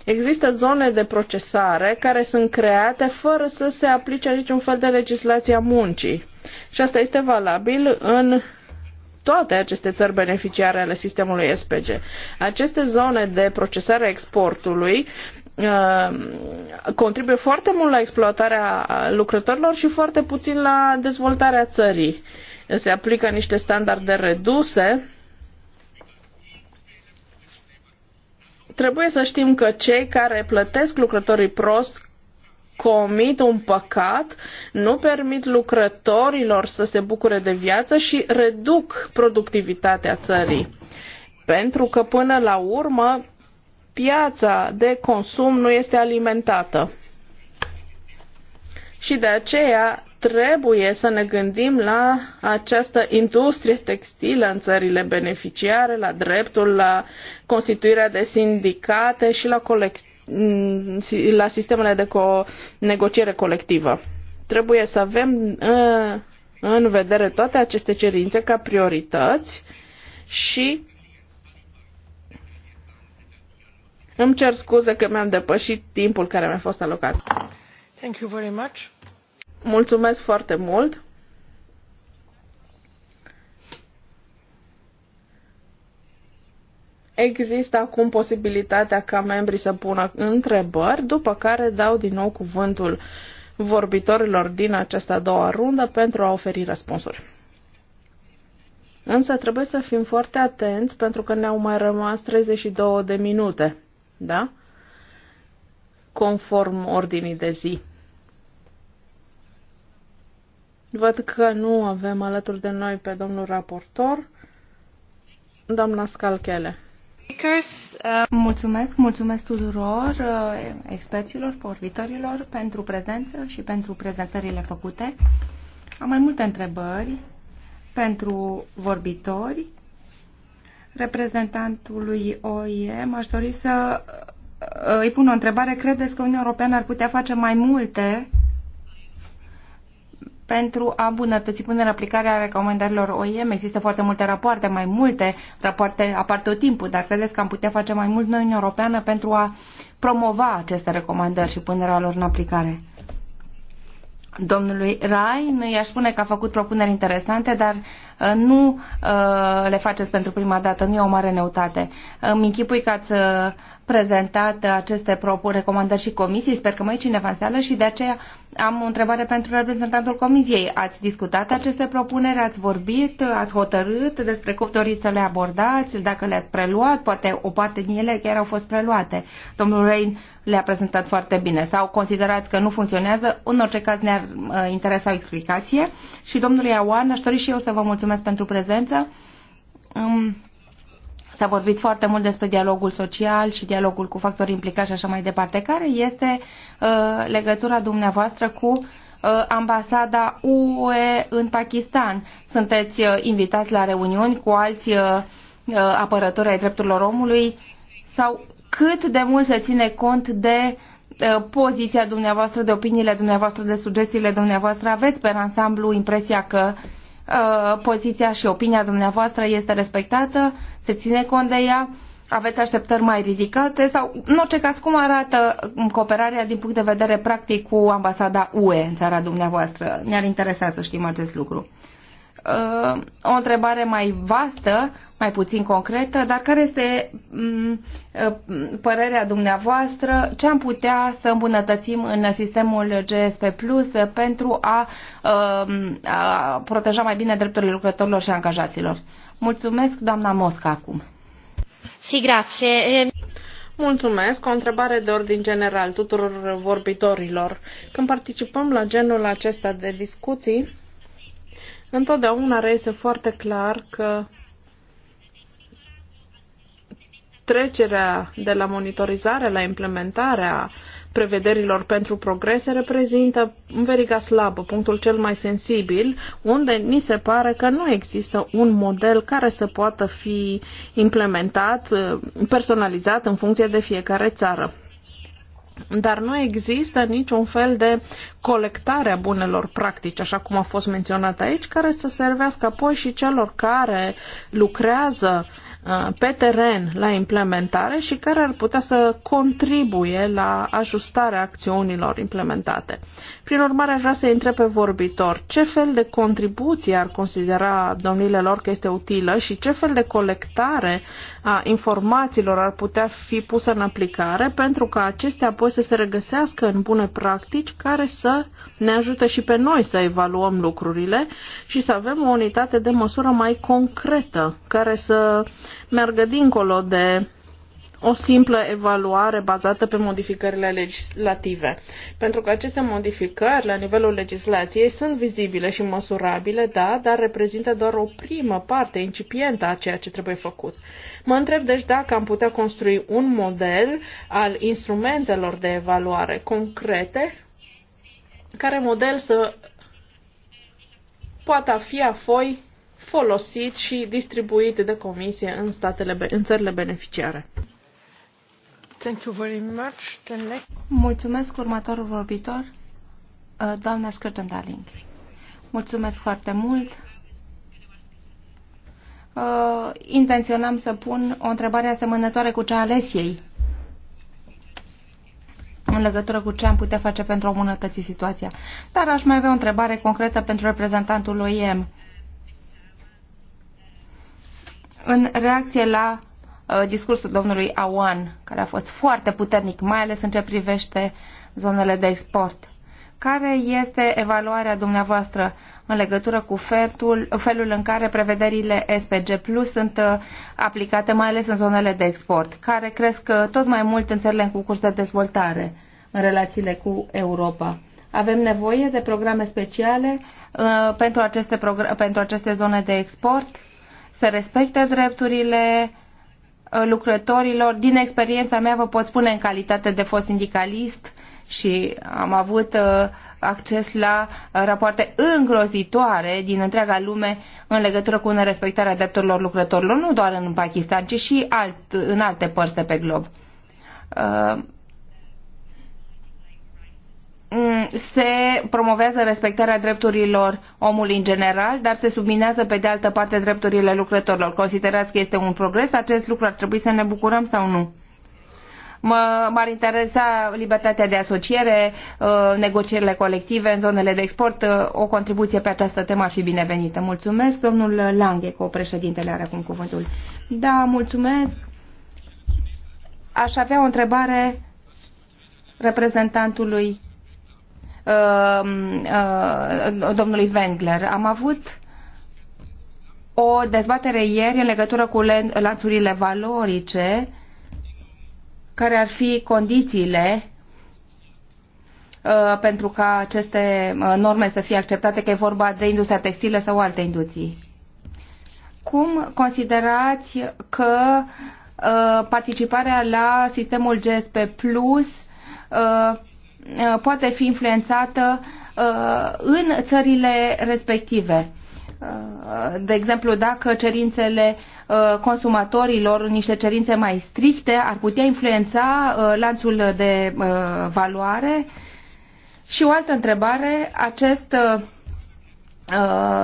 există zone de procesare care sunt create fără să se aplice niciun fel de legislație a muncii. Și asta este valabil în toate aceste țări beneficiare ale sistemului SPG. Aceste zone de procesare a exportului uh, Uh, contribuie foarte mult la exploatarea lucrătorilor și foarte puțin la dezvoltarea țării. Se aplică niște standarde reduse. Trebuie să știm că cei care plătesc lucrătorii prost comit un păcat, nu permit lucrătorilor să se bucure de viață și reduc productivitatea țării. Pentru că până la urmă piața de consum nu este alimentată. Și de aceea trebuie să ne gândim la această industrie textilă în țările beneficiare, la dreptul la constituirea de sindicate și la, colect- mm, la sistemele de co- negociere colectivă. Trebuie să avem ă, în vedere toate aceste cerințe ca priorități și Îmi cer scuze că mi-am depășit timpul care mi-a fost alocat. Thank you very much. Mulțumesc foarte mult. Există acum posibilitatea ca membrii să pună întrebări, după care dau din nou cuvântul vorbitorilor din această a doua rundă pentru a oferi răspunsuri. Însă trebuie să fim foarte atenți pentru că ne-au mai rămas 32 de minute da? Conform ordinii de zi. Văd că nu avem alături de noi pe domnul raportor, doamna Scalchele. Uh, mulțumesc, mulțumesc tuturor uh, experților, vorbitorilor pentru prezență și pentru prezentările făcute. Am mai multe întrebări pentru vorbitori reprezentantului m aș dori să uh, îi pun o întrebare. Credeți că Uniunea Europeană ar putea face mai multe pentru a îmbunătăți punerea în aplicare a recomandărilor OIM? Există foarte multe rapoarte, mai multe rapoarte apar tot timpul, dar credeți că am putea face mai mult noi Uniunea Europeană pentru a promova aceste recomandări și punerea lor în aplicare? Domnului Rai, i-aș spune că a făcut propuneri interesante, dar Uh, nu uh, le faceți pentru prima dată, nu e o mare neutate. Îmi închipui că ați uh, prezentat aceste propuneri, recomandări și comisii, sper că mai e cineva în sală și de aceea am o întrebare pentru reprezentantul comisiei. Ați discutat aceste propuneri, ați vorbit, ați hotărât despre cum doriți să le abordați, dacă le-ați preluat, poate o parte din ele chiar au fost preluate. Domnul Rein le-a prezentat foarte bine sau considerați că nu funcționează, în orice caz ne-ar interesa o explicație și domnului Aoan aș dori și eu să vă mulțumesc mulțumesc pentru prezență. S-a vorbit foarte mult despre dialogul social și dialogul cu factori implicați și așa mai departe. Care este uh, legătura dumneavoastră cu uh, ambasada UE în Pakistan? Sunteți uh, invitați la reuniuni cu alți apărători ai drepturilor omului sau cât de mult se ține cont de poziția dumneavoastră, de opiniile dumneavoastră, de sugestiile dumneavoastră? Aveți pe ansamblu impresia că uh, Uh, poziția și opinia dumneavoastră este respectată, se ține cont de ea, aveți așteptări mai ridicate sau, în orice caz, cum arată um, cooperarea din punct de vedere practic cu ambasada UE în țara dumneavoastră? Ne-ar interesa să știm acest lucru. Uh, o întrebare mai vastă, mai puțin concretă, dar care este mm, uh, părerea dumneavoastră? Ce am putea să îmbunătățim în sistemul GSP Plus pentru a, uh, a proteja mai bine drepturile lucrătorilor și angajaților? Mulțumesc, doamna Mosca, acum. Și grație. Mulțumesc. O întrebare de ordin general tuturor vorbitorilor. Când participăm la genul acesta de discuții, Întotdeauna reiese foarte clar că trecerea de la monitorizare la implementarea prevederilor pentru progrese reprezintă veriga slabă, punctul cel mai sensibil, unde ni se pare că nu există un model care să poată fi implementat, personalizat în funcție de fiecare țară dar nu există niciun fel de colectare a bunelor practici, așa cum a fost menționat aici, care să servească apoi și celor care lucrează uh, pe teren la implementare și care ar putea să contribuie la ajustarea acțiunilor implementate. Prin urmare, aș vrea să intre pe vorbitor. Ce fel de contribuție ar considera domnile lor că este utilă și ce fel de colectare a informațiilor ar putea fi pusă în aplicare pentru ca acestea apoi să se regăsească în bune practici care să ne ajute și pe noi să evaluăm lucrurile și să avem o unitate de măsură mai concretă care să meargă dincolo de o simplă evaluare bazată pe modificările legislative. Pentru că aceste modificări la nivelul legislației sunt vizibile și măsurabile, da, dar reprezintă doar o primă parte incipientă a ceea ce trebuie făcut. Mă întreb deci dacă am putea construi un model al instrumentelor de evaluare concrete, care model să poată fi apoi folosit și distribuit de comisie în, statele, în țările beneficiare. Thank you very much. Mulțumesc următorul vorbitor, uh, doamna Scurtendaling. Mulțumesc foarte mult. Uh, intenționam să pun o întrebare asemănătoare cu cea a ei, în legătură cu ce am putea face pentru a îmbunătăți situația. Dar aș mai avea o întrebare concretă pentru reprezentantul OIM. În reacție la Uh, discursul domnului Awan, care a fost foarte puternic, mai ales în ce privește zonele de export. Care este evaluarea dumneavoastră în legătură cu felul, felul în care prevederile SPG Plus sunt uh, aplicate mai ales în zonele de export, care cresc uh, tot mai mult în țările în curs de dezvoltare în relațiile cu Europa? Avem nevoie de programe speciale uh, pentru, aceste progr- pentru aceste zone de export? Se respecte drepturile uh, Uh, lucrătorilor, din experiența mea vă pot spune în calitate de fost sindicalist și am avut uh, acces la uh, rapoarte îngrozitoare din întreaga lume în legătură cu nerespectarea drepturilor lucrătorilor, nu doar în Pakistan, ci și alt, în alte părți de pe glob. Mm, se promovează respectarea drepturilor omului în general, dar se subminează pe de altă parte drepturile lucrătorilor. Considerați că este un progres? Acest lucru ar trebui să ne bucurăm sau nu? Mă, m-ar interesa libertatea de asociere, uh, negocierile colective în zonele de export. Uh, o contribuție pe această temă ar fi binevenită. Mulțumesc. Domnul Lange, cu președintele, are acum cuvântul. Da, mulțumesc. Aș avea o întrebare reprezentantului Uh, uh, domnului Wengler. Am avut o dezbatere ieri în legătură cu lanțurile valorice, care ar fi condițiile uh, pentru ca aceste norme să fie acceptate, că e vorba de industria textilă sau alte industrii. Cum considerați că participarea la sistemul GSP Plus Uh, poate fi influențată uh, în țările respective. Uh, de exemplu, dacă cerințele consumatorilor, niște cerințe mai stricte, ar putea influența lanțul de valoare. Și o altă întrebare, acest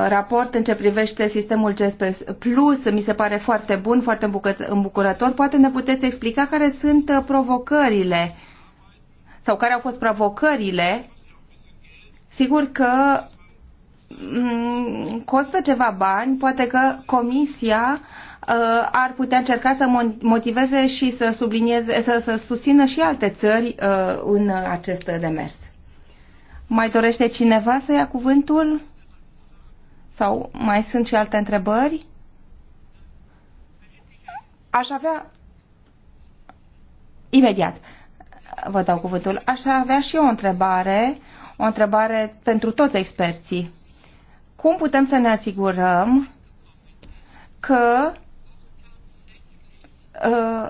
raport în ce privește sistemul CSP Plus mi se pare foarte bun, foarte îmbucurător. Poate ne puteți explica care sunt provocările uh, sau care au fost provocările, sigur că mm, costă ceva bani, poate că comisia uh, ar putea încerca să motiveze și să, sublinieze, să, să susțină și alte țări uh, în acest demers. Mai dorește cineva să ia cuvântul? Sau mai sunt și alte întrebări? Aș avea imediat vă dau cuvântul. Aș avea și eu o întrebare, o întrebare pentru toți experții. Cum putem să ne asigurăm că uh,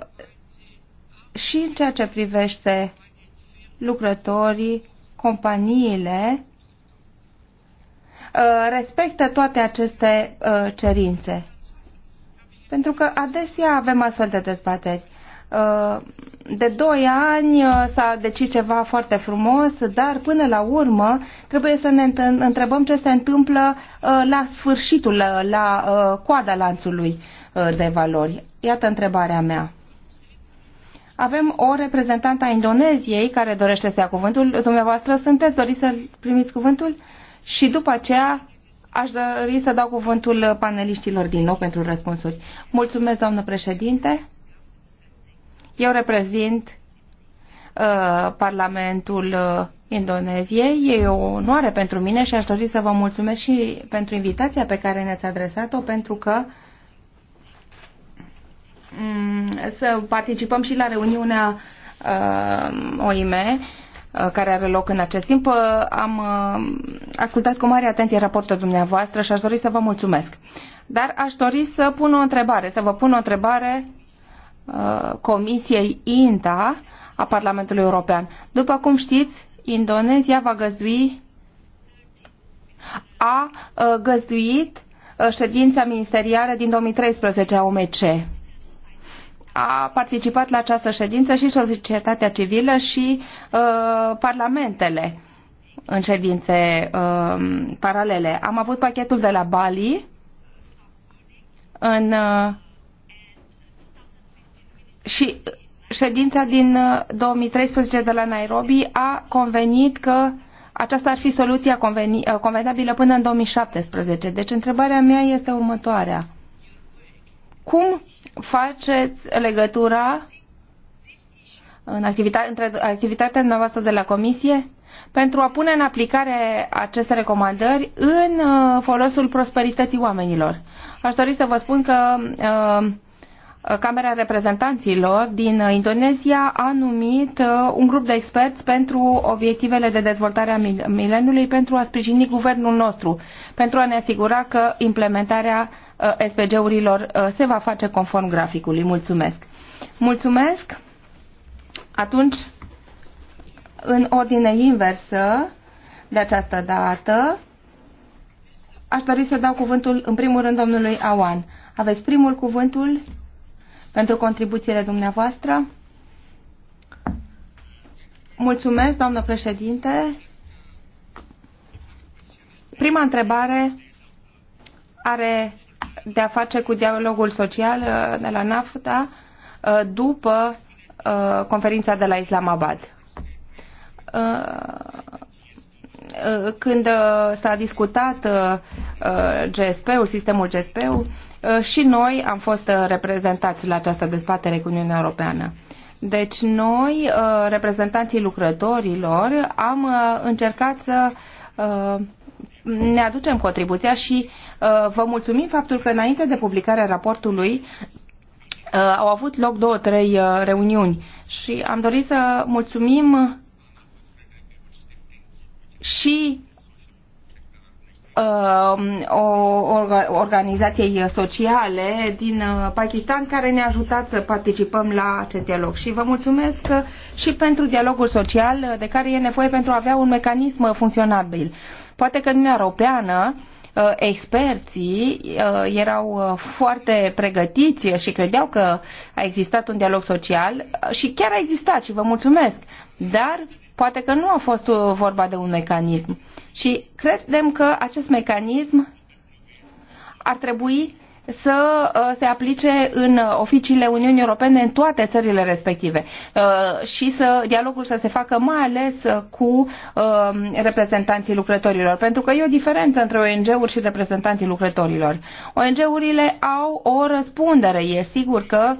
și în ceea ce privește lucrătorii, companiile, uh, respectă toate aceste uh, cerințe? Pentru că adesea avem astfel de dezbateri de 2 ani uh, s-a decis ceva foarte frumos, dar până la urmă trebuie să ne întrebăm ce se întâmplă uh, la sfârșitul, uh, la coada lanțului de valori. Iată întrebarea mea. Avem o reprezentantă a Indoneziei care dorește să ia cuvântul. Dumneavoastră sunteți, doriți să primiți cuvântul? Și după aceea aș dori să dau cuvântul paneliștilor din nou pentru răspunsuri. Mulțumesc, doamnă președinte. Eu reprezint uh, Parlamentul uh, Indoneziei. E o onoare pentru mine și aș dori să vă mulțumesc și pentru invitația pe care ne-ați adresat-o, pentru că um, să participăm și la reuniunea uh, OIME uh, care are loc în acest timp. Uh, am uh, ascultat cu mare atenție raportul dumneavoastră și aș dori să vă mulțumesc. Dar aș dori să pun o întrebare, să vă pun o întrebare Uh, Comisiei INTA a Parlamentului European. După cum știți, Indonezia va găzdui a uh, găzduit uh, ședința ministerială din 2013 a OMC. A participat la această ședință și societatea civilă și uh, parlamentele în ședințe uh, paralele. Am avut pachetul de la Bali în uh, și ședința din 2013 uh, de la Nairobi a convenit că aceasta ar fi soluția conveni, uh, convenabilă până în 2017. Deci întrebarea mea este următoarea. Cum faceți legătura în activita- între activitatea dumneavoastră de la Comisie pentru a pune în aplicare aceste recomandări în uh, folosul prosperității oamenilor? Aș dori să vă spun că uh, Camera Reprezentanților din Indonezia a numit uh, un grup de experți pentru obiectivele de dezvoltare a mileniului pentru a sprijini guvernul nostru, pentru a ne asigura că implementarea uh, SPG-urilor uh, se va face conform graficului. Mulțumesc! Mulțumesc! Atunci, în ordine inversă, de această dată, aș dori să dau cuvântul în primul rând domnului Awan. Aveți primul cuvântul pentru contribuțiile dumneavoastră. Mulțumesc, doamnă președinte. Prima întrebare are de a face cu dialogul social uh, de la NAFTA uh, după uh, conferința de la Islamabad. Eh, când eh, s-a discutat eh, GSP-ul, sistemul GSP-ul, și noi am fost reprezentați la această dezbatere cu Uniunea Europeană. Deci noi, reprezentanții lucrătorilor, am încercat să ne aducem contribuția și vă mulțumim faptul că înainte de publicarea raportului au avut loc două, trei reuniuni și am dorit să mulțumim și uh, o organizației sociale din uh, Pakistan care ne-a ajutat să participăm la acest dialog. Și vă mulțumesc uh, și pentru dialogul social de care e nevoie pentru a avea un mecanism funcționabil. Poate că în Uniunea Europeană experții erau foarte pregătiți și credeau că a existat un dialog social și chiar a existat și vă mulțumesc. Dar Poate că nu a fost uh, vorba de un mecanism. Și credem că acest mecanism ar trebui să uh, se aplice în uh, oficiile Uniunii Europene în toate țările respective uh, și să dialogul să se facă mai ales cu um, reprezentanții lucrătorilor, pentru că e o diferență între ONG-uri și reprezentanții lucrătorilor. ONG-urile au o răspundere, e sigur că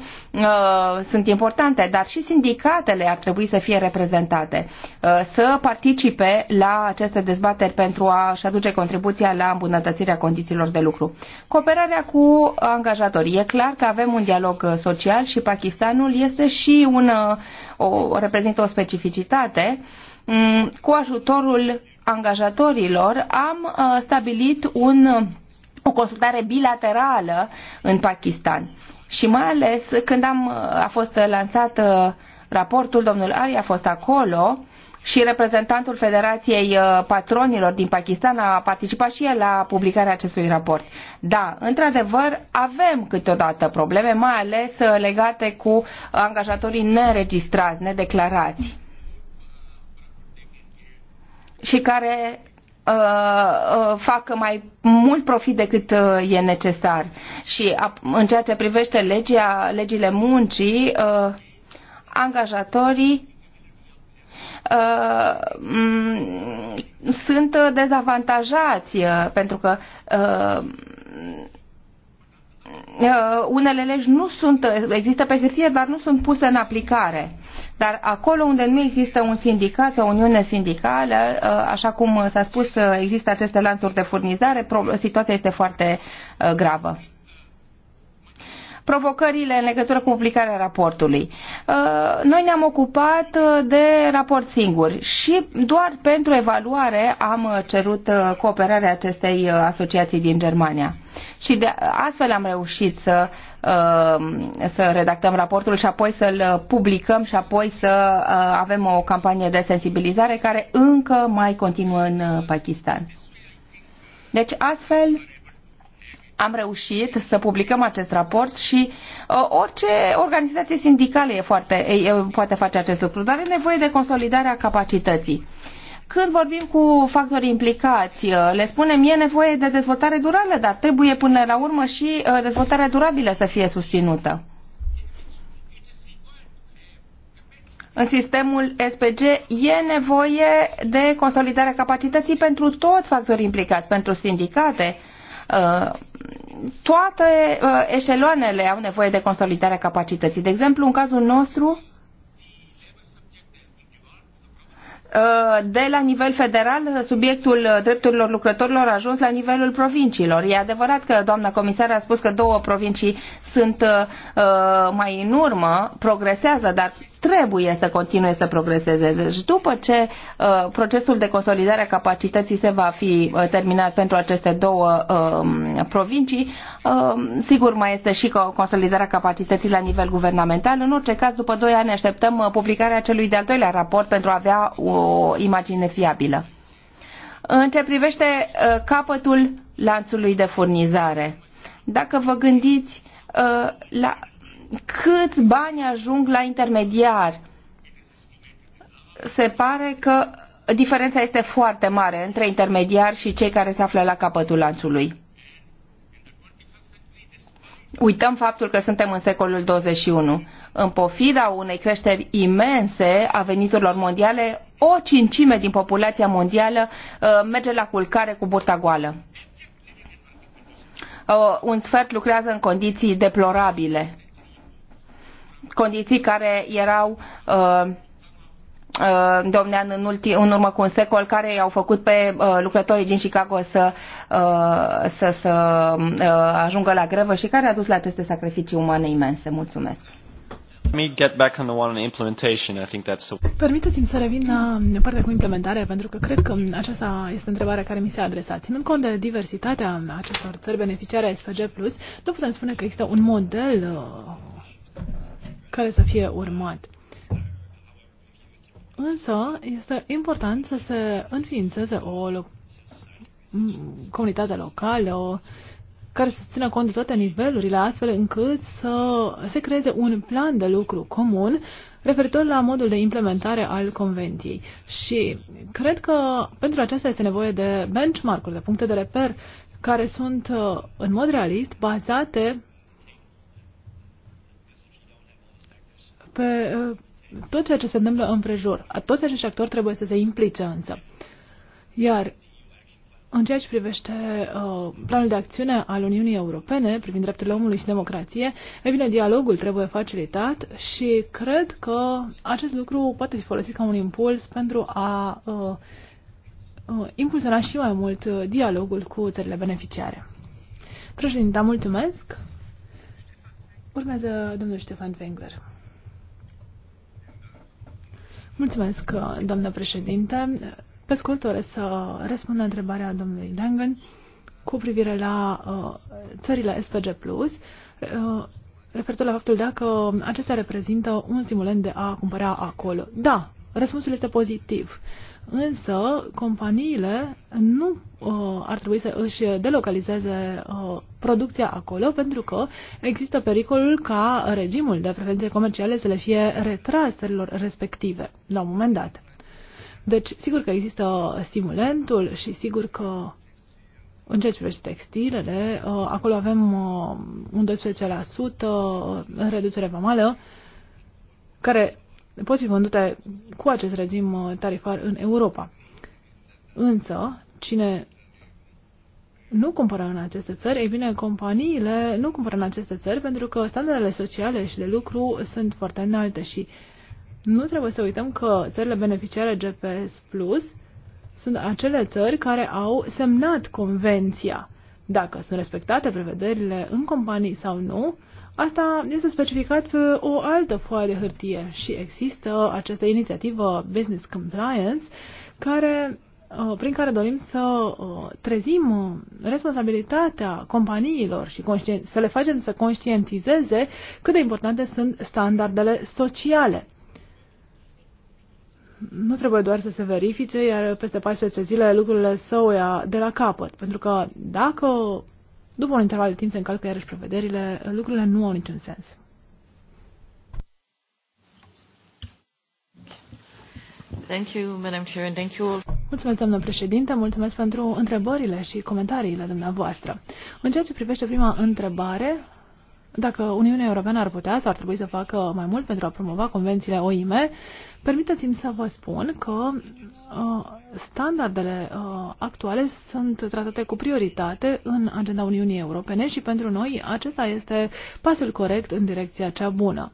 sunt importante, dar și sindicatele ar trebui să fie reprezentate, să participe la aceste dezbateri pentru a-și aduce contribuția la îmbunătățirea condițiilor de lucru. Cooperarea cu cu angajatorii. E clar că avem un dialog uh, social și Pakistanul este și un, uh, o, reprezintă o specificitate. Mm, cu ajutorul angajatorilor am uh, stabilit un, o consultare bilaterală în Pakistan. Și mai ales când am, a fost lansat raportul, domnul Ari, a fost acolo, și reprezentantul Federației uh, Patronilor din Pakistan a participat și el la publicarea acestui raport. Da, într-adevăr, avem câteodată probleme, mai ales uh, legate cu angajatorii neregistrați, nedeclarați și care uh, facă mai mult profit decât e necesar. Și în ceea ce privește legea, legile muncii, angajatorii Uh, mm, sunt dezavantajați uh, pentru că uh, unele legi nu sunt, există pe hârtie, dar nu sunt puse în aplicare. Dar acolo unde nu există un sindicat sau o uniune sindicală, așa cum s-a spus, există aceste lanțuri de furnizare, situația este foarte gravă provocările în legătură cu publicarea raportului. Uh, noi ne-am ocupat uh, de raport singur și doar pentru evaluare am uh, cerut cooperarea acestei asociații din Germania. Și de astfel am reușit să, să redactăm raportul și apoi să-l publicăm și apoi să avem o campanie de sensibilizare care încă mai continuă în Pakistan. Deci astfel am reușit să publicăm acest raport și uh, orice organizație sindicală e foarte, e, poate face acest lucru, dar e nevoie de consolidarea capacității. Când vorbim cu factorii implicați, uh, le spunem e nevoie de dezvoltare durabilă, dar trebuie până la urmă și uh, dezvoltarea durabilă să fie susținută. În sistemul SPG e nevoie de consolidarea capacității pentru toți factorii implicați, pentru sindicate, Uh, toate uh, eșeloanele au nevoie de consolidarea capacității. De exemplu, în cazul nostru, Uh, de la nivel federal uh, subiectul uh, drepturilor lucrătorilor a ajuns la nivelul provinciilor. E adevărat că doamna comisar a spus că două provincii sunt mai în urmă, progresează, dar trebuie să continue să progreseze. Deci după ce procesul de consolidare a capacității se va fi terminat pentru aceste două um, provincii, um, sigur mai este și consolidarea capacității la nivel guvernamental. În orice caz, după doi ani așteptăm publicarea celui de-al doilea raport pentru a avea o o imagine fiabilă. În ce privește uh, capătul lanțului de furnizare, dacă vă gândiți uh, la câți bani ajung la intermediar, se pare că diferența este foarte mare între intermediar și cei care se află la capătul lanțului. Uităm faptul că suntem în secolul 21. În pofida unei creșteri imense a veniturilor mondiale, o cincime din populația mondială uh, merge la culcare cu burta goală. Uh, un sfert lucrează în condiții deplorabile, condiții care erau uh, domnean în, ultim, în urmă cu un secol, care i-au făcut pe uh, lucrătorii din Chicago să, uh, să, să uh, ajungă la grevă și care a dus la aceste sacrificii umane imense. Mulțumesc! Permiteți-mi să revin la partea cu implementarea, pentru că cred că aceasta este întrebarea care mi se adresa. Ținând cont de diversitatea acestor țări beneficiare SFG+, nu putem spune că există un model uh, care să fie urmat. Însă, este important să se înființeze o comunitate locală, o care să țină cont de toate nivelurile, astfel încât să se creeze un plan de lucru comun referitor la modul de implementare al convenției. Și cred că pentru aceasta este nevoie de benchmark-uri, de puncte de reper, care sunt uh, în mod realist bazate pe uh, tot ceea ce se întâmplă în prejur. Toți acești actori trebuie să se implice însă. Iar în ceea ce privește uh, planul de acțiune al Uniunii Europene privind drepturile omului și democrație, e bine, dialogul trebuie facilitat și cred că acest lucru poate fi folosit ca un impuls pentru a uh, uh, impulsiona și mai mult uh, dialogul cu țările beneficiare. Președinta, mulțumesc! Urmează domnul Ștefan Wengler. Mulțumesc, uh, doamnă președinte. Pe scurt, doresc să răspund la întrebarea domnului Langen cu privire la uh, țările SPG+, uh, referitor la faptul dacă acestea reprezintă un stimulant de a cumpăra acolo. Da, răspunsul este pozitiv. Însă, companiile nu uh, ar trebui să își delocalizeze uh, producția acolo, pentru că există pericolul ca regimul de preferințe comerciale să le fie retras respective, la un moment dat. Deci, sigur că există stimulentul și sigur că în ceea ce privește textilele, uh, acolo avem uh, un 12% uh, reducere vamală, care pot fi vândute cu acest regim tarifar în Europa. Însă, cine nu cumpără în aceste țări, ei bine, companiile nu cumpără în aceste țări pentru că standardele sociale și de lucru sunt foarte înalte și uh, nu trebuie să uităm că țările beneficiare GPS Plus sunt acele țări care au semnat convenția. Dacă sunt respectate prevederile în companii sau nu, asta este specificat pe o altă foaie de hârtie și există această inițiativă Business Compliance care, uh, prin care dorim să uh, trezim uh, responsabilitatea companiilor și să le facem să conștientizeze cât de importante sunt standardele sociale nu trebuie doar să se verifice, iar peste 14 zile lucrurile să o ia de la capăt. Pentru că dacă după un interval de timp se încalcă iarăși prevederile, lucrurile nu au niciun sens. Thank you, Madam Chair, and thank you all. Mulțumesc, doamnă președinte, mulțumesc pentru întrebările și comentariile dumneavoastră. În ceea ce privește prima întrebare, dacă Uniunea Europeană ar putea sau ar trebui să facă mai mult pentru a promova convențiile OIM, Permiteți-mi să vă spun că uh, standardele uh, actuale sunt tratate cu prioritate în agenda Uniunii Europene și pentru noi acesta este pasul corect în direcția cea bună.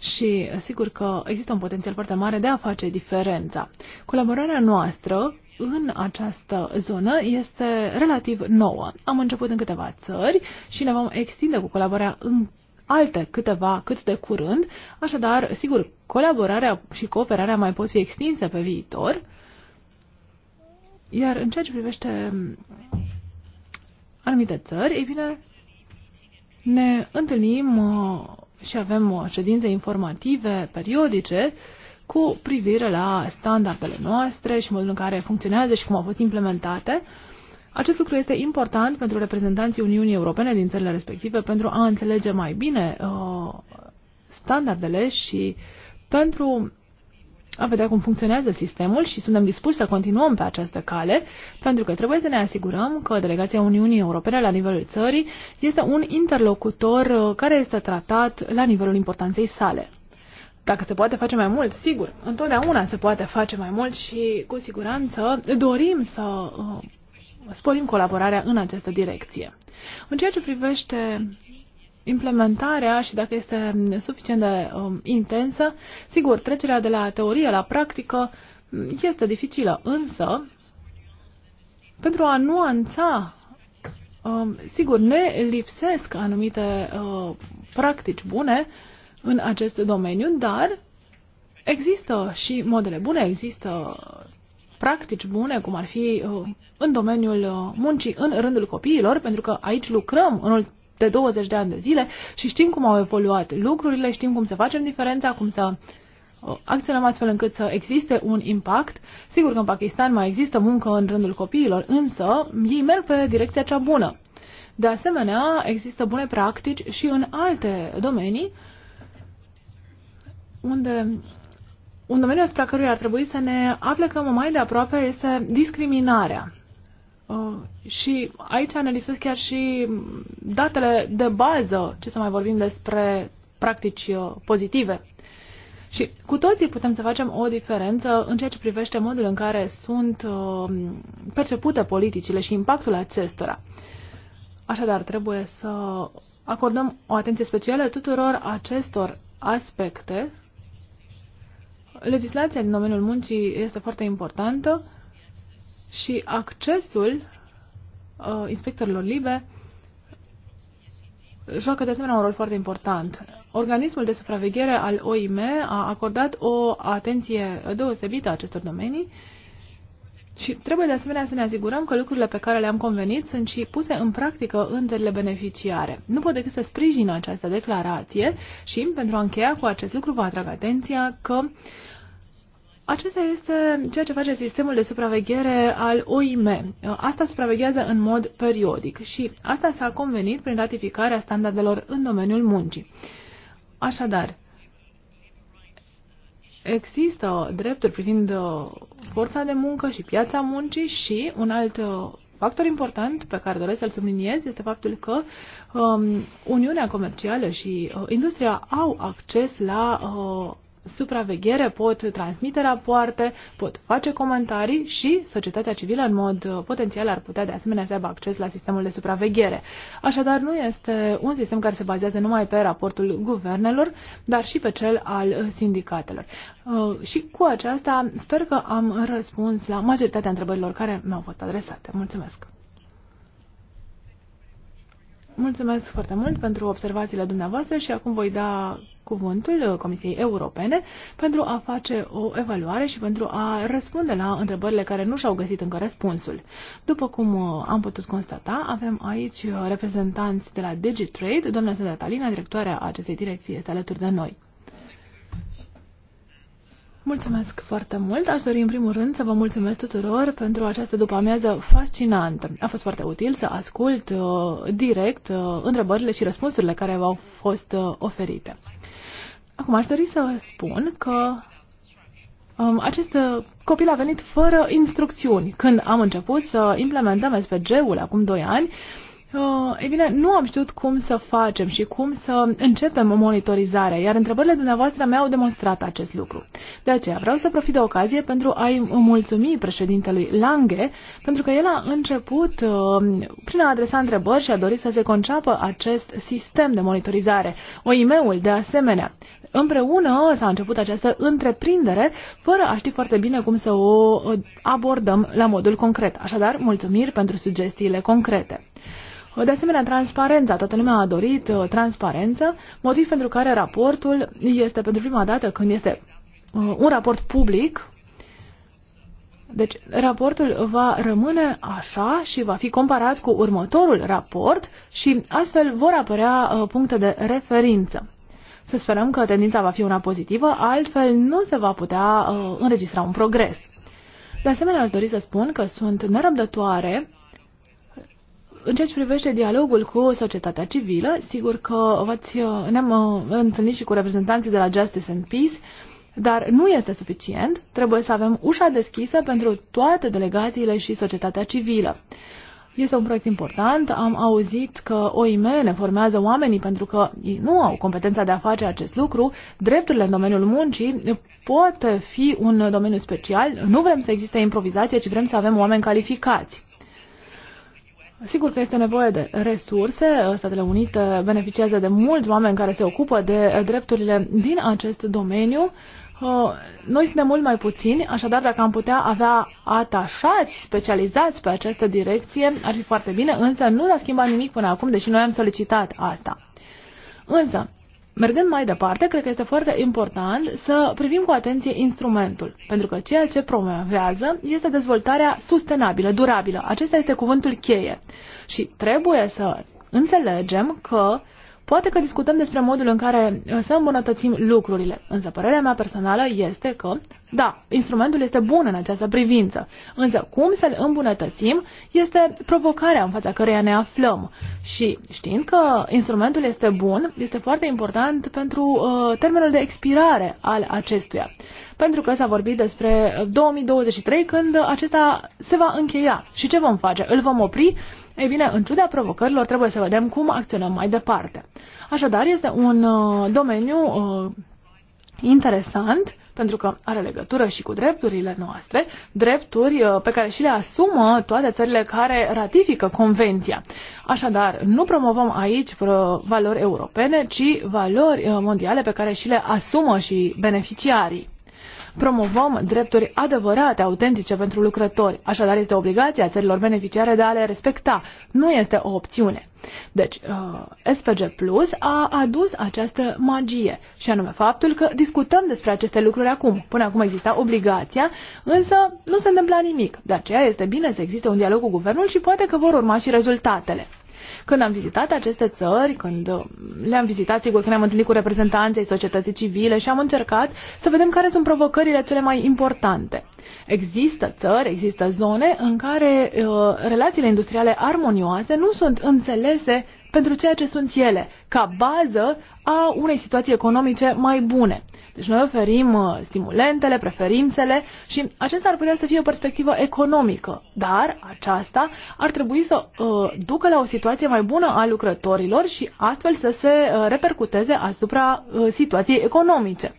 Și uh, sigur că există un potențial foarte mare de a face diferența. Colaborarea noastră în această zonă este relativ nouă. Am început în câteva țări și ne vom extinde cu colaborarea în alte câteva cât de curând, așadar, sigur, colaborarea și cooperarea mai pot fi extinse pe viitor, iar în ceea ce privește anumite țări, ei bine, ne întâlnim uh, și avem uh, ședințe informative periodice cu privire la standardele noastre și modul în care funcționează și cum au fost implementate, acest lucru este important pentru reprezentanții Uniunii Europene din țările respective pentru a înțelege mai bine uh, standardele și pentru a vedea cum funcționează sistemul și suntem dispuși să continuăm pe această cale, pentru că trebuie să ne asigurăm că delegația Uniunii Europene la nivelul țării este un interlocutor uh, care este tratat la nivelul importanței sale. Dacă se poate face mai mult, sigur, întotdeauna se poate face mai mult și cu siguranță dorim să uh, sporim colaborarea în această direcție. În ceea ce privește implementarea și dacă este suficient de um, intensă, sigur, trecerea de la teorie la practică mm, este dificilă, însă pentru a nuanța, um, sigur, ne lipsesc anumite uh, practici bune în acest domeniu, dar există și modele bune, există practici bune, cum ar fi uh, în domeniul uh, muncii în rândul copiilor, pentru că aici lucrăm în de 20 de ani de zile și știm cum au evoluat lucrurile, știm cum să facem diferența, cum să uh, acționăm astfel încât să existe un impact. Sigur că în Pakistan mai există muncă în rândul copiilor, însă ei merg pe direcția cea bună. De asemenea, există bune practici și în alte domenii unde un domeniu asupra căruia ar trebui să ne aplecăm mai de aproape este discriminarea. Uh, și aici ne lipsesc chiar și datele de bază, ce să mai vorbim despre practici uh, pozitive. Și cu toții putem să facem o diferență în ceea ce privește modul în care sunt uh, percepute politicile și impactul acestora. Așadar, trebuie să acordăm o atenție specială tuturor acestor aspecte Legislația din domeniul muncii este foarte importantă și accesul uh, inspectorilor libe joacă de asemenea un rol foarte important. Organismul de supraveghere al OIM a acordat o atenție deosebită acestor domenii și trebuie de asemenea să ne asigurăm că lucrurile pe care le-am convenit sunt și puse în practică în țările beneficiare. Nu pot decât să sprijin această declarație și, pentru a încheia cu acest lucru, vă atrag atenția că uh, acesta este ceea ce face sistemul de supraveghere al OIM. Asta supraveghează în mod periodic și asta s-a convenit prin ratificarea standardelor în domeniul muncii. Așadar, există drepturi privind uh, forța de muncă și piața muncii și un alt uh, factor important pe care doresc să-l subliniez este faptul că um, Uniunea Comercială și uh, industria au acces la uh, supraveghere, pot transmite rapoarte, pot face comentarii și societatea civilă în mod uh, potențial ar putea de asemenea să aibă acces la sistemul de supraveghere. Așadar, nu este un sistem care se bazează numai pe raportul guvernelor, dar și pe cel al sindicatelor. Uh, și cu aceasta sper că am răspuns la majoritatea întrebărilor care mi-au fost adresate. Mulțumesc! Mulțumesc foarte mult pentru observațiile dumneavoastră și acum voi da cuvântul Comisiei Europene pentru a face o evaluare și pentru a răspunde la întrebările care nu și-au găsit încă răspunsul. După cum uh, am putut constata, avem aici uh, reprezentanți de la DigiTrade, doamna Sandra Talina, directoarea acestei direcții, este alături de noi. Mulțumesc foarte mult. Aș dori în primul rând să vă mulțumesc tuturor pentru această după-amiază fascinantă. A fost foarte util să ascult uh, direct uh, întrebările și răspunsurile care v-au fost uh, oferite. Acum aș dori să spun că um, acest uh, copil a venit fără instrucțiuni. Când am început să implementăm SPG-ul acum 2 ani, uh, Uh, e bine, nu am știut cum să facem și cum să începem monitorizarea, iar întrebările dumneavoastră mi-au demonstrat acest lucru. De aceea vreau să profit de ocazie pentru a-i mulțumi președintelui Lange, pentru că el a început uh, prin a adresa întrebări și a dorit să se conceapă acest sistem de monitorizare, OIM-ul de asemenea. Împreună s-a început această întreprindere fără a ști foarte bine cum să o uh, abordăm la modul concret. Așadar, mulțumiri pentru sugestiile concrete. De asemenea, transparența. Toată lumea a dorit uh, transparență, motiv pentru care raportul este pentru prima dată când este uh, un raport public. Deci, raportul va rămâne așa și va fi comparat cu următorul raport și astfel vor apărea uh, puncte de referință. Să sperăm că tendința va fi una pozitivă, altfel nu se va putea înregistra un progres. De asemenea, aș dori să spun că sunt nerăbdătoare în ceea ce privește dialogul cu societatea civilă, sigur că uh, ne-am uh, întâlnit și cu reprezentanții de la Justice and Peace, dar nu este suficient, trebuie să avem ușa deschisă pentru toate delegațiile și societatea civilă. Este un proiect important, am auzit că OIM ne formează oamenii pentru că ei nu au competența de a face acest lucru, drepturile în domeniul muncii pot fi un domeniu special, nu vrem să existe improvizație, ci vrem să avem oameni calificați. Sigur că este nevoie de resurse. Statele Unite beneficiază de mulți oameni care se ocupă de drepturile din acest domeniu. Uh, noi suntem mult mai puțini, așadar dacă am putea avea atașați specializați pe această direcție, ar fi foarte bine, însă nu s-a schimbat nimic până acum, deși noi am solicitat asta. Însă, Mergând mai departe, cred că este foarte important să privim cu atenție instrumentul, pentru că ceea ce promovează este dezvoltarea sustenabilă, durabilă. Acesta este cuvântul cheie. Și trebuie să înțelegem că uh, Poate că discutăm despre modul în care uh, să îmbunătățim lucrurile, însă părerea mea personală este că, da, instrumentul este bun în această privință, însă cum să-l îmbunătățim este provocarea în fața căreia ne aflăm. Și știind că instrumentul este bun, este foarte important pentru uh, termenul de expirare al acestuia. Pentru că s-a vorbit despre 2023 uh, când acesta se va încheia. Și ce vom face? Îl vom opri ei bine, în ciuda provocărilor, trebuie să vedem cum acționăm mai departe. Așadar, este un uh, domeniu uh, interesant pentru că are legătură și cu drepturile noastre, drepturi uh, pe care și le asumă toate țările care ratifică convenția. Așadar, nu promovăm aici uh, valori europene, ci valori uh, mondiale pe care și le asumă și beneficiarii promovăm drepturi adevărate, autentice pentru lucrători. Așadar, este obligația țărilor beneficiare de a le respecta. Nu este o opțiune. Deci, uh, SPG Plus a adus această magie și anume faptul că discutăm despre aceste lucruri acum. Până acum exista obligația, însă nu se întâmpla nimic. De aceea este bine să existe un dialog cu guvernul și poate că vor urma și rezultatele. Când am vizitat aceste țări, când uh, le-am vizitat, sigur că ne-am întâlnit cu reprezentanții societății civile și am încercat să vedem care sunt provocările cele mai importante. Există țări, există zone în care uh, relațiile industriale armonioase nu sunt înțelese pentru ceea ce sunt ele, ca bază a unei situații economice mai bune. Deci noi oferim uh, stimulentele, preferințele și acesta ar putea să fie o perspectivă economică, dar aceasta ar trebui să uh, ducă la o situație mai bună a lucrătorilor și astfel să se uh, repercuteze asupra uh, situației economice.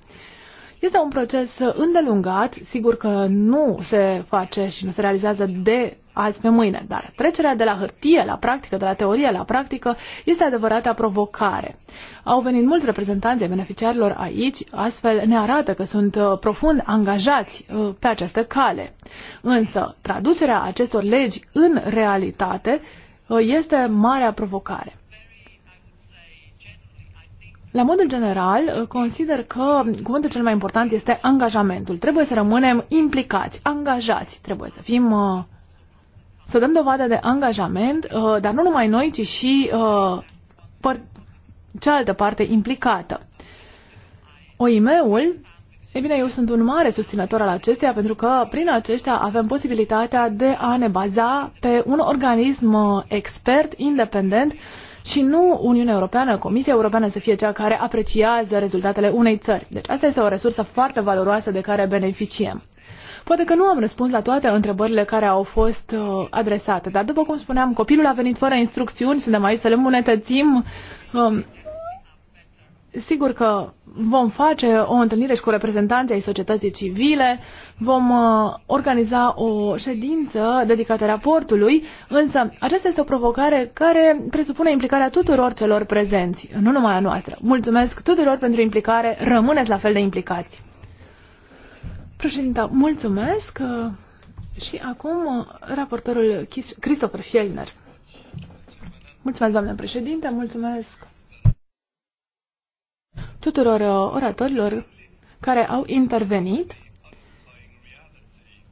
Este un proces îndelungat, sigur că nu se face și nu se realizează de azi pe mâine, dar trecerea de la hârtie la practică, de la teorie la practică, este adevărata provocare. Au venit mulți reprezentanți ai beneficiarilor aici, astfel ne arată că sunt uh, profund angajați uh, pe această cale. Însă, traducerea acestor legi în realitate uh, este marea provocare. La modul general, consider că cuvântul cel mai important este angajamentul. Trebuie să rămânem implicați, angajați, trebuie să fim uh, să dăm dovadă de angajament, uh, dar nu numai noi, ci și uh, cealaltă parte implicată. OIM-ul ei bine, eu sunt un mare susținător al acesteia pentru că prin aceștia avem posibilitatea de a ne baza pe un organism uh, expert, independent și nu Uniunea Europeană, Comisia Europeană să fie cea care apreciază rezultatele unei țări. Deci asta este o resursă foarte valoroasă de care beneficiem. Poate că nu am răspuns la toate întrebările care au fost uh, adresate, dar după cum spuneam, copilul a venit fără instrucțiuni, suntem aici să le îmbunătățim. Um, sigur că vom face o întâlnire și cu reprezentanții ai societății civile, vom uh, organiza o ședință dedicată raportului, însă aceasta este o provocare care presupune implicarea tuturor celor prezenți, nu numai a noastră. Mulțumesc tuturor pentru implicare, rămâneți la fel de implicați! Președinte, mulțumesc. Uh, și acum uh, raportorul Christopher Fielner. Mulțumesc, doamne președinte, mulțumesc tuturor uh, oratorilor care au intervenit,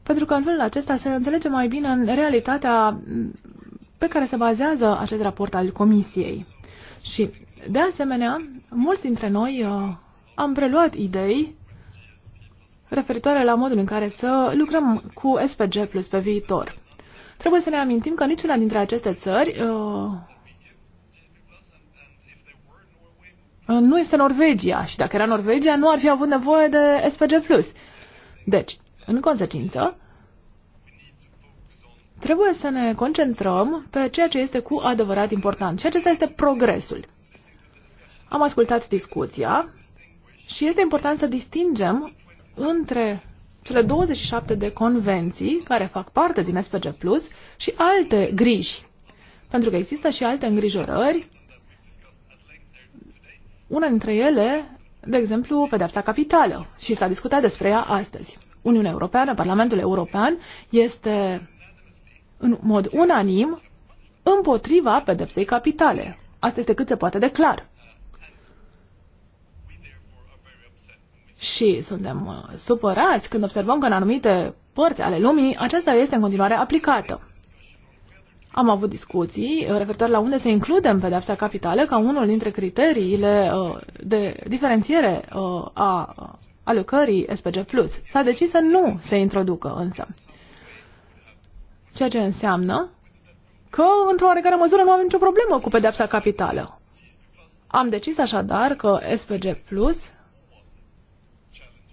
pentru că în felul acesta se înțelege mai bine în realitatea mm, pe care se bazează acest raport al Comisiei. Și, de asemenea, mulți dintre noi am preluat idei referitoare la modul în care să lucrăm cu SPG Plus pe viitor. Trebuie să ne amintim că niciuna dintre aceste țări uh, nu este Norvegia și dacă era Norvegia nu ar fi avut nevoie de SPG+. Deci, în consecință, trebuie să ne concentrăm pe ceea ce este cu adevărat important și acesta este progresul. Am ascultat discuția și este important să distingem între cele 27 de convenții care fac parte din SPG Plus și alte griji. Pentru că există și alte îngrijorări. Una dintre ele, de exemplu, pedepsa capitală și s-a discutat despre ea astăzi. Uniunea Europeană, Parlamentul European este în mod unanim împotriva pedepsei capitale. Asta este cât se poate de clar. și suntem uh, supărați când observăm că în anumite părți ale lumii aceasta este în continuare aplicată. Am avut discuții uh, referitor la unde include includem pedepsa capitală ca unul dintre criteriile uh, de diferențiere a alocării SPG+. S-a decis să nu se introducă însă. Ceea ce înseamnă că, într-o oarecare măsură, nu am nicio problemă cu pedepsa capitală. Am decis așadar că SPG Plus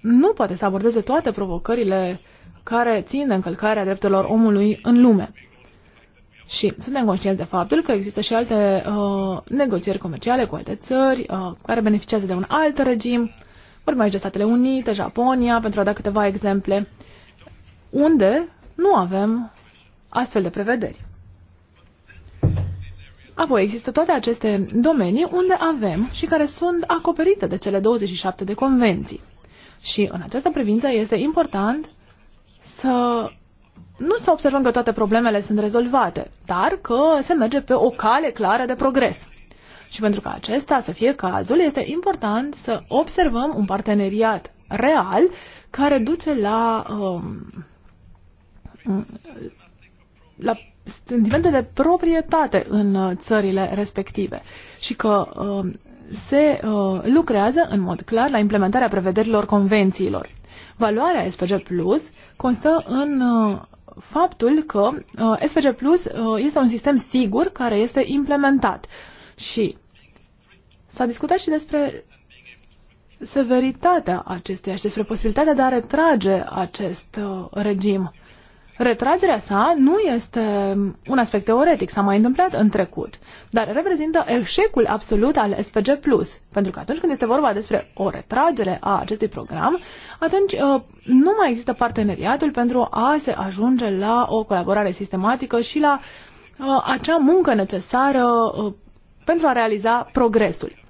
nu poate să abordeze toate provocările care țin de încălcarea drepturilor omului în lume. Și suntem conștienți de faptul că există și alte uh, negocieri comerciale cu alte țări uh, care beneficiază de un alt regim. Vorbim aici de Statele Unite, Japonia, pentru a da câteva exemple, unde nu avem astfel de prevederi. Apoi există toate aceste domenii unde avem și care sunt acoperite de cele 27 de convenții. Și în această privință este important să nu să observăm că toate problemele sunt rezolvate, dar că se merge pe o cale clară de progres. Și pentru că acesta să fie cazul, este important să observăm un parteneriat real care duce la, um, la sentimente de proprietate în uh, țările respective și că um, se uh, lucrează în mod clar la implementarea prevederilor convențiilor. Valoarea SPG Plus constă în uh, faptul că uh, SPG Plus uh, este un sistem sigur care este implementat și s-a discutat și despre severitatea acestuia și despre posibilitatea de a retrage acest uh, regim retragerea sa nu este un aspect teoretic, s-a mai întâmplat în trecut, dar reprezintă eșecul absolut al SPG+, pentru că atunci când este vorba despre o retragere a acestui program, atunci uh, nu mai există parteneriatul pentru a se ajunge la o colaborare sistematică și la uh, acea muncă necesară uh, pentru a realiza progresul.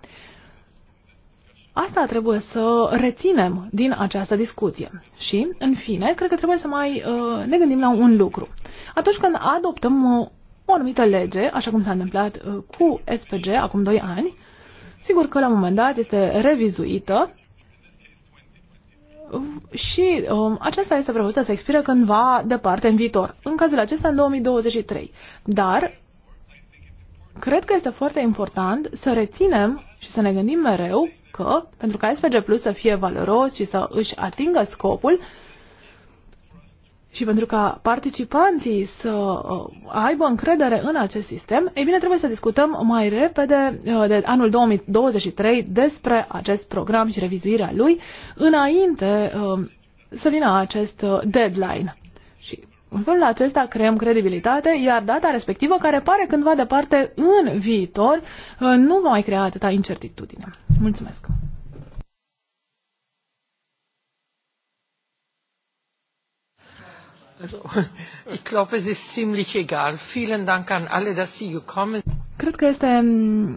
Asta trebuie să reținem din această discuție. Și, în fine, cred că trebuie să mai uh, ne gândim la un lucru. Atunci când adoptăm uh, o anumită lege, așa cum s-a întâmplat uh, cu SPG acum 2 ani, sigur că la un moment dat este revizuită și um, aceasta este prevăzută să expire cândva departe în viitor, în cazul acesta în 2023. Dar cred că este foarte important să reținem și să ne gândim mereu că, pentru ca SPG Plus să fie valoros și să își atingă scopul, și pentru ca participanții să uh, aibă încredere în acest sistem, ei bine, trebuie să discutăm mai repede uh, de anul 2023 despre acest program și revizuirea lui, înainte uh, să vină acest deadline. Și în felul acesta creăm credibilitate, iar data respectivă, care pare cândva departe în viitor, uh, nu va mai crea atâta incertitudine. Mulțumesc! Ich glaube, es ist ziemlich egal. Vielen Dank an alle, dass Sie gekommen sind. Cred că este mm,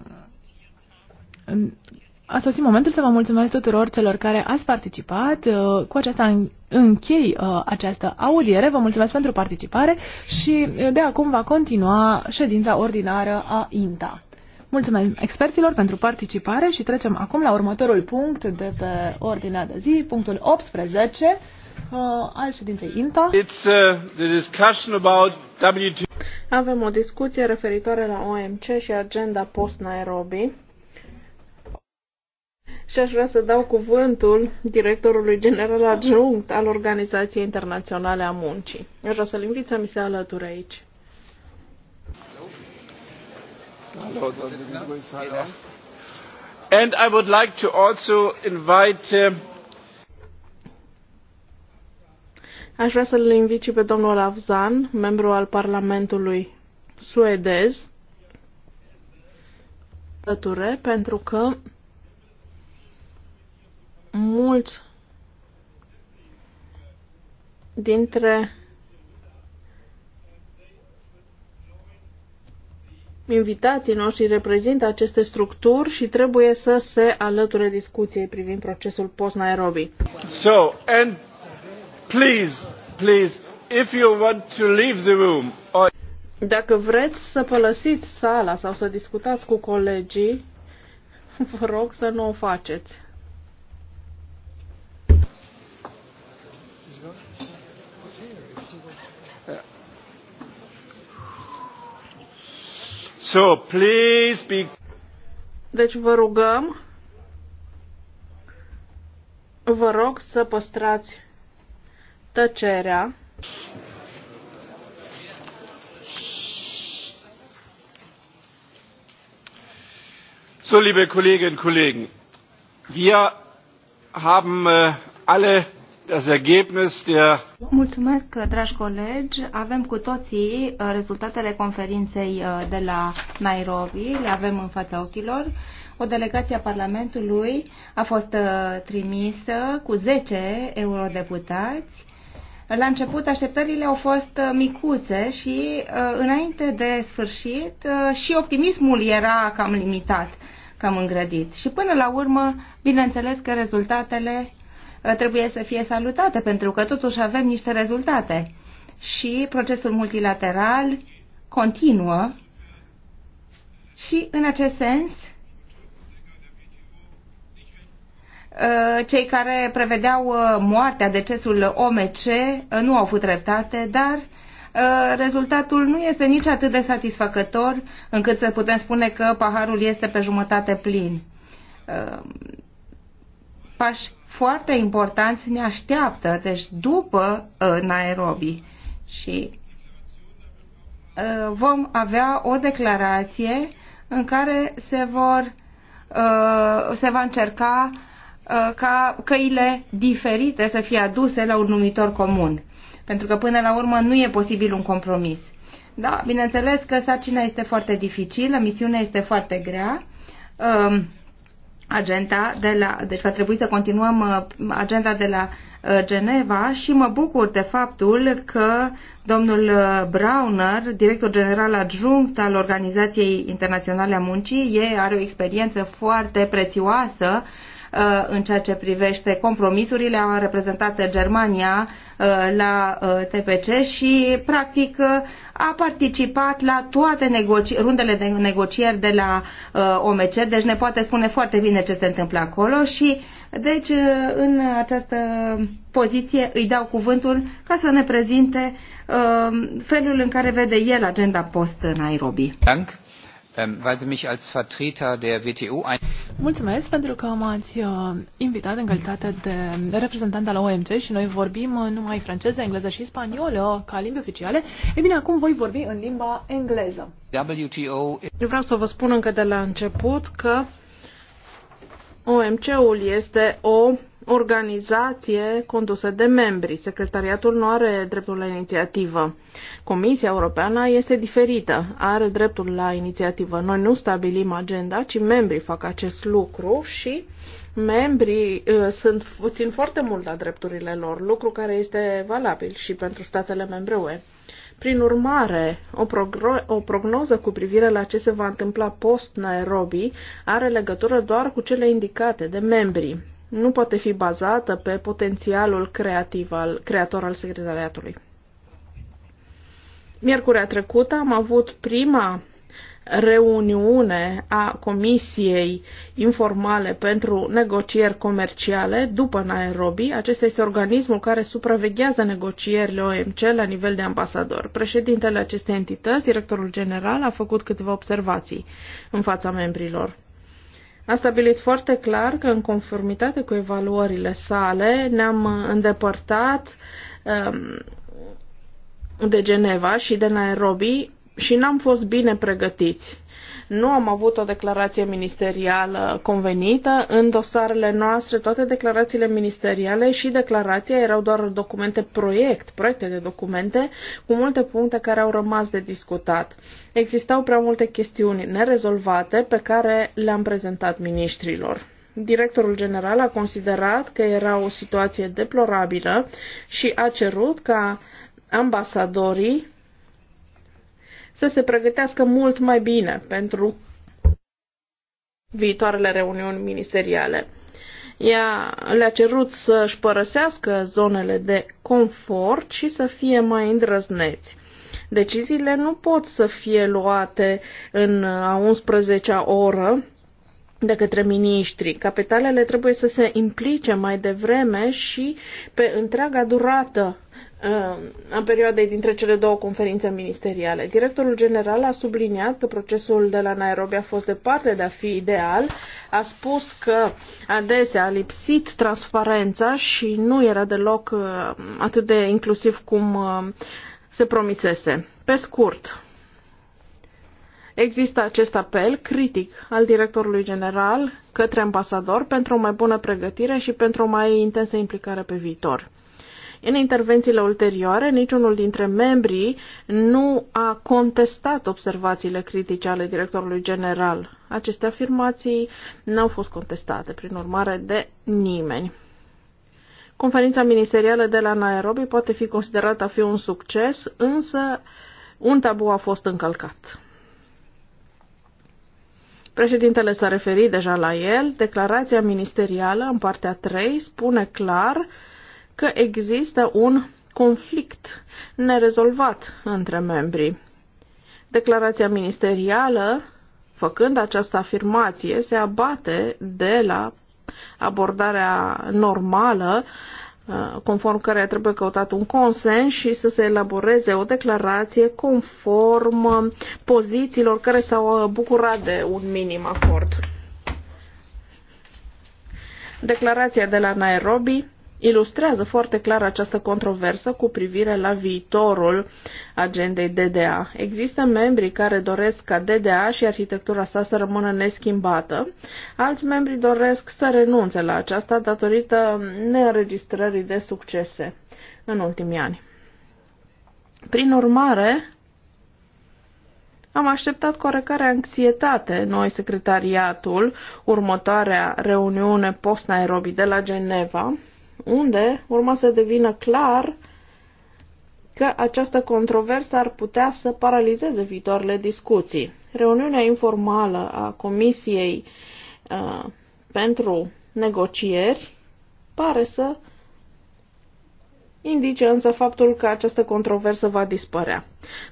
a sosit momentul să vă mulțumesc tuturor celor care ați participat. Uh, cu aceasta închei uh, această audiere. Vă mulțumesc pentru participare și uh, de acum va continua ședința ordinară a INTA. Mulțumesc experților pentru participare și trecem acum la următorul punct de pe ordinea de zi, punctul 18 uh, al ședinței INTA. It's, uh, the discussion about WT. Avem o discuție referitoare la OMC și agenda post-Nairobi și aș vrea să dau cuvântul directorului general adjunct al Organizației Internaționale a Muncii. Aș vrea să-l invit să mi se alăture aici. And I would like to also invite uh, Aș vrea să-l invit și pe domnul Avzan, membru al Parlamentului suedez, pentru că mulți dintre invitații noștri reprezintă aceste structuri și trebuie să se alăture discuției privind procesul post-Nairobi. So, and please, please, if you want to leave the room or... Dacă vreți să părăsiți sala sau să discutați cu colegii, vă rog să nu o faceți. So, please be... Deci vă rugăm, vă rog să păstrați tăcerea. So, liebe Kolleginnen und Kollegen, wir haben äh, alle das Ergebnis der Mulțumesc, dragi colegi. Avem cu toții uh, rezultatele conferinței uh, de la Nairobi. Le avem în fața ochilor. O delegație a Parlamentului a fost uh, trimisă cu 10 eurodeputați. La început așteptările au fost micuțe și înainte de sfârșit și optimismul era cam limitat, cam îngrădit. Și până la urmă, bineînțeles că rezultatele Uh, trebuie să fie salutate, pentru că totuși avem niște rezultate. Și procesul multilateral continuă și în acest sens uh, cei care prevedeau uh, moartea, decesul OMC nu au avut dreptate, dar rezultatul nu este nici atât de satisfăcător încât să putem spune că paharul este pe jumătate plin. Pași foarte importanți ne așteaptă, deci după uh, Nairobi. Și uh, vom avea o declarație în care se vor uh, se va încerca ca căile diferite să fie aduse la un numitor comun. Pentru că până la urmă nu e posibil un compromis. Da, bineînțeles că sarcina este foarte dificilă, misiunea este foarte grea. Uh, agenda de la, deci va trebui să continuăm uh, agenda de la uh, Geneva și mă bucur de faptul că domnul uh, Browner, director general adjunct al Organizației Internaționale a Muncii, e, are o experiență foarte prețioasă Uh, în ceea ce privește compromisurile, a reprezentat Germania uh, la uh, TPC și, practic, a participat la toate rundele de negocieri de la OMC, deci ne poate spune foarte bine ce se întâmplă acolo și, deci, în această poziție îi dau cuvântul ca să ne prezinte felul în care vede el agenda post Nairobi. Dank. Ähm, weil Sie mich als Vertreter der WTO ein Mulțumesc pentru că m-ați uh, invitat în calitate de reprezentant al OMC și noi vorbim uh, numai franceză, engleză și spaniolă ca limbi oficiale. Ei bine, acum voi vorbi în limba engleză. WTO... Eu vreau să vă spun încă de la început că OMC-ul este o organizație condusă de membri. Secretariatul nu are dreptul la inițiativă. Comisia Europeană este diferită, are dreptul la inițiativă. Noi nu stabilim agenda, ci membrii fac acest lucru și membrii uh, sunt, țin foarte mult la drepturile lor, lucru care este valabil și pentru statele membre UE. Prin urmare, o, progro- o prognoză cu privire la ce se va întâmpla post-Nairobi are legătură doar cu cele indicate de membrii. Nu poate fi bazată pe potențialul creativ al, creator al secretariatului. Miercurea trecută am avut prima reuniune a Comisiei Informale pentru Negocieri Comerciale după Nairobi. Acesta este organismul care supraveghează negocierile OMC la nivel de ambasador. Președintele acestei entități, directorul general, a făcut câteva observații în fața membrilor. A stabilit foarte clar că, în conformitate cu evaluările sale, ne-am îndepărtat um, de Geneva și de Nairobi și n-am fost bine pregătiți. Nu am avut o declarație ministerială convenită. În dosarele noastre, toate declarațiile ministeriale și declarația erau doar documente proiect, proiecte de documente, cu multe puncte care au rămas de discutat. Existau prea multe chestiuni nerezolvate pe care le-am prezentat ministrilor. Directorul general a considerat că era o situație deplorabilă și a cerut ca ambasadorii să se pregătească mult mai bine pentru viitoarele reuniuni ministeriale. Ea le-a cerut să-și părăsească zonele de confort și să fie mai îndrăzneți. Deciziile nu pot să fie luate în a 11-a oră de către miniștri. Capitalele trebuie să se implice mai devreme și pe întreaga durată în uh, perioadei dintre cele două conferințe ministeriale. Directorul general a subliniat că procesul de la Nairobi a fost departe de a fi ideal, a spus că adesea a lipsit transparența și nu era deloc uh, atât de inclusiv cum uh, se promisese. Pe scurt, Există acest apel critic al directorului general către ambasador pentru o mai bună pregătire și pentru o mai intensă implicare pe viitor. În intervențiile ulterioare, niciunul dintre membrii nu a contestat observațiile critice ale directorului general. Aceste afirmații n-au fost contestate, prin urmare, de nimeni. Conferința ministerială de la Nairobi poate fi considerată a fi un succes, însă un tabu a fost încălcat. Președintele s-a referit deja la el. Declarația ministerială, în partea 3, spune clar că există un conflict nerezolvat între membrii. Declarația ministerială, făcând această afirmație, se abate de la abordarea normală uh, conform care trebuie căutat un consens și să se elaboreze o declarație conform pozițiilor care s-au uh, bucurat de un minim acord. Declarația de la Nairobi ilustrează foarte clar această controversă cu privire la viitorul agendei DDA. Există membri care doresc ca DDA și arhitectura sa să rămână neschimbată, alți membri doresc să renunțe la aceasta datorită neînregistrării de succese în ultimii ani. Prin urmare, am așteptat cu oarecare anxietate noi secretariatul, următoarea reuniune post-Nairobi de la Geneva, unde urma să devină clar că această controversă ar putea să paralizeze viitoarele discuții. Reuniunea informală a Comisiei uh, pentru negocieri pare să indice însă faptul că această controversă va dispărea.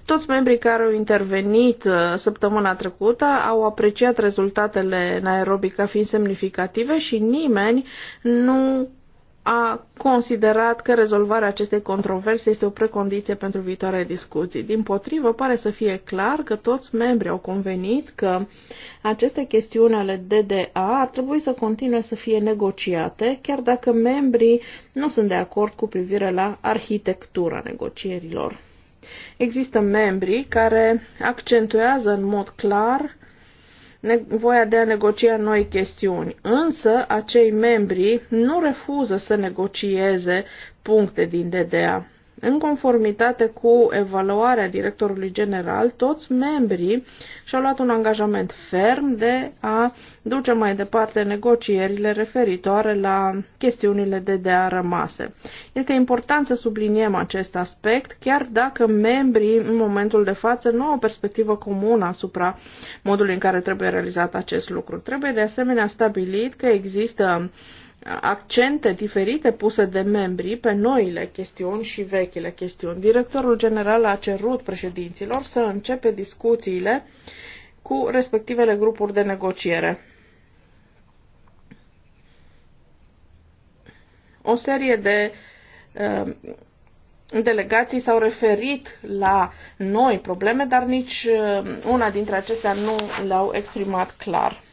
Toți membrii care au intervenit uh, săptămâna trecută au apreciat rezultatele Nairobi ca fiind semnificative și nimeni nu a considerat că rezolvarea acestei controverse este o precondiție pentru viitoare discuții. Din potrivă, pare să fie clar că toți membrii au convenit că aceste chestiuni ale DDA ar trebui să continue să fie negociate, chiar dacă membrii nu sunt de acord cu privire la arhitectura negocierilor. Există membrii care accentuează în mod clar nevoia de a negocia noi chestiuni, însă acei membri nu refuză să negocieze puncte din DDA. În conformitate cu evaluarea directorului general, toți membrii și-au luat un angajament ferm de a duce mai departe negocierile referitoare la chestiunile de de-a rămase. Este important să subliniem acest aspect, chiar dacă membrii în momentul de față nu au o perspectivă comună asupra modului în care trebuie realizat acest lucru. Trebuie de asemenea stabilit că există accente diferite puse de membrii pe noile chestiuni și vechile chestiuni. Directorul general a cerut președinților să începe discuțiile cu respectivele grupuri de negociere. O serie de uh, delegații s-au referit la noi probleme, dar nici uh, una dintre acestea nu le-au exprimat clar.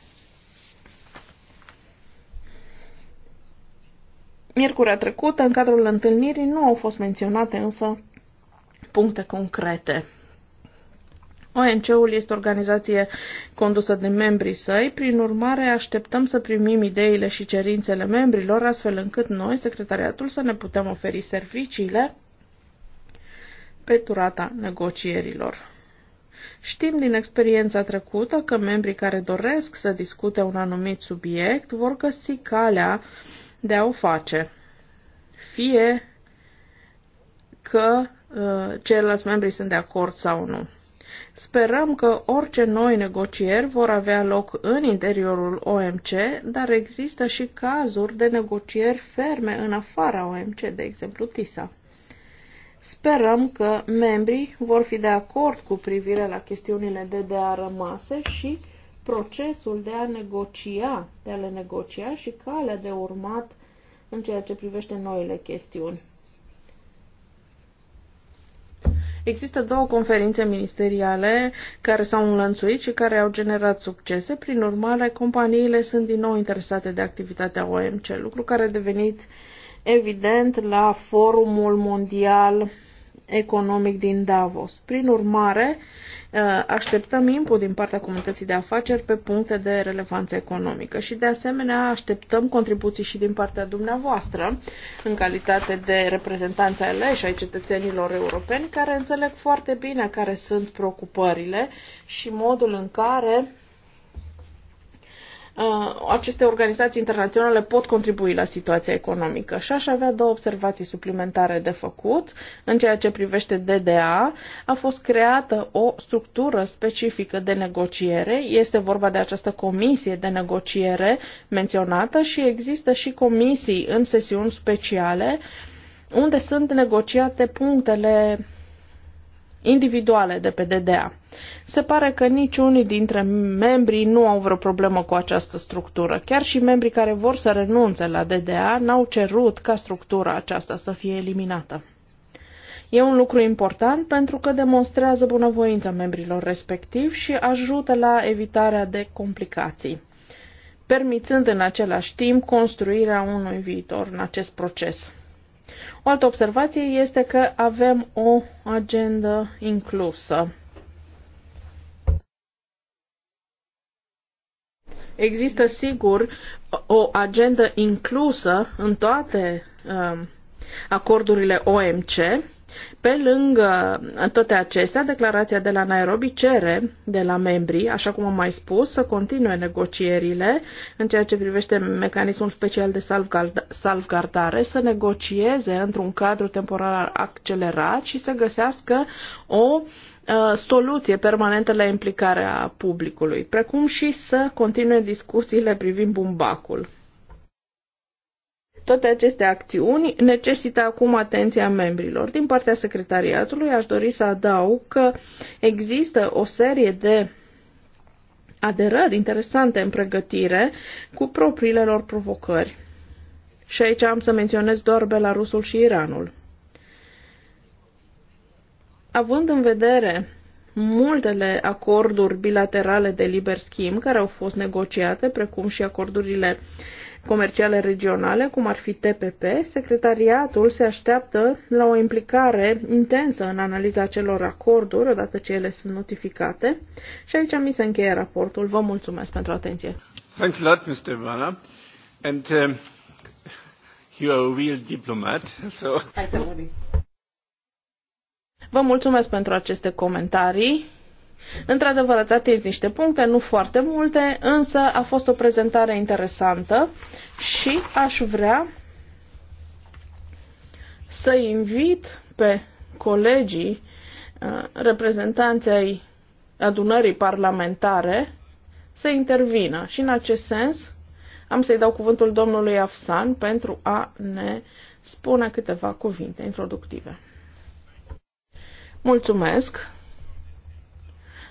Miercurea trecută, în cadrul întâlnirii, nu au fost menționate însă puncte concrete. ONC-ul este organizație condusă de membrii săi, prin urmare așteptăm să primim ideile și cerințele membrilor, astfel încât noi, secretariatul, să ne putem oferi serviciile pe durata negocierilor. Știm din experiența trecută că membrii care doresc să discute un anumit subiect vor găsi calea de a o face. Fie că uh, ceilalți membri sunt de acord sau nu. Sperăm că orice noi negocieri vor avea loc în interiorul OMC, dar există și cazuri de negocieri ferme în afara OMC, de exemplu TISA. Sperăm că membrii vor fi de acord cu privire la chestiunile de de a rămase și procesul de a negocia, de a le negocia și calea de urmat în ceea ce privește noile chestiuni. Există două conferințe ministeriale care s-au înlănțuit și care au generat succese. Prin urmare, companiile sunt din nou interesate de activitatea OMC, lucru care a devenit evident la Forumul Mondial economic din Davos. Prin urmare, uh, așteptăm input din partea comunității de afaceri pe puncte de relevanță economică și, de asemenea, așteptăm contribuții și din partea dumneavoastră, în calitate de reprezentanți aleși ai cetățenilor europeni, care înțeleg foarte bine care sunt preocupările și modul în care Uh, aceste organizații internaționale pot contribui la situația economică. Și aș avea două observații suplimentare de făcut. În ceea ce privește DDA, a fost creată o structură specifică de negociere. Este vorba de această comisie de negociere menționată și există și comisii în sesiuni speciale unde sunt negociate punctele individuale de pe DDA. Se pare că niciunii dintre membrii nu au vreo problemă cu această structură. Chiar și membrii care vor să renunțe la DDA n-au cerut ca structura aceasta să fie eliminată. E un lucru important pentru că demonstrează bunăvoința membrilor respectivi și ajută la evitarea de complicații, permițând în același timp construirea unui viitor în acest proces. O altă observație este că avem o agendă inclusă Există, sigur, o agendă inclusă în toate uh, acordurile OMC. Pe lângă toate acestea, declarația de la Nairobi cere de la membrii, așa cum am mai spus, să continue negocierile în ceea ce privește mecanismul special de salvgardare, să negocieze într-un cadru temporar accelerat și să găsească o uh, Uh, soluție permanentă la implicarea publicului, precum și să continue discuțiile privind bumbacul. Toate aceste acțiuni necesită acum atenția membrilor. Din partea secretariatului aș dori să adaug că există o serie de aderări interesante în pregătire cu propriile lor provocări. Și aici am să menționez doar Belarusul și Iranul. Având în vedere multele acorduri bilaterale de liber schimb care au fost negociate, precum și acordurile comerciale regionale, cum ar fi TPP, secretariatul se așteaptă la o implicare intensă în analiza acelor acorduri, odată ce ele sunt notificate. Și aici mi se încheie raportul. Vă mulțumesc pentru atenție. Thanks a lot, Mr. Vana. And uh, you are a real diplomat, so... Thanks, Vă mulțumesc pentru aceste comentarii. Într-adevăr, ați atins niște puncte, nu foarte multe, însă a fost o prezentare interesantă și aș vrea să invit pe colegii uh, reprezentanței adunării parlamentare să intervină. Și în acest sens am să-i dau cuvântul domnului Afsan pentru a ne spune câteva cuvinte introductive. Mulțumesc!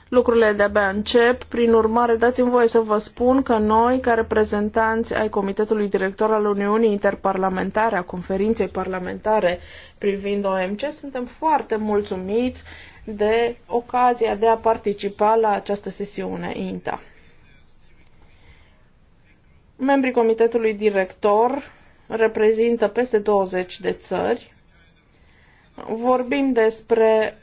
Lucrurile de-abia încep, prin urmare dați-mi voie să vă spun că noi, ca reprezentanți ai Comitetului Director al Uniunii Interparlamentare, a Conferinței Parlamentare privind OMC, suntem foarte mulțumiți de ocazia de a participa la această sesiune INTA. Membrii Comitetului Director reprezintă peste 20 de țări. Vorbim despre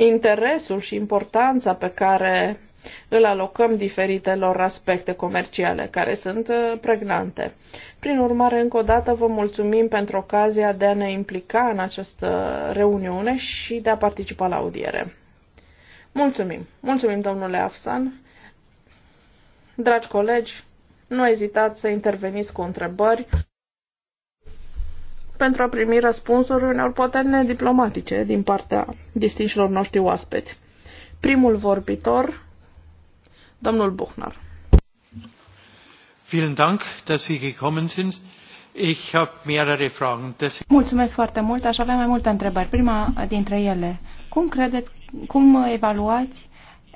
interesul și importanța pe care îl alocăm diferitelor aspecte comerciale care sunt uh, pregnante. Prin urmare, încă o dată vă mulțumim pentru ocazia de a ne implica în această reuniune și de a participa la audiere. Mulțumim! Mulțumim, domnule Afsan! Dragi colegi, nu ezitați să interveniți cu întrebări pentru a primi răspunsuri uneori poate diplomatice din partea distinșilor noștri oaspeți. Primul vorbitor, domnul Buchner. Vielen Dank, dass Sie gekommen sind. Ich habe mehrere Fragen. Mulțumesc foarte mult. Aș avea mai multe întrebări. Prima dintre ele. Cum credeți, cum evaluați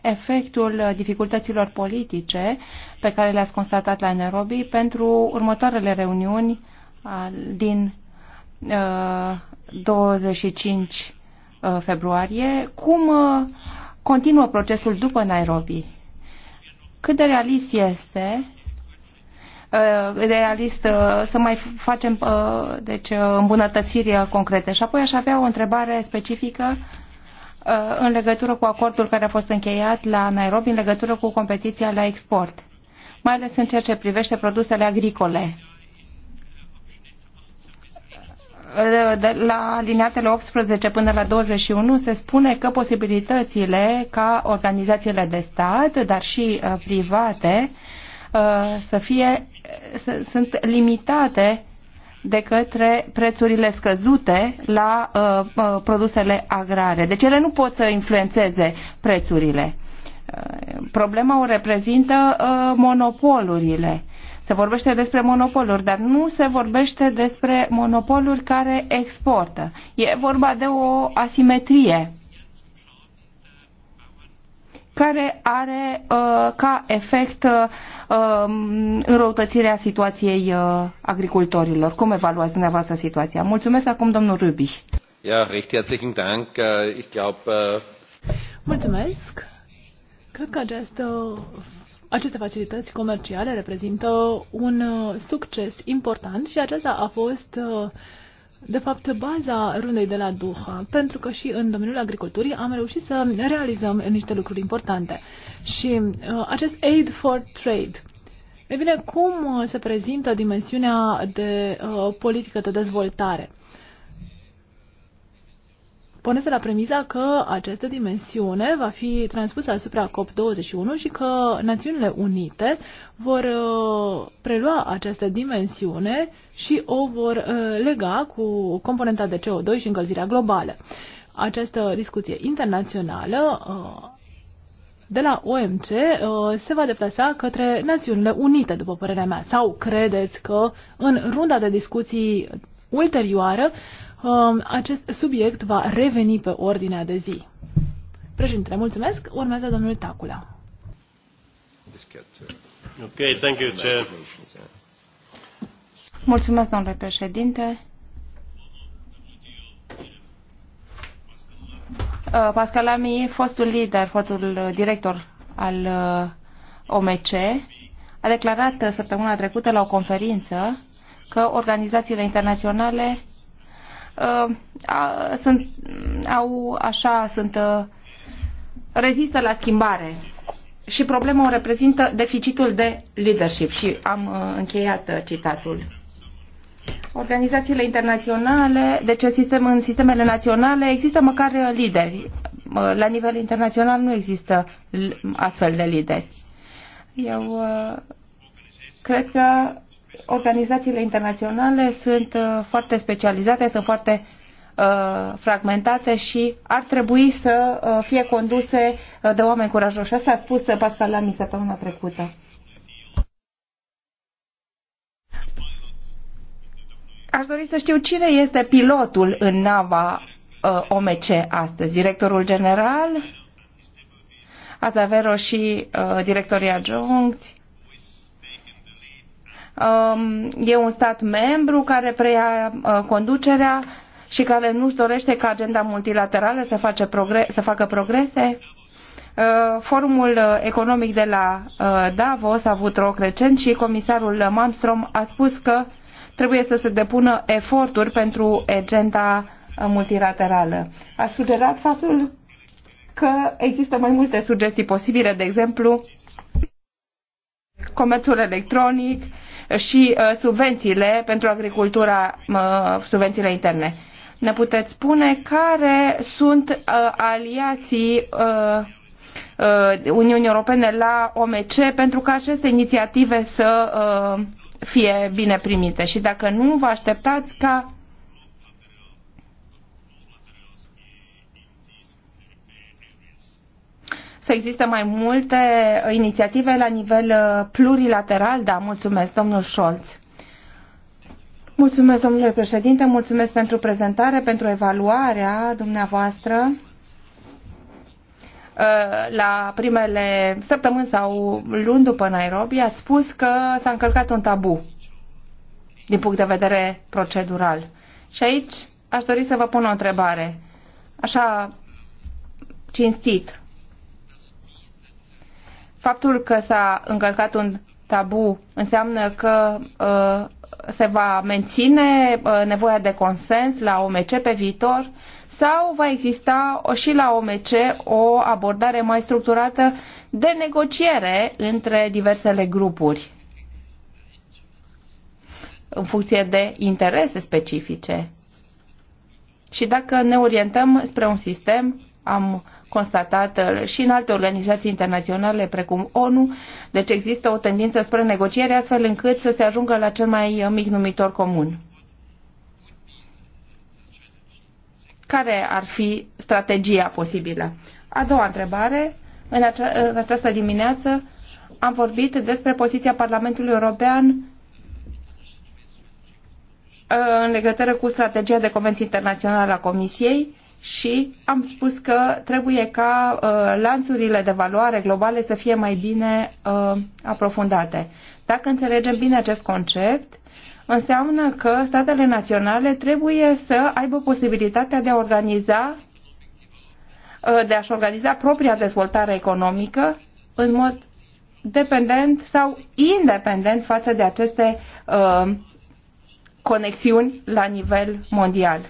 efectul dificultăților politice pe care le-ați constatat la Nairobi pentru următoarele reuniuni din 25 uh, uh, februarie, cum uh, continuă procesul după Nairobi? Cât de realist este realist să mai facem deci, îmbunătățiri concrete. Și apoi aș avea o întrebare specifică în legătură cu acordul care a fost încheiat la Nairobi în legătură cu competiția la export, mai ales în ceea ce privește produsele agricole de la alineatele 18 până la 21 se spune că posibilitățile ca organizațiile de stat, dar și uh, private, uh, să fie, să, sunt limitate de către prețurile scăzute la uh, uh, produsele agrare. Deci ele nu pot să influențeze prețurile. Uh, problema o reprezintă uh, monopolurile se vorbește despre monopoluri, dar nu se vorbește despre monopoluri care exportă. E vorba de o asimetrie care are uh, ca efect uh, um, înrăutățirea situației uh, agricultorilor. Cum evaluați dumneavoastră situația? Mulțumesc acum, domnul Rubi. Ja, recht herzlichen Dank. Äh, ich glaub, uh... Mulțumesc. Cred că această aceste facilități comerciale reprezintă un uh, succes important și aceasta a fost uh, de fapt baza rundei de la Doha, pentru că și în domeniul agriculturii am reușit să realizăm niște lucruri importante. Și uh, acest Aid for Trade, E bine, cum se prezintă dimensiunea de politică de dezvoltare? pornesc la premiza că această dimensiune va fi transpusă asupra COP21 și că Națiunile Unite vor uh, prelua această dimensiune și o vor uh, lega cu componenta de CO2 și încălzirea globală. Această discuție internațională uh, de la OMC se va deplasa către Națiunile Unite, după părerea mea. Sau credeți că în runda de discuții ulterioară Um, acest subiect va reveni pe ordinea de zi. Președintele, mulțumesc. Urmează domnul Tacula. Okay, thank you, Chair. Mulțumesc, domnule președinte. Uh, Pascal Ami, fostul lider, fostul director al uh, OMC, a declarat uh, săptămâna trecută la o conferință că organizațiile internaționale Uh, a, sunt, au așa, sunt a, uh, rezistă la schimbare și problema o reprezintă deficitul de leadership și am a, uh, încheiat citatul. Organizațiile internaționale, deci sistem, în sistemele naționale există măcar lideri. La nivel internațional nu există astfel de lideri. Eu cred că organizațiile internaționale sunt uh, foarte specializate, sunt foarte uh, fragmentate și ar trebui să uh, fie conduse de oameni curajoși. Asta a spus Pascal Lamy săptămâna trecută. Aș dori să știu cine este pilotul în nava OMC astăzi, directorul general, Azavero și directorii adjuncți, Um, e un stat membru care preia uh, conducerea și care nu-și dorește ca agenda multilaterală să, face progre- să facă progrese? Uh, forumul uh, economic de la Davos a avut loc recent și comisarul Malmström a spus că trebuie să se depună eforturi pentru agenda multilaterală. A sugerat faptul că există mai multe sugestii posibile, de exemplu, comerțul electronic, și uh, subvențiile pentru agricultura, uh, subvențiile interne. Ne puteți spune care sunt uh, aliații Uniunii Europene la OMC pentru ca aceste inițiative să fie bine primite și dacă nu, vă așteptați ca să existe mai multe uh, inițiative la nivel uh, plurilateral. Da, mulțumesc, domnul Scholz. Mulțumesc, domnule președinte, mulțumesc pentru prezentare, pentru evaluarea dumneavoastră uh, la primele săptămâni sau luni după Nairobi, ați spus că s-a încălcat un tabu din punct de vedere procedural. Și aici aș dori să vă pun o întrebare, așa cinstit faptul că s-a încălcat un tabu înseamnă că uh, se va menține uh, nevoia de consens la OMC pe viitor sau va exista și la OMC o abordare mai structurată de negociere între diversele grupuri în funcție de interese specifice. Și dacă ne orientăm spre un sistem, am constatată uh, și în alte organizații internaționale precum ONU, deci există o tendință spre negociere astfel încât să se ajungă la cel mai mic numitor comun. Care ar fi strategia posibilă? A doua întrebare, în, ace- în această dimineață am vorbit despre poziția Parlamentului European uh, în legătură cu strategia de convenție internațională a Comisiei și am spus că trebuie ca uh, lanțurile de valoare globale să fie mai bine uh, aprofundate. Dacă înțelegem bine acest concept, înseamnă că statele naționale trebuie să aibă posibilitatea de a organiza uh, de a-și organiza propria dezvoltare economică în mod dependent sau independent față de aceste uh, conexiuni la nivel mondial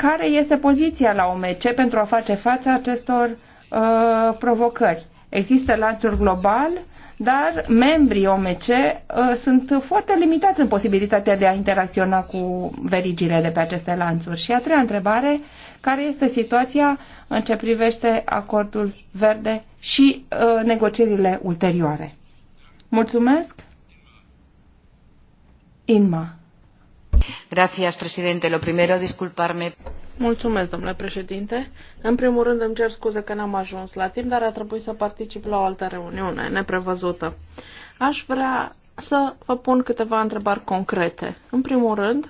care este poziția la OMC pentru a face față acestor uh, provocări. Există lanțuri global, dar membrii OMC uh, sunt foarte limitați în posibilitatea de a interacționa cu verigile de pe aceste lanțuri. Și a treia întrebare, care este situația în ce privește acordul verde și uh, negocierile ulterioare? Mulțumesc! Inma. Mulțumesc, domnule președinte. În primul rând îmi cer scuze că n-am ajuns la timp, dar a trebuit să particip la o altă reuniune neprevăzută. Aș vrea să vă pun câteva întrebări concrete. În primul rând,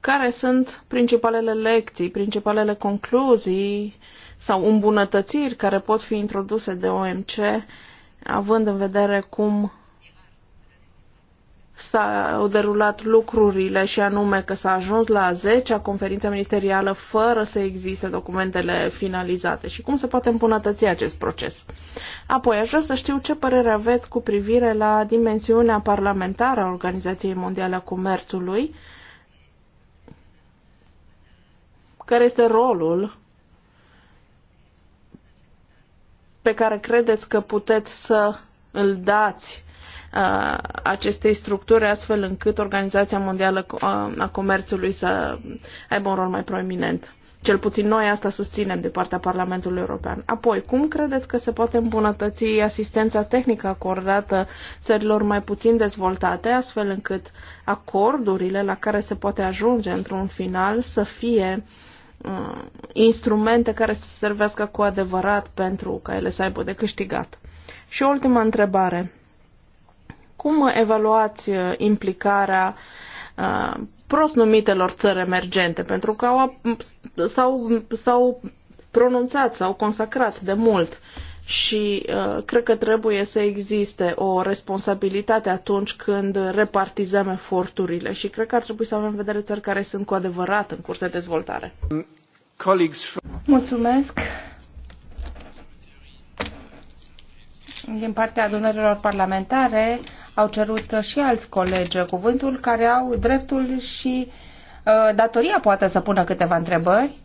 care sunt principalele lecții, principalele concluzii sau îmbunătățiri care pot fi introduse de OMC, având în vedere cum s-au derulat lucrurile și anume că s-a ajuns la 10-a conferință ministerială fără să existe documentele finalizate și cum se poate îmbunătăți acest proces. Apoi aș vrea să știu ce părere aveți cu privire la dimensiunea parlamentară a Organizației Mondiale a Comerțului, care este rolul pe care credeți că puteți să îl dați acestei structuri, astfel încât Organizația Mondială a Comerțului să aibă un rol mai proeminent. Cel puțin noi asta susținem de partea Parlamentului European. Apoi, cum credeți că se poate îmbunătăți asistența tehnică acordată țărilor mai puțin dezvoltate, astfel încât acordurile la care se poate ajunge într-un final să fie uh, instrumente care să servească cu adevărat pentru ca ele să aibă de câștigat? Și o ultima întrebare. Cum evaluați uh, implicarea uh, prost numitelor țări emergente? Pentru că au, s-au, s-au pronunțat, s-au consacrat de mult și uh, cred că trebuie să existe o responsabilitate atunci când repartizăm eforturile și cred că ar trebui să avem în vedere țări care sunt cu adevărat în curs de dezvoltare. Mulțumesc. din partea adunărilor parlamentare au cerut și alți colegi cuvântul care au dreptul și uh, datoria poate să pună câteva întrebări.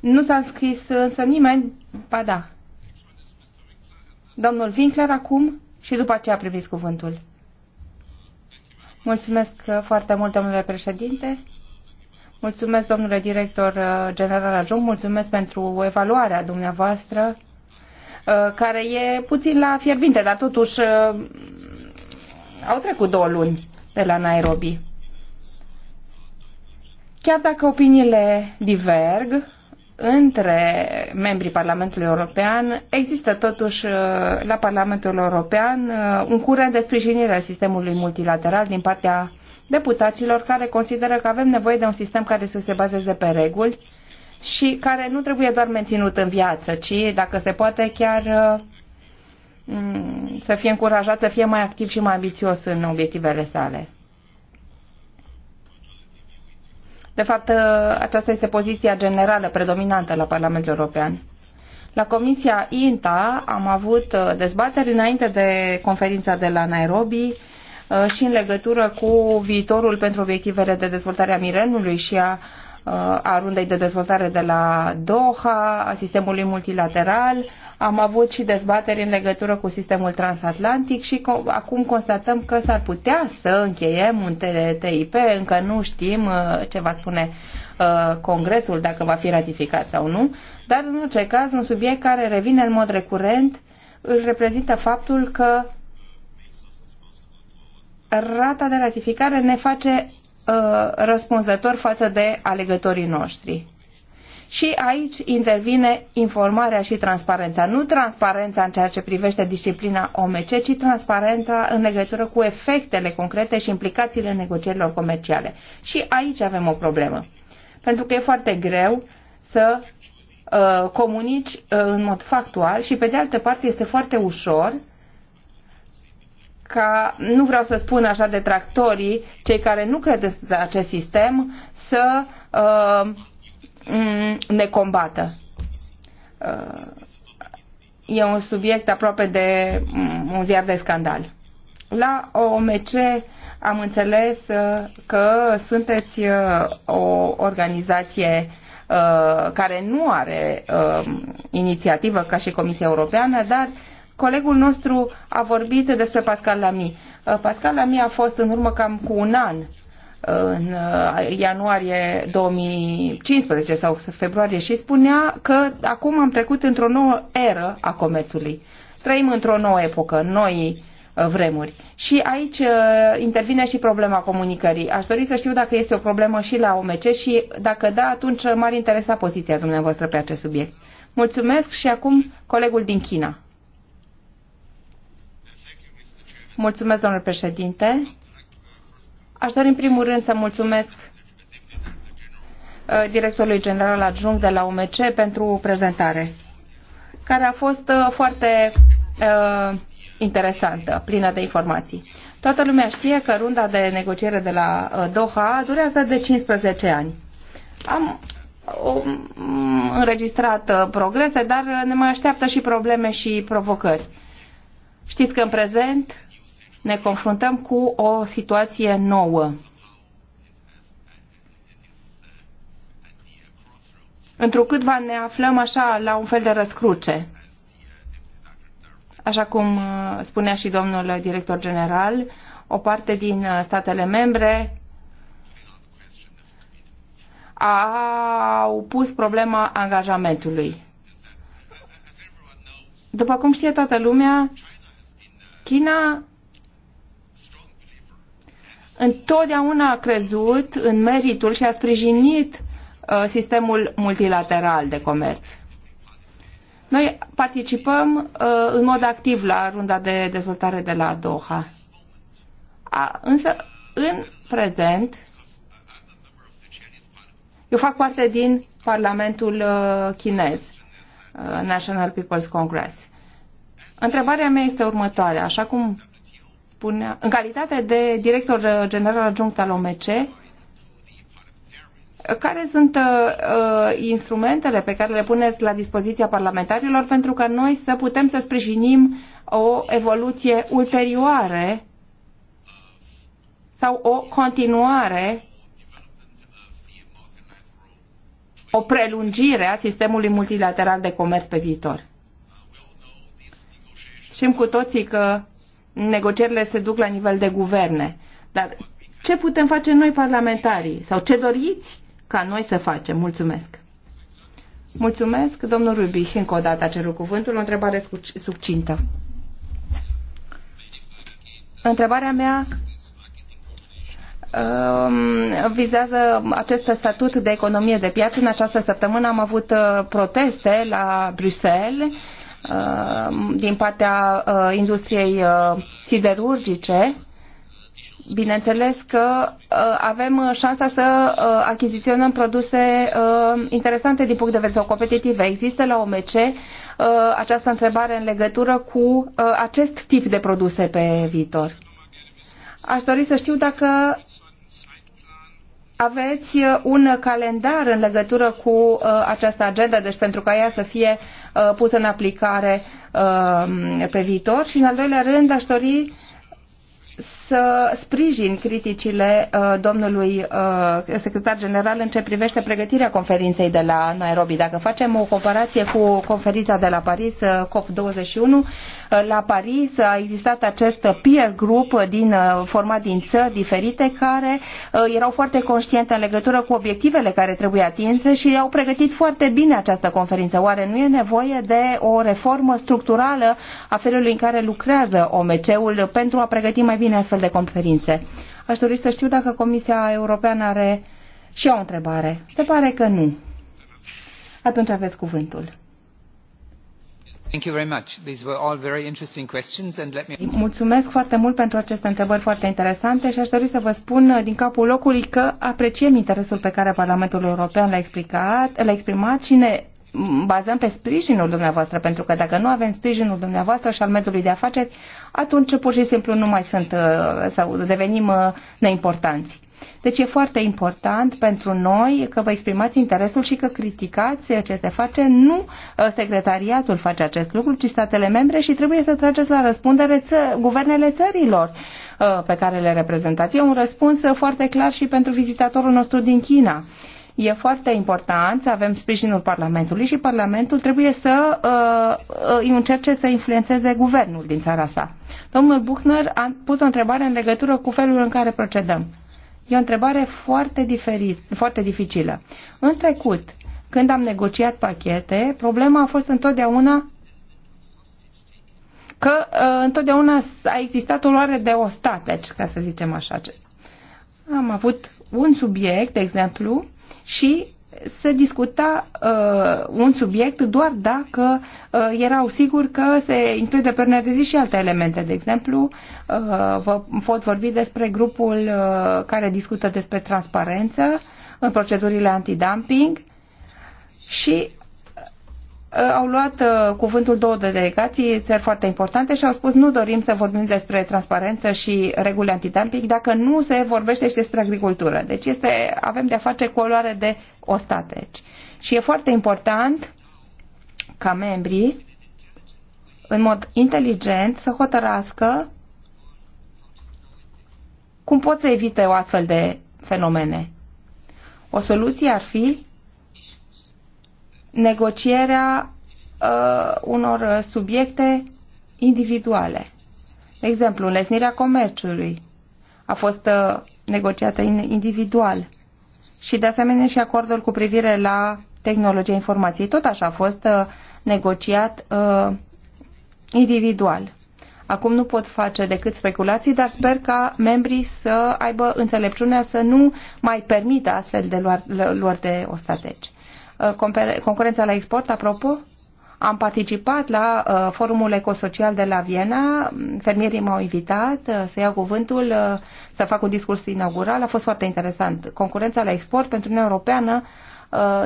Nu s-a înscris însă nimeni. Ba da. Domnul Winkler acum și după aceea primit cuvântul. Mulțumesc uh, foarte mult, domnule președinte. Mulțumesc, domnule director uh, general adjunct. Mulțumesc pentru evaluarea dumneavoastră Uh, care e puțin la fierbinte, dar totuși uh, au trecut două luni de la Nairobi. Chiar dacă opiniile diverg între membrii Parlamentului European, există totuși uh, la Parlamentul European un curent de sprijinire al sistemului multilateral din partea deputaților care consideră că avem nevoie de un sistem care să se bazeze pe reguli și care nu trebuie doar menținut în viață, ci, dacă se poate, chiar uh, mm, să fie încurajat să fie mai activ și mai ambițios în obiectivele sale. De fapt, uh, aceasta este poziția generală predominantă la Parlamentul European. La Comisia INTA am avut uh, dezbateri înainte de conferința de la Nairobi și în legătură cu viitorul pentru obiectivele de dezvoltare a mirenului și a uh, a rundei de dezvoltare de la Doha, a sistemului multilateral. Am avut și dezbateri în legătură cu sistemul transatlantic și acum constatăm că s-ar putea să încheiem un TTIP. Încă nu știm ce va spune Congresul, dacă va fi ratificat sau nu, dar în orice caz un subiect care revine în mod recurent își reprezintă faptul că rata de ratificare ne face Uh, răspunzător față de alegătorii noștri. Și aici intervine informarea și transparența. Nu transparența în ceea ce privește disciplina OMC, ci transparența în legătură cu efectele concrete și implicațiile negocierilor comerciale. Și aici avem o problemă. Pentru că e foarte greu să uh, comunici uh, în mod factual și, pe de altă parte, este foarte ușor uh, ca, nu vreau să spun așa de cei care nu cred în acest sistem, să uh, ne combată. Uh, e un subiect aproape de un ziar de scandal. La OMC am înțeles uh, că sunteți uh, o organizație uh, care nu are inițiativă ca și Comisia Europeană, dar Colegul nostru a vorbit despre Pascal Lamy. Uh, Pascal Lamy a fost în urmă cam cu un an uh, în uh, ianuarie 2015 sau februarie și spunea că acum am trecut într-o nouă eră a comerțului. Trăim într-o nouă epocă, noi vremuri. Și aici intervine și problema comunicării. Aș dori să știu dacă este o problemă și la OMC și dacă da, atunci m-ar interesa poziția dumneavoastră pe acest subiect. Mulțumesc și acum colegul din China. Mulțumesc, domnule președinte. Aș dori în primul rând să mulțumesc uh, directorului general adjunct de la OMC pentru prezentare, care a fost uh, foarte uh, interesantă, plină de informații. Toată lumea știe că runda de negociere de la uh, Doha durează de 15 ani. Am um, înregistrat progrese, dar ne mai așteaptă și probleme și provocări. Știți că în prezent ne confruntăm cu o situație nouă. Întrucâtva ne aflăm așa la un fel de răscruce. Așa cum uh, spunea și domnul director general, o parte din uh, statele membre au pus problema angajamentului. După cum știe toată lumea, China întotdeauna a crezut în meritul și a sprijinit uh, sistemul multilateral de comerț. Noi participăm uh, în mod activ la runda de dezvoltare de la Doha. A, însă, în prezent, eu fac parte din Parlamentul uh, chinez, National People's Congress. Întrebarea mea este următoarea. Așa cum spunea, în calitate de director general adjunct al OMC, care sunt uh, instrumentele pe care le puneți la dispoziția parlamentarilor pentru ca noi să putem să sprijinim o evoluție ulterioare sau o continuare, o prelungire a sistemului multilateral de comerț pe viitor? Știm cu toții că negocierile se duc la nivel de guverne. Dar ce putem face noi parlamentarii? Sau ce doriți ca noi să facem? Mulțumesc! Mulțumesc, domnul Rubich, încă o dată a cerut cuvântul, o întrebare subcintă. Întrebarea mea um, vizează acest statut de economie de piață. În această săptămână am avut uh, proteste la Bruxelles Uh, din partea uh, industriei uh, siderurgice, bineînțeles că avem șansa să achiziționăm produse interesante din punct de vedere sau competitive. Există la OMC această întrebare în legătură cu acest tip de produse pe viitor. Aș dori să știu dacă aveți un calendar în legătură cu această agenda, deci pentru ca ea să fie uh, Uh, pusă în aplicare uh, pe viitor și, în al doilea rând, aș dori să sprijin criticile uh, domnului uh, secretar general în ce privește pregătirea conferinței de la Nairobi. Dacă facem o comparație cu conferința de la Paris, uh, COP21, la Paris a existat acest peer group din, uh, format din țări diferite care uh, erau foarte conștiente în legătură cu obiectivele care trebuie atinse și au pregătit foarte bine această conferință. Oare nu e nevoie de o reformă structurală a felului în care lucrează OMC-ul pentru a pregăti mai bine astfel de conferințe? Aș dori să știu dacă Comisia Europeană are și o întrebare. Se pare că nu. Atunci aveți cuvântul. Mulțumesc foarte mult pentru aceste întrebări foarte interesante și aș dori să vă spun uh, din capul locului că apreciem interesul pe care Parlamentul European l-a, explicat, l-a exprimat și ne bazăm pe sprijinul dumneavoastră, pentru că dacă nu avem sprijinul dumneavoastră și al mediului de afaceri, atunci pur și simplu nu mai sunt uh, sau devenim uh, neimportanți. Deci e foarte important pentru noi că vă exprimați interesul și că criticați ce se face. Nu uh, secretariatul face acest lucru, ci statele membre și trebuie să trageți la răspundere ță- guvernele țărilor uh, pe care le reprezentați. E un răspuns foarte clar și pentru vizitatorul nostru din China e foarte important să avem sprijinul Parlamentului și Parlamentul trebuie să uh, uh încerce să influențeze guvernul din țara sa. Domnul Buchner a pus o întrebare în legătură cu felul în care procedăm. E o întrebare foarte, diferit, foarte dificilă. În trecut, când am negociat pachete, problema a fost întotdeauna că uh, întotdeauna a existat o luare de ostateci, ca să zicem așa. Am avut un subiect, de exemplu, și se discuta uh, un subiect doar dacă uh, erau siguri că se include pe de zi și alte elemente. De exemplu, uh, vă pot vorbi despre grupul uh, care discută despre transparență în procedurile antidumping și Uh, au luat uh, cuvântul două delegații, țări foarte importante, și au spus nu dorim să vorbim despre transparență și reguli antidumping dacă nu se vorbește și despre agricultură. Deci este, avem de-a face cu o luare de ostateci. Și e foarte important ca membrii, în mod inteligent, să hotărască cum pot să evite o astfel de fenomene. O soluție ar fi negocierea uh, unor uh, subiecte individuale. De exemplu, înlesnirea comerțului a fost uh, negociată individual și de asemenea și acordul cu privire la tehnologia informației tot așa a fost uh, negociat uh, individual. Acum nu pot face decât speculații, dar sper ca membrii să aibă înțelepciunea să nu mai permită astfel de luări de ostateci. Uh, concurența la export, apropo, am participat la uh, forumul ecosocial de la Viena, fermierii m-au invitat uh, să iau cuvântul, să fac un discurs inaugural, a fost foarte interesant. Concurența la export pentru Uniunea Europeană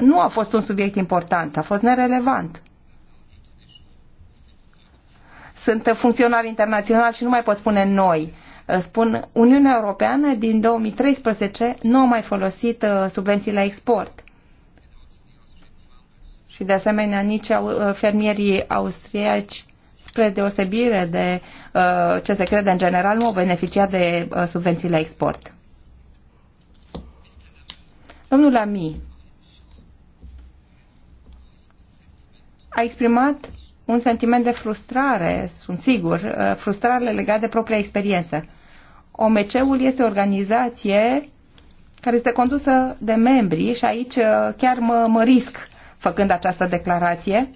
nu a fost un subiect important, a fost nerelevant. Sunt funcționari internațional și nu mai pot spune noi. Spun, Uniunea Europeană din 2013 nu a mai folosit subvenții la export și de asemenea nici uh, fermierii austriaci spre deosebire de uh, ce se crede în general, nu au beneficiat de uh, subvenții la export. Domnul Ami a exprimat un sentiment de frustrare, sunt sigur, frustrare legată de propria experiență. OMC-ul este o organizație care este condusă de membri și aici chiar mă, mă risc făcând această declarație.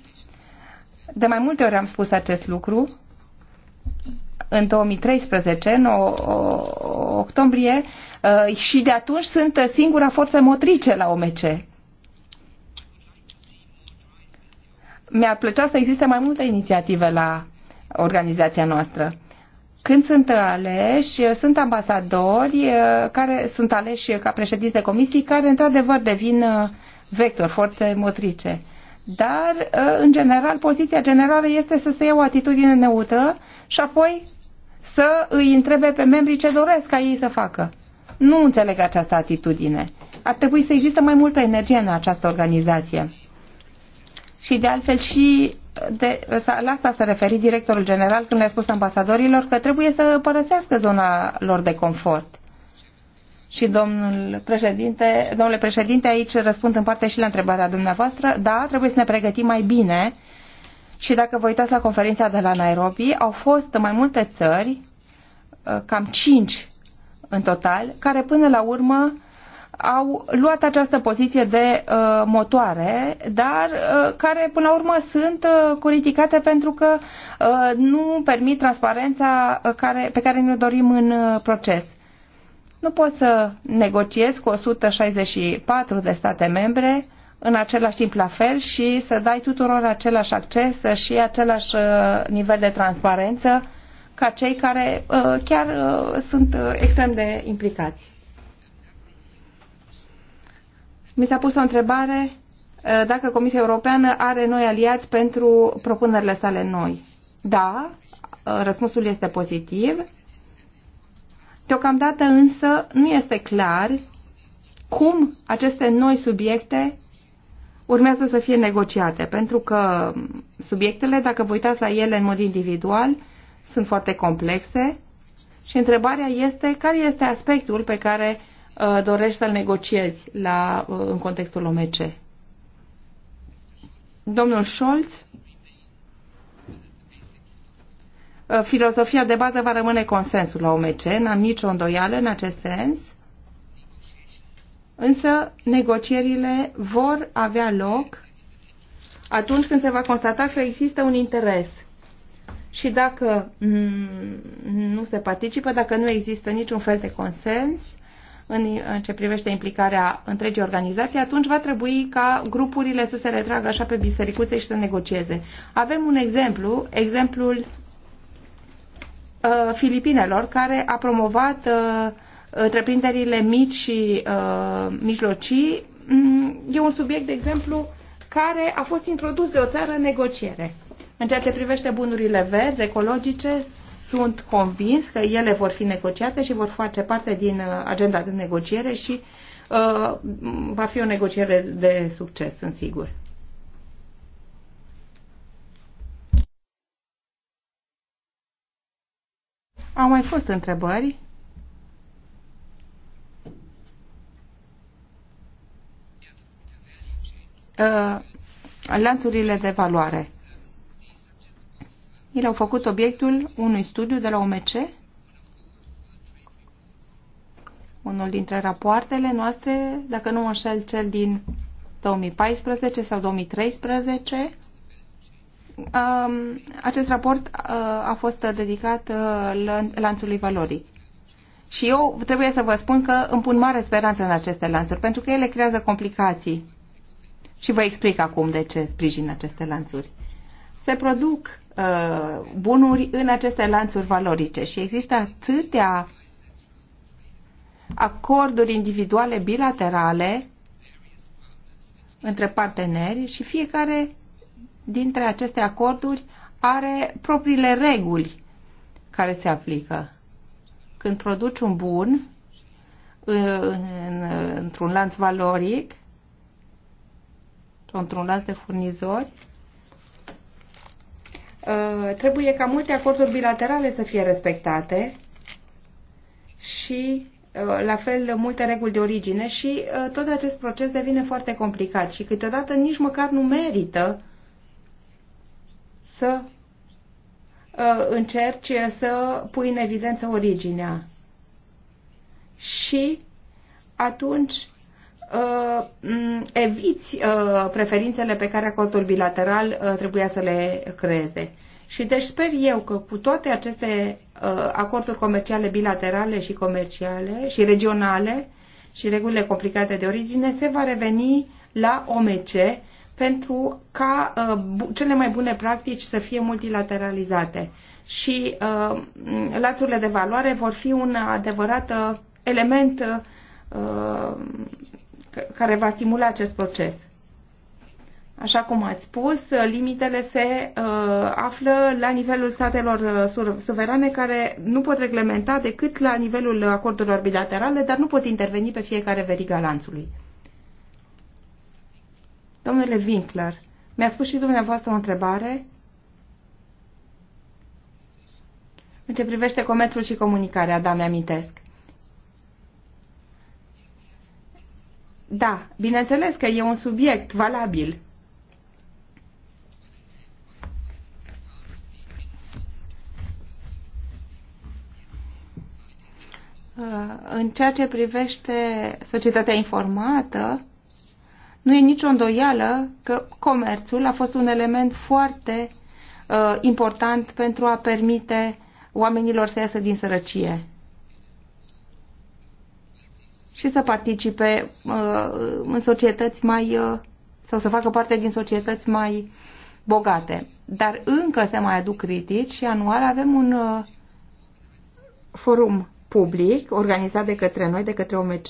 De mai multe ori am spus acest lucru. În 2013, în octombrie, uh, și de atunci sunt singura forță motrice la OMC. Mi-ar plăcea să existe mai multe inițiative la organizația noastră. Când sunt aleși, uh, sunt ambasadori uh, care sunt aleși ca președinți de comisii care într-adevăr devin vector, forțe motrice. Dar, ă, în general, poziția generală este să se ia o atitudine neutră și apoi să îi întrebe pe membrii ce doresc ca ei să facă. Nu înțeleg această atitudine. Ar trebui să există mai multă energie în această organizație. Și de altfel și de, la asta s-a referit directorul general când le-a spus ambasadorilor că trebuie să părăsească zona lor de confort. Și domnul președinte, domnule președinte, aici răspund în parte și la întrebarea dumneavoastră. Da, trebuie să ne pregătim mai bine. Și dacă vă uitați la conferința de la Nairobi, au fost mai multe țări, uh, cam cinci în total, care până la urmă au luat această poziție de uh, motoare, dar uh, care până la urmă sunt uh, criticate pentru că uh, nu permit transparența uh, care, pe care ne dorim în uh, proces. Nu pot să negociez cu 164 de state membre în același timp la fel și să dai tuturor același acces și același uh, nivel de transparență ca cei care uh, chiar uh, sunt extrem de implicați. Mi s-a pus o întrebare dacă Comisia Europeană are noi aliați pentru propunerile sale noi. Da, răspunsul este pozitiv. Deocamdată însă nu este clar cum aceste noi subiecte urmează să fie negociate, pentru că subiectele, dacă vă uitați la ele în mod individual, sunt foarte complexe și întrebarea este care este aspectul pe care uh, dorești să-l negociezi la, uh, în contextul OMC. Domnul Scholz Uh, filozofia de bază va rămâne consensul la OMC, n-am nicio îndoială în acest sens, însă negocierile vor avea loc atunci când se va constata că există un interes. Și dacă mm, nu se participă, dacă nu există niciun fel de consens în ce privește implicarea întregii organizații, atunci va trebui ca grupurile să se retragă așa pe bisericuțe și să negocieze. Avem un exemplu, exemplul Uh, filipinelor, care a promovat uh, întreprinderile mici și uh, mijlocii. Mm, e un subiect, de exemplu, care a fost introdus de o țară în negociere. În ceea ce privește bunurile verzi, ecologice, sunt convins că ele vor fi negociate și vor face parte din agenda de negociere și uh, va fi o negociere de succes, sunt sigur. Au mai fost întrebări. Uh, lanțurile de valoare. Ele au făcut obiectul unui studiu de la OMC, unul dintre rapoartele noastre, dacă nu mă înșel, cel din 2014 sau 2013, um, acest raport uh, a fost dedicat uh, lanțului valorii. Și eu trebuie să vă spun că îmi pun mare speranță în aceste lanțuri, pentru că ele creează complicații. Și vă explic acum de ce sprijin aceste lanțuri. Se produc uh, bunuri în aceste lanțuri valorice și există atâtea acorduri individuale bilaterale între parteneri și fiecare dintre aceste acorduri are propriile reguli care se aplică. Când produci un bun într-un lanț valoric, într-un lanț de furnizori, uh, trebuie ca multe acorduri bilaterale să fie respectate și uh, la fel multe reguli de origine și uh, tot acest proces devine foarte complicat și câteodată nici măcar nu merită să uh, încerci să pui în evidență originea. Și atunci uh, eviți uh, preferințele pe care acordul bilateral trebuia să le creeze. Și deci sper eu că cu toate aceste acorduri comerciale bilaterale și comerciale și regionale și regulile complicate de origine se va reveni la OMC pentru ca uh, cele mai bune practici să fie multilateralizate și uh, lațurile de valoare vor fi un adevărat uh, element uh, care va stimula acest proces. Așa cum ați spus, limitele se uh, află la nivelul statelor uh, suverane care nu pot reglementa decât la nivelul acordurilor bilaterale, dar nu pot interveni pe fiecare veriga lanțului. Domnule Winkler, mi-a spus și dumneavoastră o întrebare în ce privește comerțul și comunicarea, da, mi-amintesc. Da, bineînțeles că e un subiect valabil. În ceea ce privește societatea informată, nu e nicio îndoială că comerțul a fost un element foarte uh, important pentru a permite oamenilor să iasă din sărăcie și să participe uh, în societăți mai uh, sau să facă parte din societăți mai bogate. Dar încă se mai aduc critici și anual avem un uh, forum public organizat de către noi, de către OMC,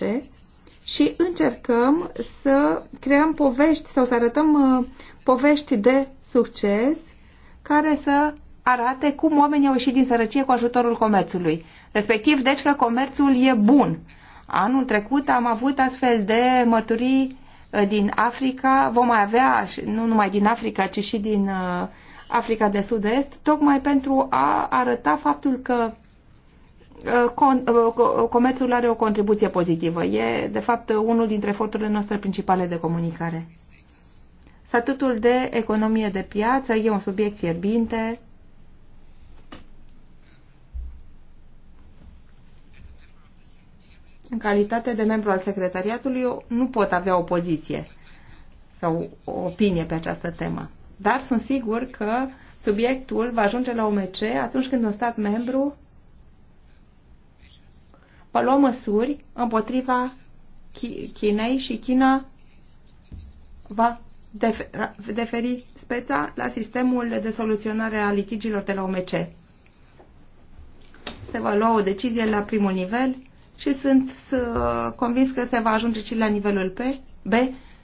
și încercăm să creăm povești sau să arătăm uh, povești de succes care să arate cum oamenii au ieșit din sărăcie cu ajutorul comerțului. Respectiv, deci că comerțul e bun. Anul trecut am avut astfel de mărturii uh, din Africa, vom mai avea, nu numai din Africa, ci și din uh, Africa de Sud-Est, tocmai pentru a arăta faptul că Uh, uh, uh, comerțul are o contribuție pozitivă. E, de fapt, unul dintre eforturile noastre principale de comunicare. Statutul de economie de piață e un subiect fierbinte. În calitate de membru al secretariatului, eu nu pot avea o poziție sau o opinie pe această temă. Dar sunt sigur că subiectul va ajunge la OMC atunci când un stat membru lua măsuri împotriva Chinei și China va deferi speța la sistemul de soluționare a litigilor de la OMC. Se va lua o decizie la primul nivel și sunt convins că se va ajunge și la nivelul P, B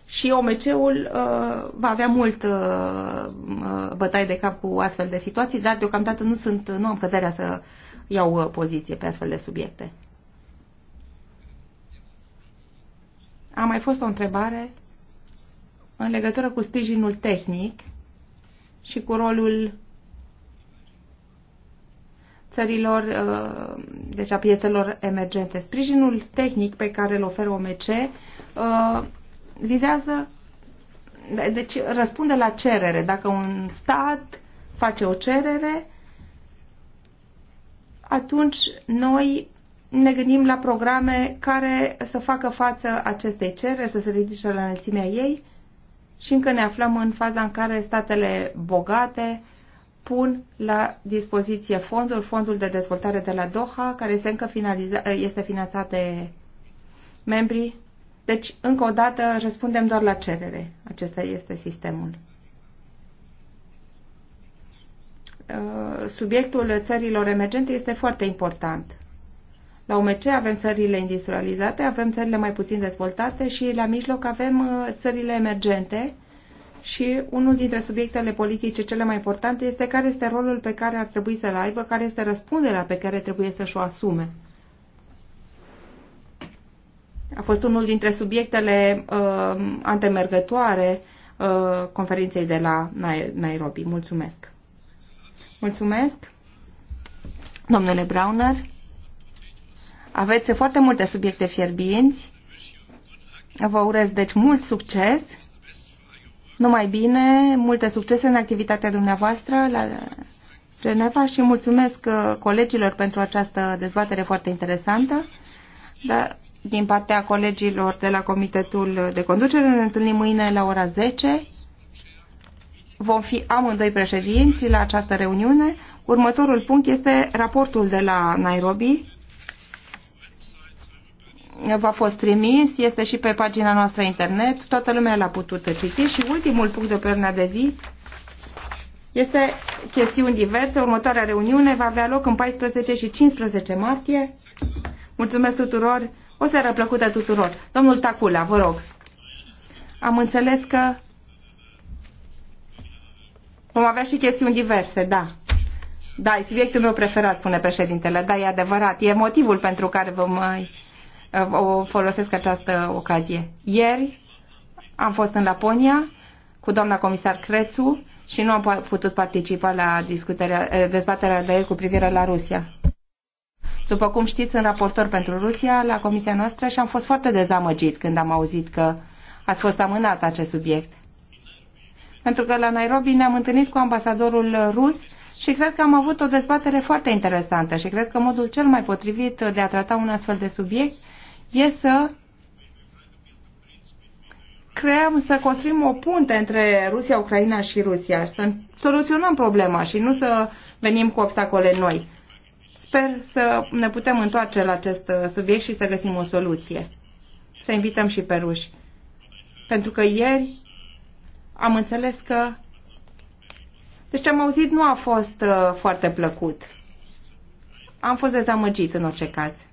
și OMC-ul uh, va avea mult uh, uh, bătaie de cap cu astfel de situații, dar deocamdată nu, sunt, nu am căderea să iau uh, poziție pe astfel de subiecte. A mai fost o întrebare în legătură cu sprijinul tehnic și cu rolul țărilor, uh, deci a piețelor emergente. Sprijinul tehnic pe care îl oferă OMC uh, vizează, deci răspunde la cerere. Dacă un stat face o cerere, atunci noi ne gândim la programe care să facă față acestei cereri, să se ridice la înălțimea ei și încă ne aflăm în faza în care statele bogate pun la dispoziție fondul, fondul de dezvoltare de la Doha, care este încă finaliza, este finanțat de membrii. Deci, încă o dată, răspundem doar la cerere. Acesta este sistemul. Uh, subiectul țărilor emergente este foarte important la OMC avem țările industrializate, avem țările mai puțin dezvoltate și la mijloc avem uh, țările emergente. Și unul dintre subiectele politice cele mai importante este care este rolul pe care ar trebui să-l aibă, care este răspunderea pe care trebuie să-și o asume. A fost unul dintre subiectele uh, antemergătoare uh, conferinței de la Nairobi. Mulțumesc! Mulțumesc, domnule Browner! Aveți foarte multe subiecte fierbinți. Vă urez, deci, mult succes. Numai bine, multe succese în activitatea dumneavoastră la Geneva și mulțumesc uh, colegilor pentru această dezbatere foarte interesantă. Dar din partea colegilor de la Comitetul de Conducere ne întâlnim mâine la ora 10. Vom fi amândoi președinți la această reuniune. Următorul punct este raportul de la Nairobi v-a fost trimis, este și pe pagina noastră internet, toată lumea l-a putut citi și ultimul punct de pe urmea de zi este chestiuni diverse. Următoarea reuniune va avea loc în 14 și 15 martie. Mulțumesc tuturor, o seară plăcută tuturor. Domnul Tacula, vă rog. Am înțeles că vom avea și chestiuni diverse, da. Da, e subiectul meu preferat, spune președintele. Da, e adevărat. E motivul pentru care vă mai o folosesc această ocazie. Ieri am fost în Laponia cu doamna comisar Crețu și nu am putut participa la eh, dezbaterea de ieri cu privire la Rusia. După cum știți, sunt raportor pentru Rusia la comisia noastră și am fost foarte dezamăgit când am auzit că ați fost amânat acest subiect. Pentru că la Nairobi ne-am întâlnit cu ambasadorul rus și cred că am avut o dezbatere foarte interesantă și cred că modul cel mai potrivit de a trata un astfel de subiect e să creăm, să construim o punte între Rusia, Ucraina și Rusia, să soluționăm problema și nu să venim cu obstacole noi. Sper să ne putem întoarce la acest uh, subiect și să găsim o soluție. Să invităm și pe ruși. Pentru că ieri am înțeles că... Deci ce am auzit nu a fost uh, foarte plăcut. Am fost dezamăgit în orice caz.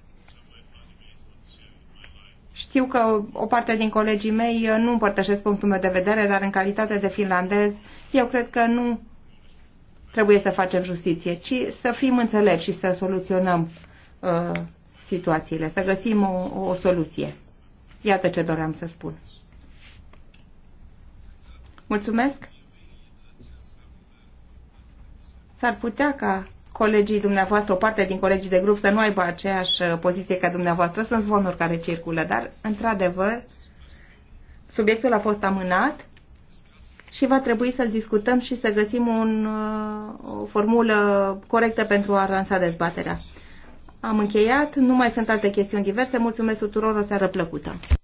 Știu că o parte din colegii mei uh, nu împărtășesc punctul meu de vedere, dar în calitate de finlandez, eu cred că nu trebuie să facem justiție, ci să fim înțelepți și să soluționăm uh, situațiile, să găsim o, o soluție. Iată ce doream să spun. Mulțumesc! S-ar putea ca colegii dumneavoastră, o parte din colegii de grup să nu aibă aceeași uh, poziție ca dumneavoastră. Sunt zvonuri care circulă, dar, într-adevăr, subiectul a fost amânat și va trebui să-l discutăm și să găsim un, uh, o formulă corectă pentru a lansa dezbaterea. Am încheiat, nu mai sunt alte chestiuni diverse. Mulțumesc tuturor, o seară plăcută!